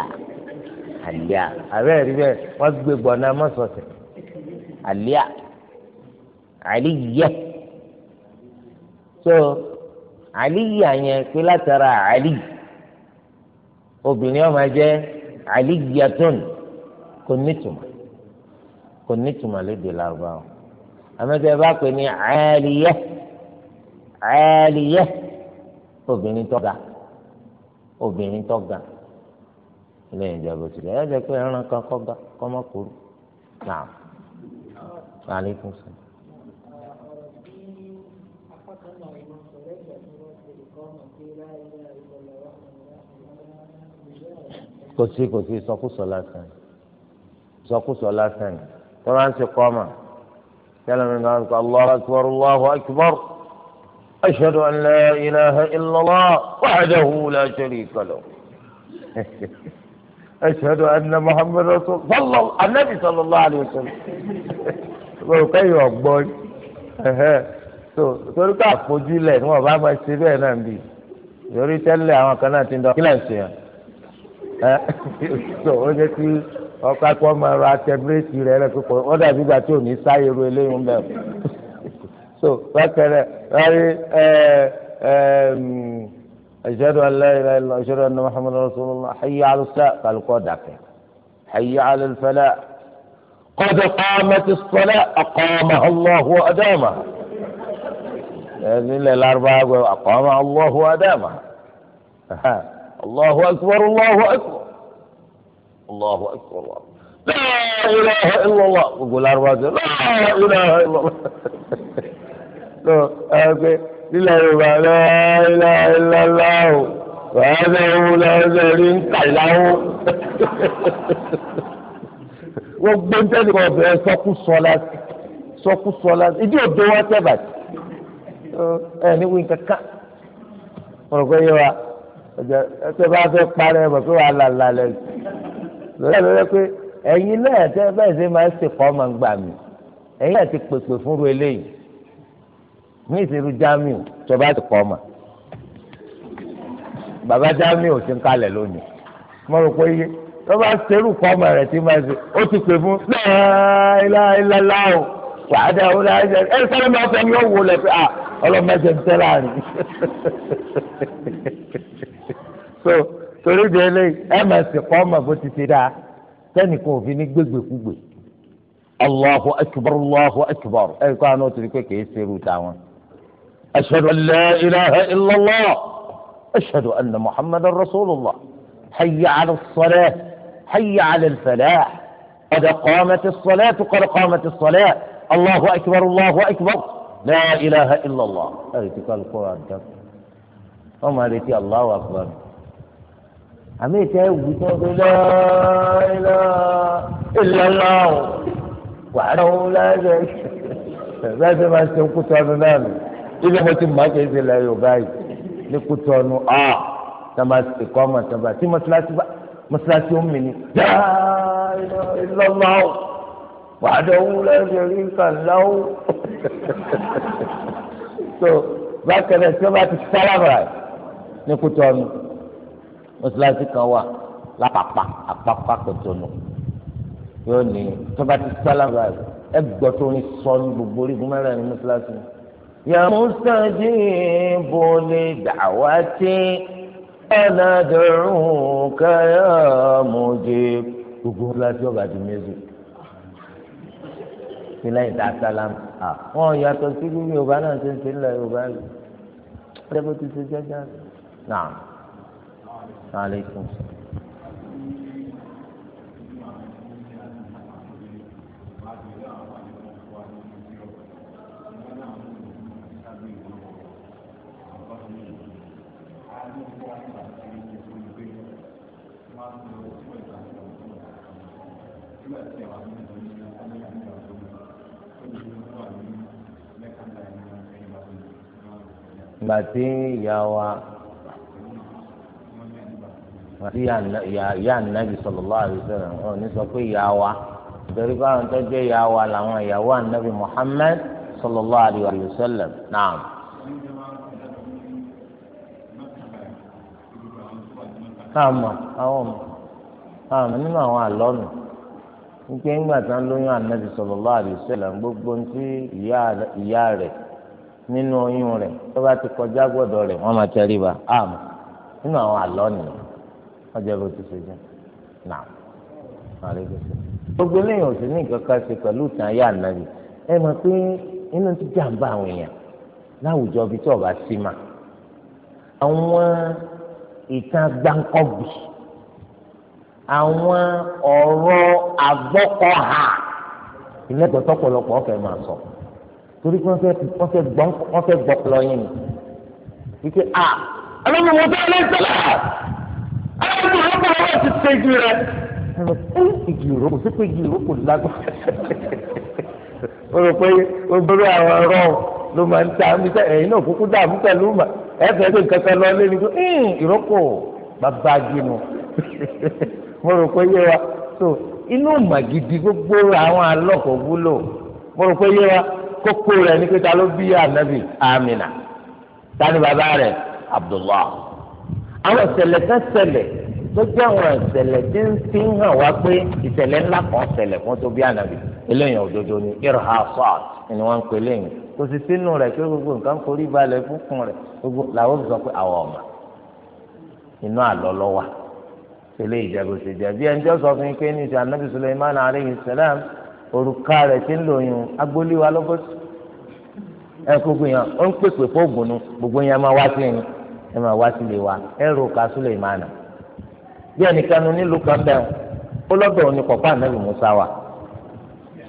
àlíà àbẹ́ rí bẹ́ẹ̀ wọ́n gbé gbọ̀nà mọ́sọ̀ọ̀sẹ̀ àlíà àlíyẹ so àlíyà yẹn pé látara àlí obìnrin ọmọ jẹ àlíyà tún kò nítumọ̀ kò nítumọ̀ lédè lárúbáwá àmọ́tẹ́ bá pè ní àlíyẹ àlíyẹ obìnrin tó ga obìnrin tó ga lẹ́yìn ìjọba òsìlẹ̀ ẹ jẹ́ pé ẹran kan kọ́ ga kọ́ mọ́ kúrú náà alaikum salaam. kò sí kò sí sọkúsọ lásán sọkúsọ lásán tọ́lá ń ṣe kọ́ mà tẹ́lẹ̀ mi náà ń sọ Allahu akbar Allahu akbar. أشهد أن لا إله إلا الله وحده لا شريك له أشهد أن محمد رسول صلى النبي صلى الله عليه وسلم وكيف أقبل torí ká fojú ni wọ́n bá máa ṣe bẹ́ẹ̀ náà bí torí tẹ́lẹ̀ àwọn kan náà ti dán kí yẹn tó o jẹ́ kí ọkọ̀ akọ́ máa ra tẹ́bírẹ́tì tí ò ní sáyé so يعني أشهد أن لا إله إلا الله أشهد أن محمدا رسول الله حي على الصلاة قالوا قد حي على الفلاح قد قامت الصلاة أقامها الله وأدامها يعني إلا الأربعة أقامها الله وأدامها الله أكبر الله أكبر الله أكبر الله لا إله إلا الله يقول الأربعة لا إله إلا الله tó ẹgbẹ́ nílẹ̀ yorùbá lọ́ọ́lọ́lọ́lọ́ o wàhálà ewu lọ́ọ́lọ́ rí ń kà wọ́n gbé ntẹ́ni kan bẹ̀rẹ̀ sọ́kú sọ́lá sọ́kú sọ́lá ìdí òdo wá sẹ́bàtì ẹ̀ ní wíńkà ká wọ́n gbé yẹ wa ẹsẹ̀ bá fẹ́ parẹ́ ẹ̀ bọ̀ pé wàá làlà lẹ̀ lọ́yà lọ́yà pé ẹ̀yin náà ẹ̀ tẹ́ bẹ́ẹ̀ ṣe máa ń gbà mí ẹ̀yin náà ti pèpè fúnru eléyìí ní ìṣèlú jamiu ìjọba ti kọ́ ọ mà bàbá jamiu ti ń kalẹ̀ lónìí mo rò pé iye tó bá ṣerú kọ́ ọmọ rẹ̀ tí máa ṣe ó ti pè fún láìláìláìlá o wàhálà ọ̀la ẹ̀jẹ̀ ẹ̀ sọ́dọ̀ máa fẹ́ mi ó wò lẹ̀ pé ah, à de eléyìí ẹ máa sì kọ́ ọmọ bó ti ṣe dáa sẹ́nìkan òfin ní gbégbèkúgbè allahu akbar allahu akbar ẹ̀ kọ́ àná ó ti rí pé kì أشهد أن لا إله إلا الله أشهد أن محمدا رسول الله حي على الصلاة حي على الفلاح قد قامت الصلاة قد قامت الصلاة الله أكبر الله أكبر لا إله إلا الله أريتك القرآن وما أريتي الله أكبر عميت ìtẹ́ ewu tó fi lọ́ọ́lọ́ ìlọ́lọ́ wàá lọ́wọ́ lọ́wọ́ lọ́wọ́ lọ́wọ́ ibi mo ti mọ àti ẹsẹ ilẹ̀ yorùbá yìí ní kútu ọnu ọ tàbá ìkọ ọmọ tàbá tí mọ́sálásí bá mọ́sálásí ó mì ní. ìlọ́lá o wàdà wúlò ẹsẹ̀ rí kàlá o. so bákan náà tí wọ́n bá ti sálábà ní kútu ọnu mọ́sálásí kan wà lápapà àpapà kòtònù yóò ní tí wọ́n bá ti sálábà ẹ gbọ́ tó ní gbogbo orígun mẹ́rẹ̀ẹ̀rin mọ́sálásí يا مستجيب لدعوتي أنا أدعوك يا مجيب gbogbo ńlá tí ọba di méjì sí lẹ́yìn tá a sálámù à wọn yàtọ̀ sí bí yorùbá náà ṣe ń ṣe ńlá yorùbá yìí ṣé bó ti ṣe jẹjẹrẹ náà alaikum salaam. gbàtí ìyá wa gbàtí ìyá ànábì sallallahu alaihi wasallam ọ ní sọ pé ìyá wa nítorí báwọn tó jẹ́ ìyá wa làwọn ìyàwó ànábì Muhammad sallallahu alaihi wasallam náà. káàmà àwọn káàmà nínú àwọn àlọ́nù. nke ńgbà tí wọn lóyún anabi sallallahu alaihi gbogbo ntí ìyá rẹ nínú oyún rẹ tó bá ti kọjá rẹ wọn máa tẹrí ba àmọ́ nínú àwọn àlọ nìyẹn wọn jẹ bó ti ṣe jẹ náà àlejòsí. gbogbo lẹ́yìn òsì ní kankan ṣe pẹ̀lú ìtàn ayé ẹ pé àwọn èèyàn láwùjọ àwọn ọ̀rọ̀ àgbọ́kọ̀hà ìlẹ́gbẹ̀tọ́ pọ̀lọpọ̀ ọ̀fẹ́ máa sọ torí pé wọ́n fẹ́ gbọ́pọ̀lọ yín ni wípé a ọlọ́run mo bẹ́ẹ̀ lé sọ́lá ọlọ́run mo bẹ́ẹ̀ lé ti péjú rẹ igi ìró kò sí pé igi ìró kò lágbára o rò pé o bẹ̀rẹ̀ àwọn ọ̀rọ̀ ló máa ń ta àmì sẹ́ ẹ̀yin náà kúkú dààmú pẹ̀lú mà ẹ̀fẹ̀ ẹ̀dùn kankan lọ lé ní kó ìrókò bàbá mo rò pé yé wa so inú màgidi gbogbo àwọn alọ́kọ̀ wúlò mo rò pé yé wa kókó rẹ̀ ní pé ta bí anabi amina tani bàbá rẹ̀ abdullah àwọn ìṣẹ̀lẹ̀ kan ṣẹlẹ̀ tó jẹ́ àwọn ìṣẹ̀lẹ̀ tí ń fi hàn wá pé ìṣẹ̀lẹ̀ ńlá kan ṣẹlẹ̀ fún tó bí ànábì eléyìí òdodo ni irhasat ni wọ́n ń pè léyìn kò sì sínú rẹ̀ pé gbogbo nǹkan forí balẹ̀ fúnkún rẹ̀ gbogbo làwọn sọ pé àwọn ọ̀mà inú àlọ́ lọ́wọ́ tẹ́lẹ̀ ìjàgbọ́ ṣe jà bí ẹni tí ó sọ fún yín pé ní ìṣe anabi suleiman aleyhi salam òrùka rẹ̀ ti ń lòyún agbóliwa lọ́gọ́sì ẹ gbogbo yẹn ó ń pèpè fóògùn nu gbogbo yẹn máa wá sí yín ẹ máa wá sí ilé wa ẹ rò ká suleiman bí ẹnìkan nu kan bẹ́ẹ̀ ó lọ́dọ̀ òní kọ̀ọ̀kan anabi musa wa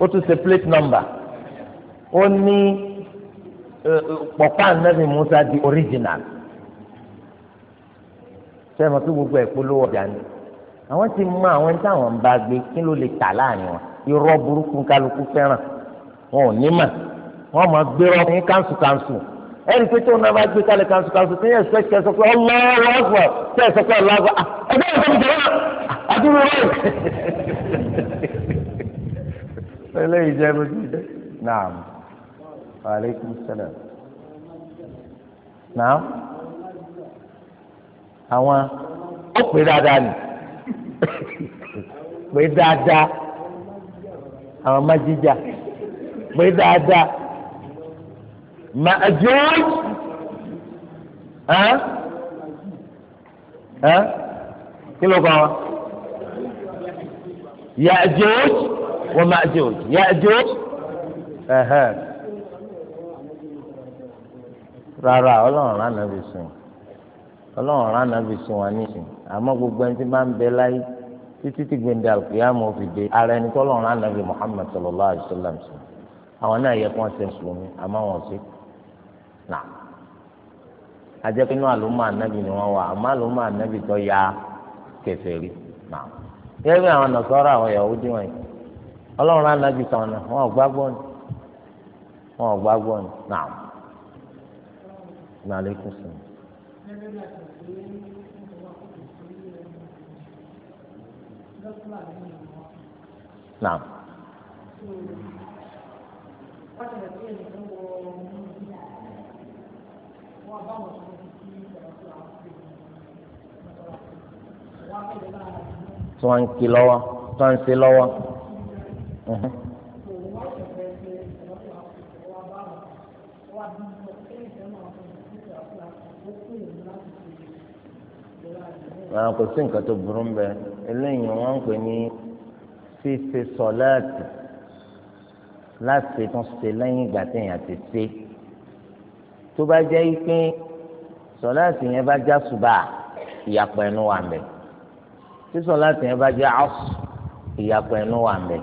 ó tún ṣe plate number ó ní kọ̀ọ̀kan anabi musa di original sẹ́yìn mọ́ kí gbogbo ẹ̀ polówó ọjà ni àwọn ti mọ àwọn táwọn ń bá gbé kí ló lè tà láàrin wọn irọ́ burúkú kálukú fẹ́ràn wọn ò ní mà wọn máa gbé wọn ní kanṣu kanṣu ẹni pé tó náà bá gbé kalẹ̀ kanṣu kanṣu tí yẹn sọ kẹsọ pé ọlọ́wọ́ ọ̀fọ̀ tẹ̀ sọ pé ọlọ́wọ́ ah, ẹgbẹ́ ìfọ̀mù jẹ́ wọn àdúró rẹ̀. eléyìí jẹ́ bó ti dé naam aleykum salaam naam àwọn ó dáadáa nìyí. pé dáadáa àwọn má jíjà pé dáadáa mà jọ́ọ́j kí ló kọ́ wọn. يأجوج ومأجوج يأجوج أها رارا ọlọ́run rán nàbì sí wọn nísìn àmọ́ gbogbo ẹni tí máa ń bẹ láyé títí tí gbèndé àlùkìyàmù fi dé ara ẹni tó rán alayhi sallam àwọn náà yẹ kó wọn ṣe mùsùlùmí àmọ́ wọn sí ajẹ́pínú àlùmọ́ ànábì ni wọ́n wà àmọ́ ya kèfèrí na. yẹ́n àwọn nọ̀sọ́rọ̀ àwọn wọ̀nyí ọlọ́run rán wọn Naam. tí ń kí lọ́wọ́ tí ń ṣe lọ́wọ́. kò sí nǹkan tó burú ń bẹ eléyìí wọ́n ń pè ní ṣíṣe sọ̀láàtì láti tún ṣe lẹ́yìn ìgbà téèyàn ti ṣe tó bá jẹ́ pé sọ̀láàtì yẹn bá já ṣùbà ìyàpọ̀ ẹnu wà mẹ́ tí sọ̀láàtì yẹn bá jẹ́ áṣù ìyàpọ̀ ẹnu wà mẹ́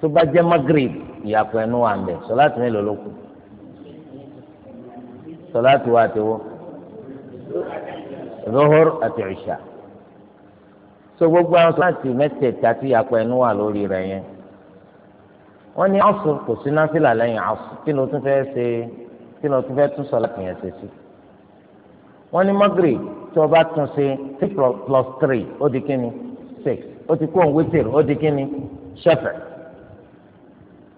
tó bá jẹ́ magrib ìyàpọ̀ ẹnu wà mẹ́ sọ̀láàtì mélòó ló kù sọ̀láàtì wà tó wọ́ zohor àti ìṣà so gbogbo àwọn sọláàtì mẹ́tẹ̀ẹ̀ta tí apẹ ẹnu wà lórí rẹ̀ yẹn wọ́n ní ọsù kò sí náfìlà lẹ́yìn ọsù kí ló tún fẹ́ ṣe kí ló tún fẹ́ tún sọláàtì yẹn ṣe sí wọ́n ní mọgìrì tí wọ́n bá tún ṣe three plus three ó di kíni six ó ti kó òun wítìrì ó di kíni ṣẹfẹ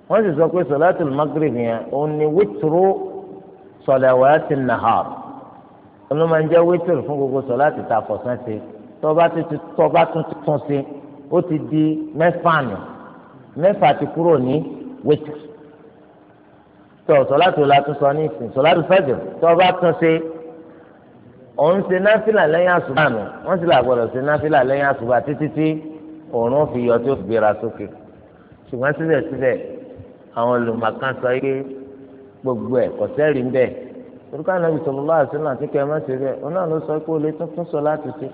wọ́n sì sọ pé sọláàtì mọgìrì yẹn òun ni wítìrì sọlẹwàá ti nàhàr olùmọ̀ ń jẹ́ wítìrì fún gbogbo sọláàtì tá a fọ̀sán ṣe tọba tuntun tọba tuntun sí ó ti di mẹ́fà nù mẹ́fà ti kúrò ní wétí tọ sọláàtù la tún sọ ní ìsìn sọláàtù fẹjọ tọba tún sí òun ṣe náfìlà lẹ́yìn àṣùbà nù wọn sì là gbọ́dọ̀ ṣe náfìlà lẹ́yìn àṣùbà títí tí òun fi yọ tó gbéra sókè ṣùgbọ́n síbẹ̀síbẹ̀ àwọn olùmọ̀kan sọ pé gbogbo ẹ̀ kọ̀sẹ́rì ń bẹ̀ orúkọ ànábì sallallahu alaihi wasallam àti kẹ́mẹ́sì rẹ̀ òun náà ló sọ pé o lè tuntun sọ láti ṣe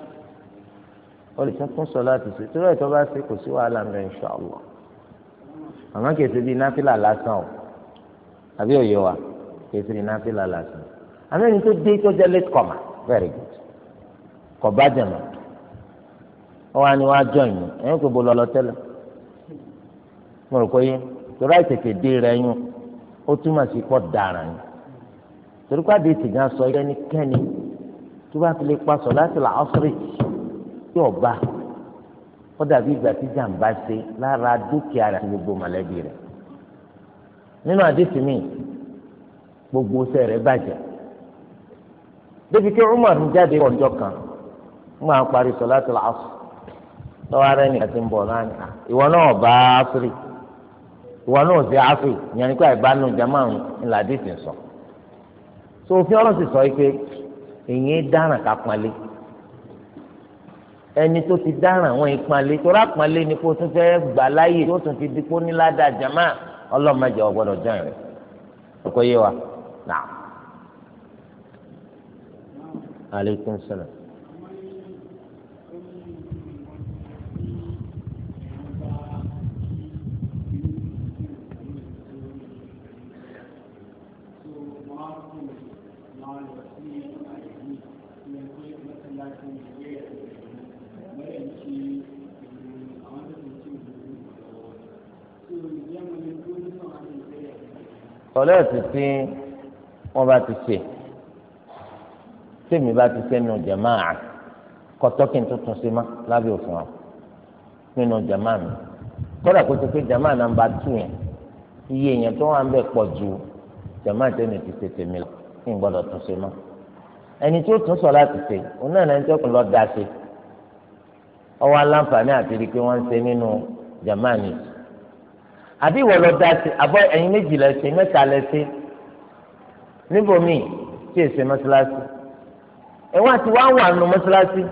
ó lè tún sọ láti ṣe tí wọ́n ìtọ́ bá ṣe kò sí wàhálà ń bẹ̀ insha Allah àmọ́ kìí ṣe bíi náfìlà lásán o àbí òye wa kìí ṣe bíi náfìlà lásán àmọ́ ẹni tó dé tọ́jà late comer very good kò bá jẹ̀mọ̀ ó wá ní wàá jọ ìyún ẹ̀yìn kò bó lọ lọ tẹ́lẹ̀ mo rò pé yín torí àìtètè dé rẹ̀ yún ó túmọ̀ sí pọ̀ dára yín torí pé àdéhìtì gan sọ ẹnikẹ́ni tó bá fi lè pa sọ̀ láti là ọ́sírìtì. tí ọba ó dàbí ìgbà tí jàǹbá ṣe lára dúkìá rẹ̀ àti gbogbo mọ̀lẹ́bí nínú gbogbo iṣẹ́ rẹ bàjẹ́ débi kí Umar jáde kan ń máa parí sọ̀láàtì làásù lọ́wọ́ ara ẹni àti ń bọ̀ náà ni ìwọ náà bá áfírì ìwọ náà sí sọ òfin ọlọ́sìn sọ yìí pé èyí ká ẹni tó ti dáràn àwọn ìpàlẹ tó rà pàlẹ ni kó tún fẹ́ gbà láàyè tó tún fi di kó ní ládàá jama ọlọmọdé ọgbọdọ jẹun rẹ ọkọ yé wa nà. salaam. sọlẹ́ẹ̀tì tí wọ́n bá ti ṣe tèmi bá ti ṣe nínú jàmáà kọ́tọ́kì tuntun sí ma lábẹ́ òfin wa nínú jàmáà mi kódà kó ti pé jàmáà nàmbà tù yẹn iye yẹn tó wà ń bẹ̀ pọ̀ ju jàmáà tèmi ti ṣe tèmi lọ kí n gbọ́dọ̀ tún ṣe ma ẹni tí ó tún sọ láti ṣe òun náà lẹni tó kàn da ṣe ọwọ́ aláǹfààní àti rí pé wọ́n ń ṣe nínú jàmáà nìyí àbí ìwọ lọ da sí àbọ ẹ̀yin méjì lẹ ṣe mẹ́ta lẹ ṣe níbòmí tí èsè mọ́ṣáláṣí ẹwọn àti wọn wà nù mọ́ṣáláṣí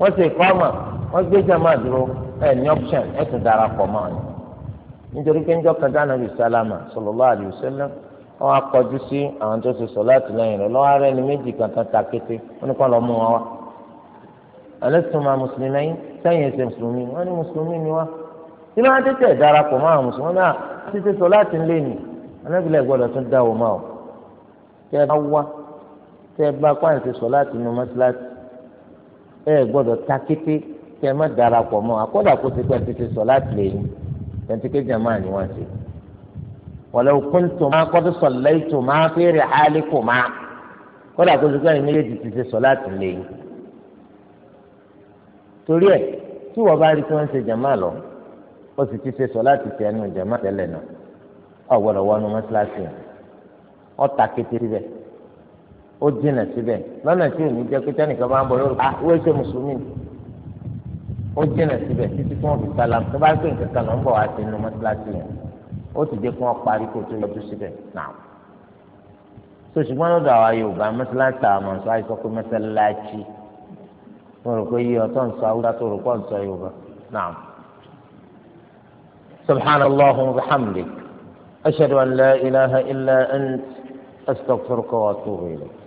wọn ṣe kọ́mà wọn gbé jàmá dúró ẹ ní option ẹ tún darapọ̀ mọ́ ọ nítorí pé njọ́ kan dáná bíi sálámà sallallahu alaihi wasallam wọn á kọjú sí àwọn tó ṣe sọ̀láàtì lẹ́yìn rẹ̀ lọ́wọ́ ara ẹni méjì kan kan ta kété wọn ni kọ́ lọ mú wọn wá alẹ́ sọ́mà mùsùlùmí sẹ́yìn ẹ̀sẹ̀ mùsùlùmí wọn ni mùsùlùmí ni wá kí ló wá tètè darapọ̀ mọ́ àwọn mùsùlùmí náà títí sọ láti lé nì anábìlẹ̀ gbọ́dọ̀ tún dá wọn mọ́ ọ tẹ bá wá tẹ bá pàǹtí sọ láti nu mọ́síláṣí ẹ gbọ́dọ̀ ta kété tẹ má darapọ̀ mọ́ àkọ́dà kó ti pẹ́ títí sọ láti lé yín tẹ̀ntí ké jàmá ni wọ́n ti. walaw kuntum qad sallaytuma fi rihalikuma kọ́dà sọ láti lé yín. torí ẹ tí wọ́n bá rí kí wọ́n ó sì ti ṣe sọ láti tẹ ẹnu ìjàmá tẹ́lẹ̀ náà ọ̀ gbọ́dọ̀ wọnú mọ́ṣáláṣí ọ̀ ta kété síbẹ̀ ó jìnà síbẹ̀ lọ́nà tí òní jẹ́ pé tẹ́nìkan bá ń bọ̀ lórúkọ àwọn ah, ẹ̀ṣẹ̀ mùsùlùmí ó jìnà síbẹ̀ títí tí wọ́n fi sálámù tó bá pè nǹkan kan lọ́n bọ̀ wá sí inú mọ́ṣáláṣí yẹn ó ti dé kí wọ́n kó tó yọjú síbẹ̀ náà so ṣùgbọ́n lọ́dọ̀ àwa yorùbá mọ́ṣáláṣí سبحان الله وبحمدك أشهد أن لا إله إلا أنت أستغفرك وأتوب إليك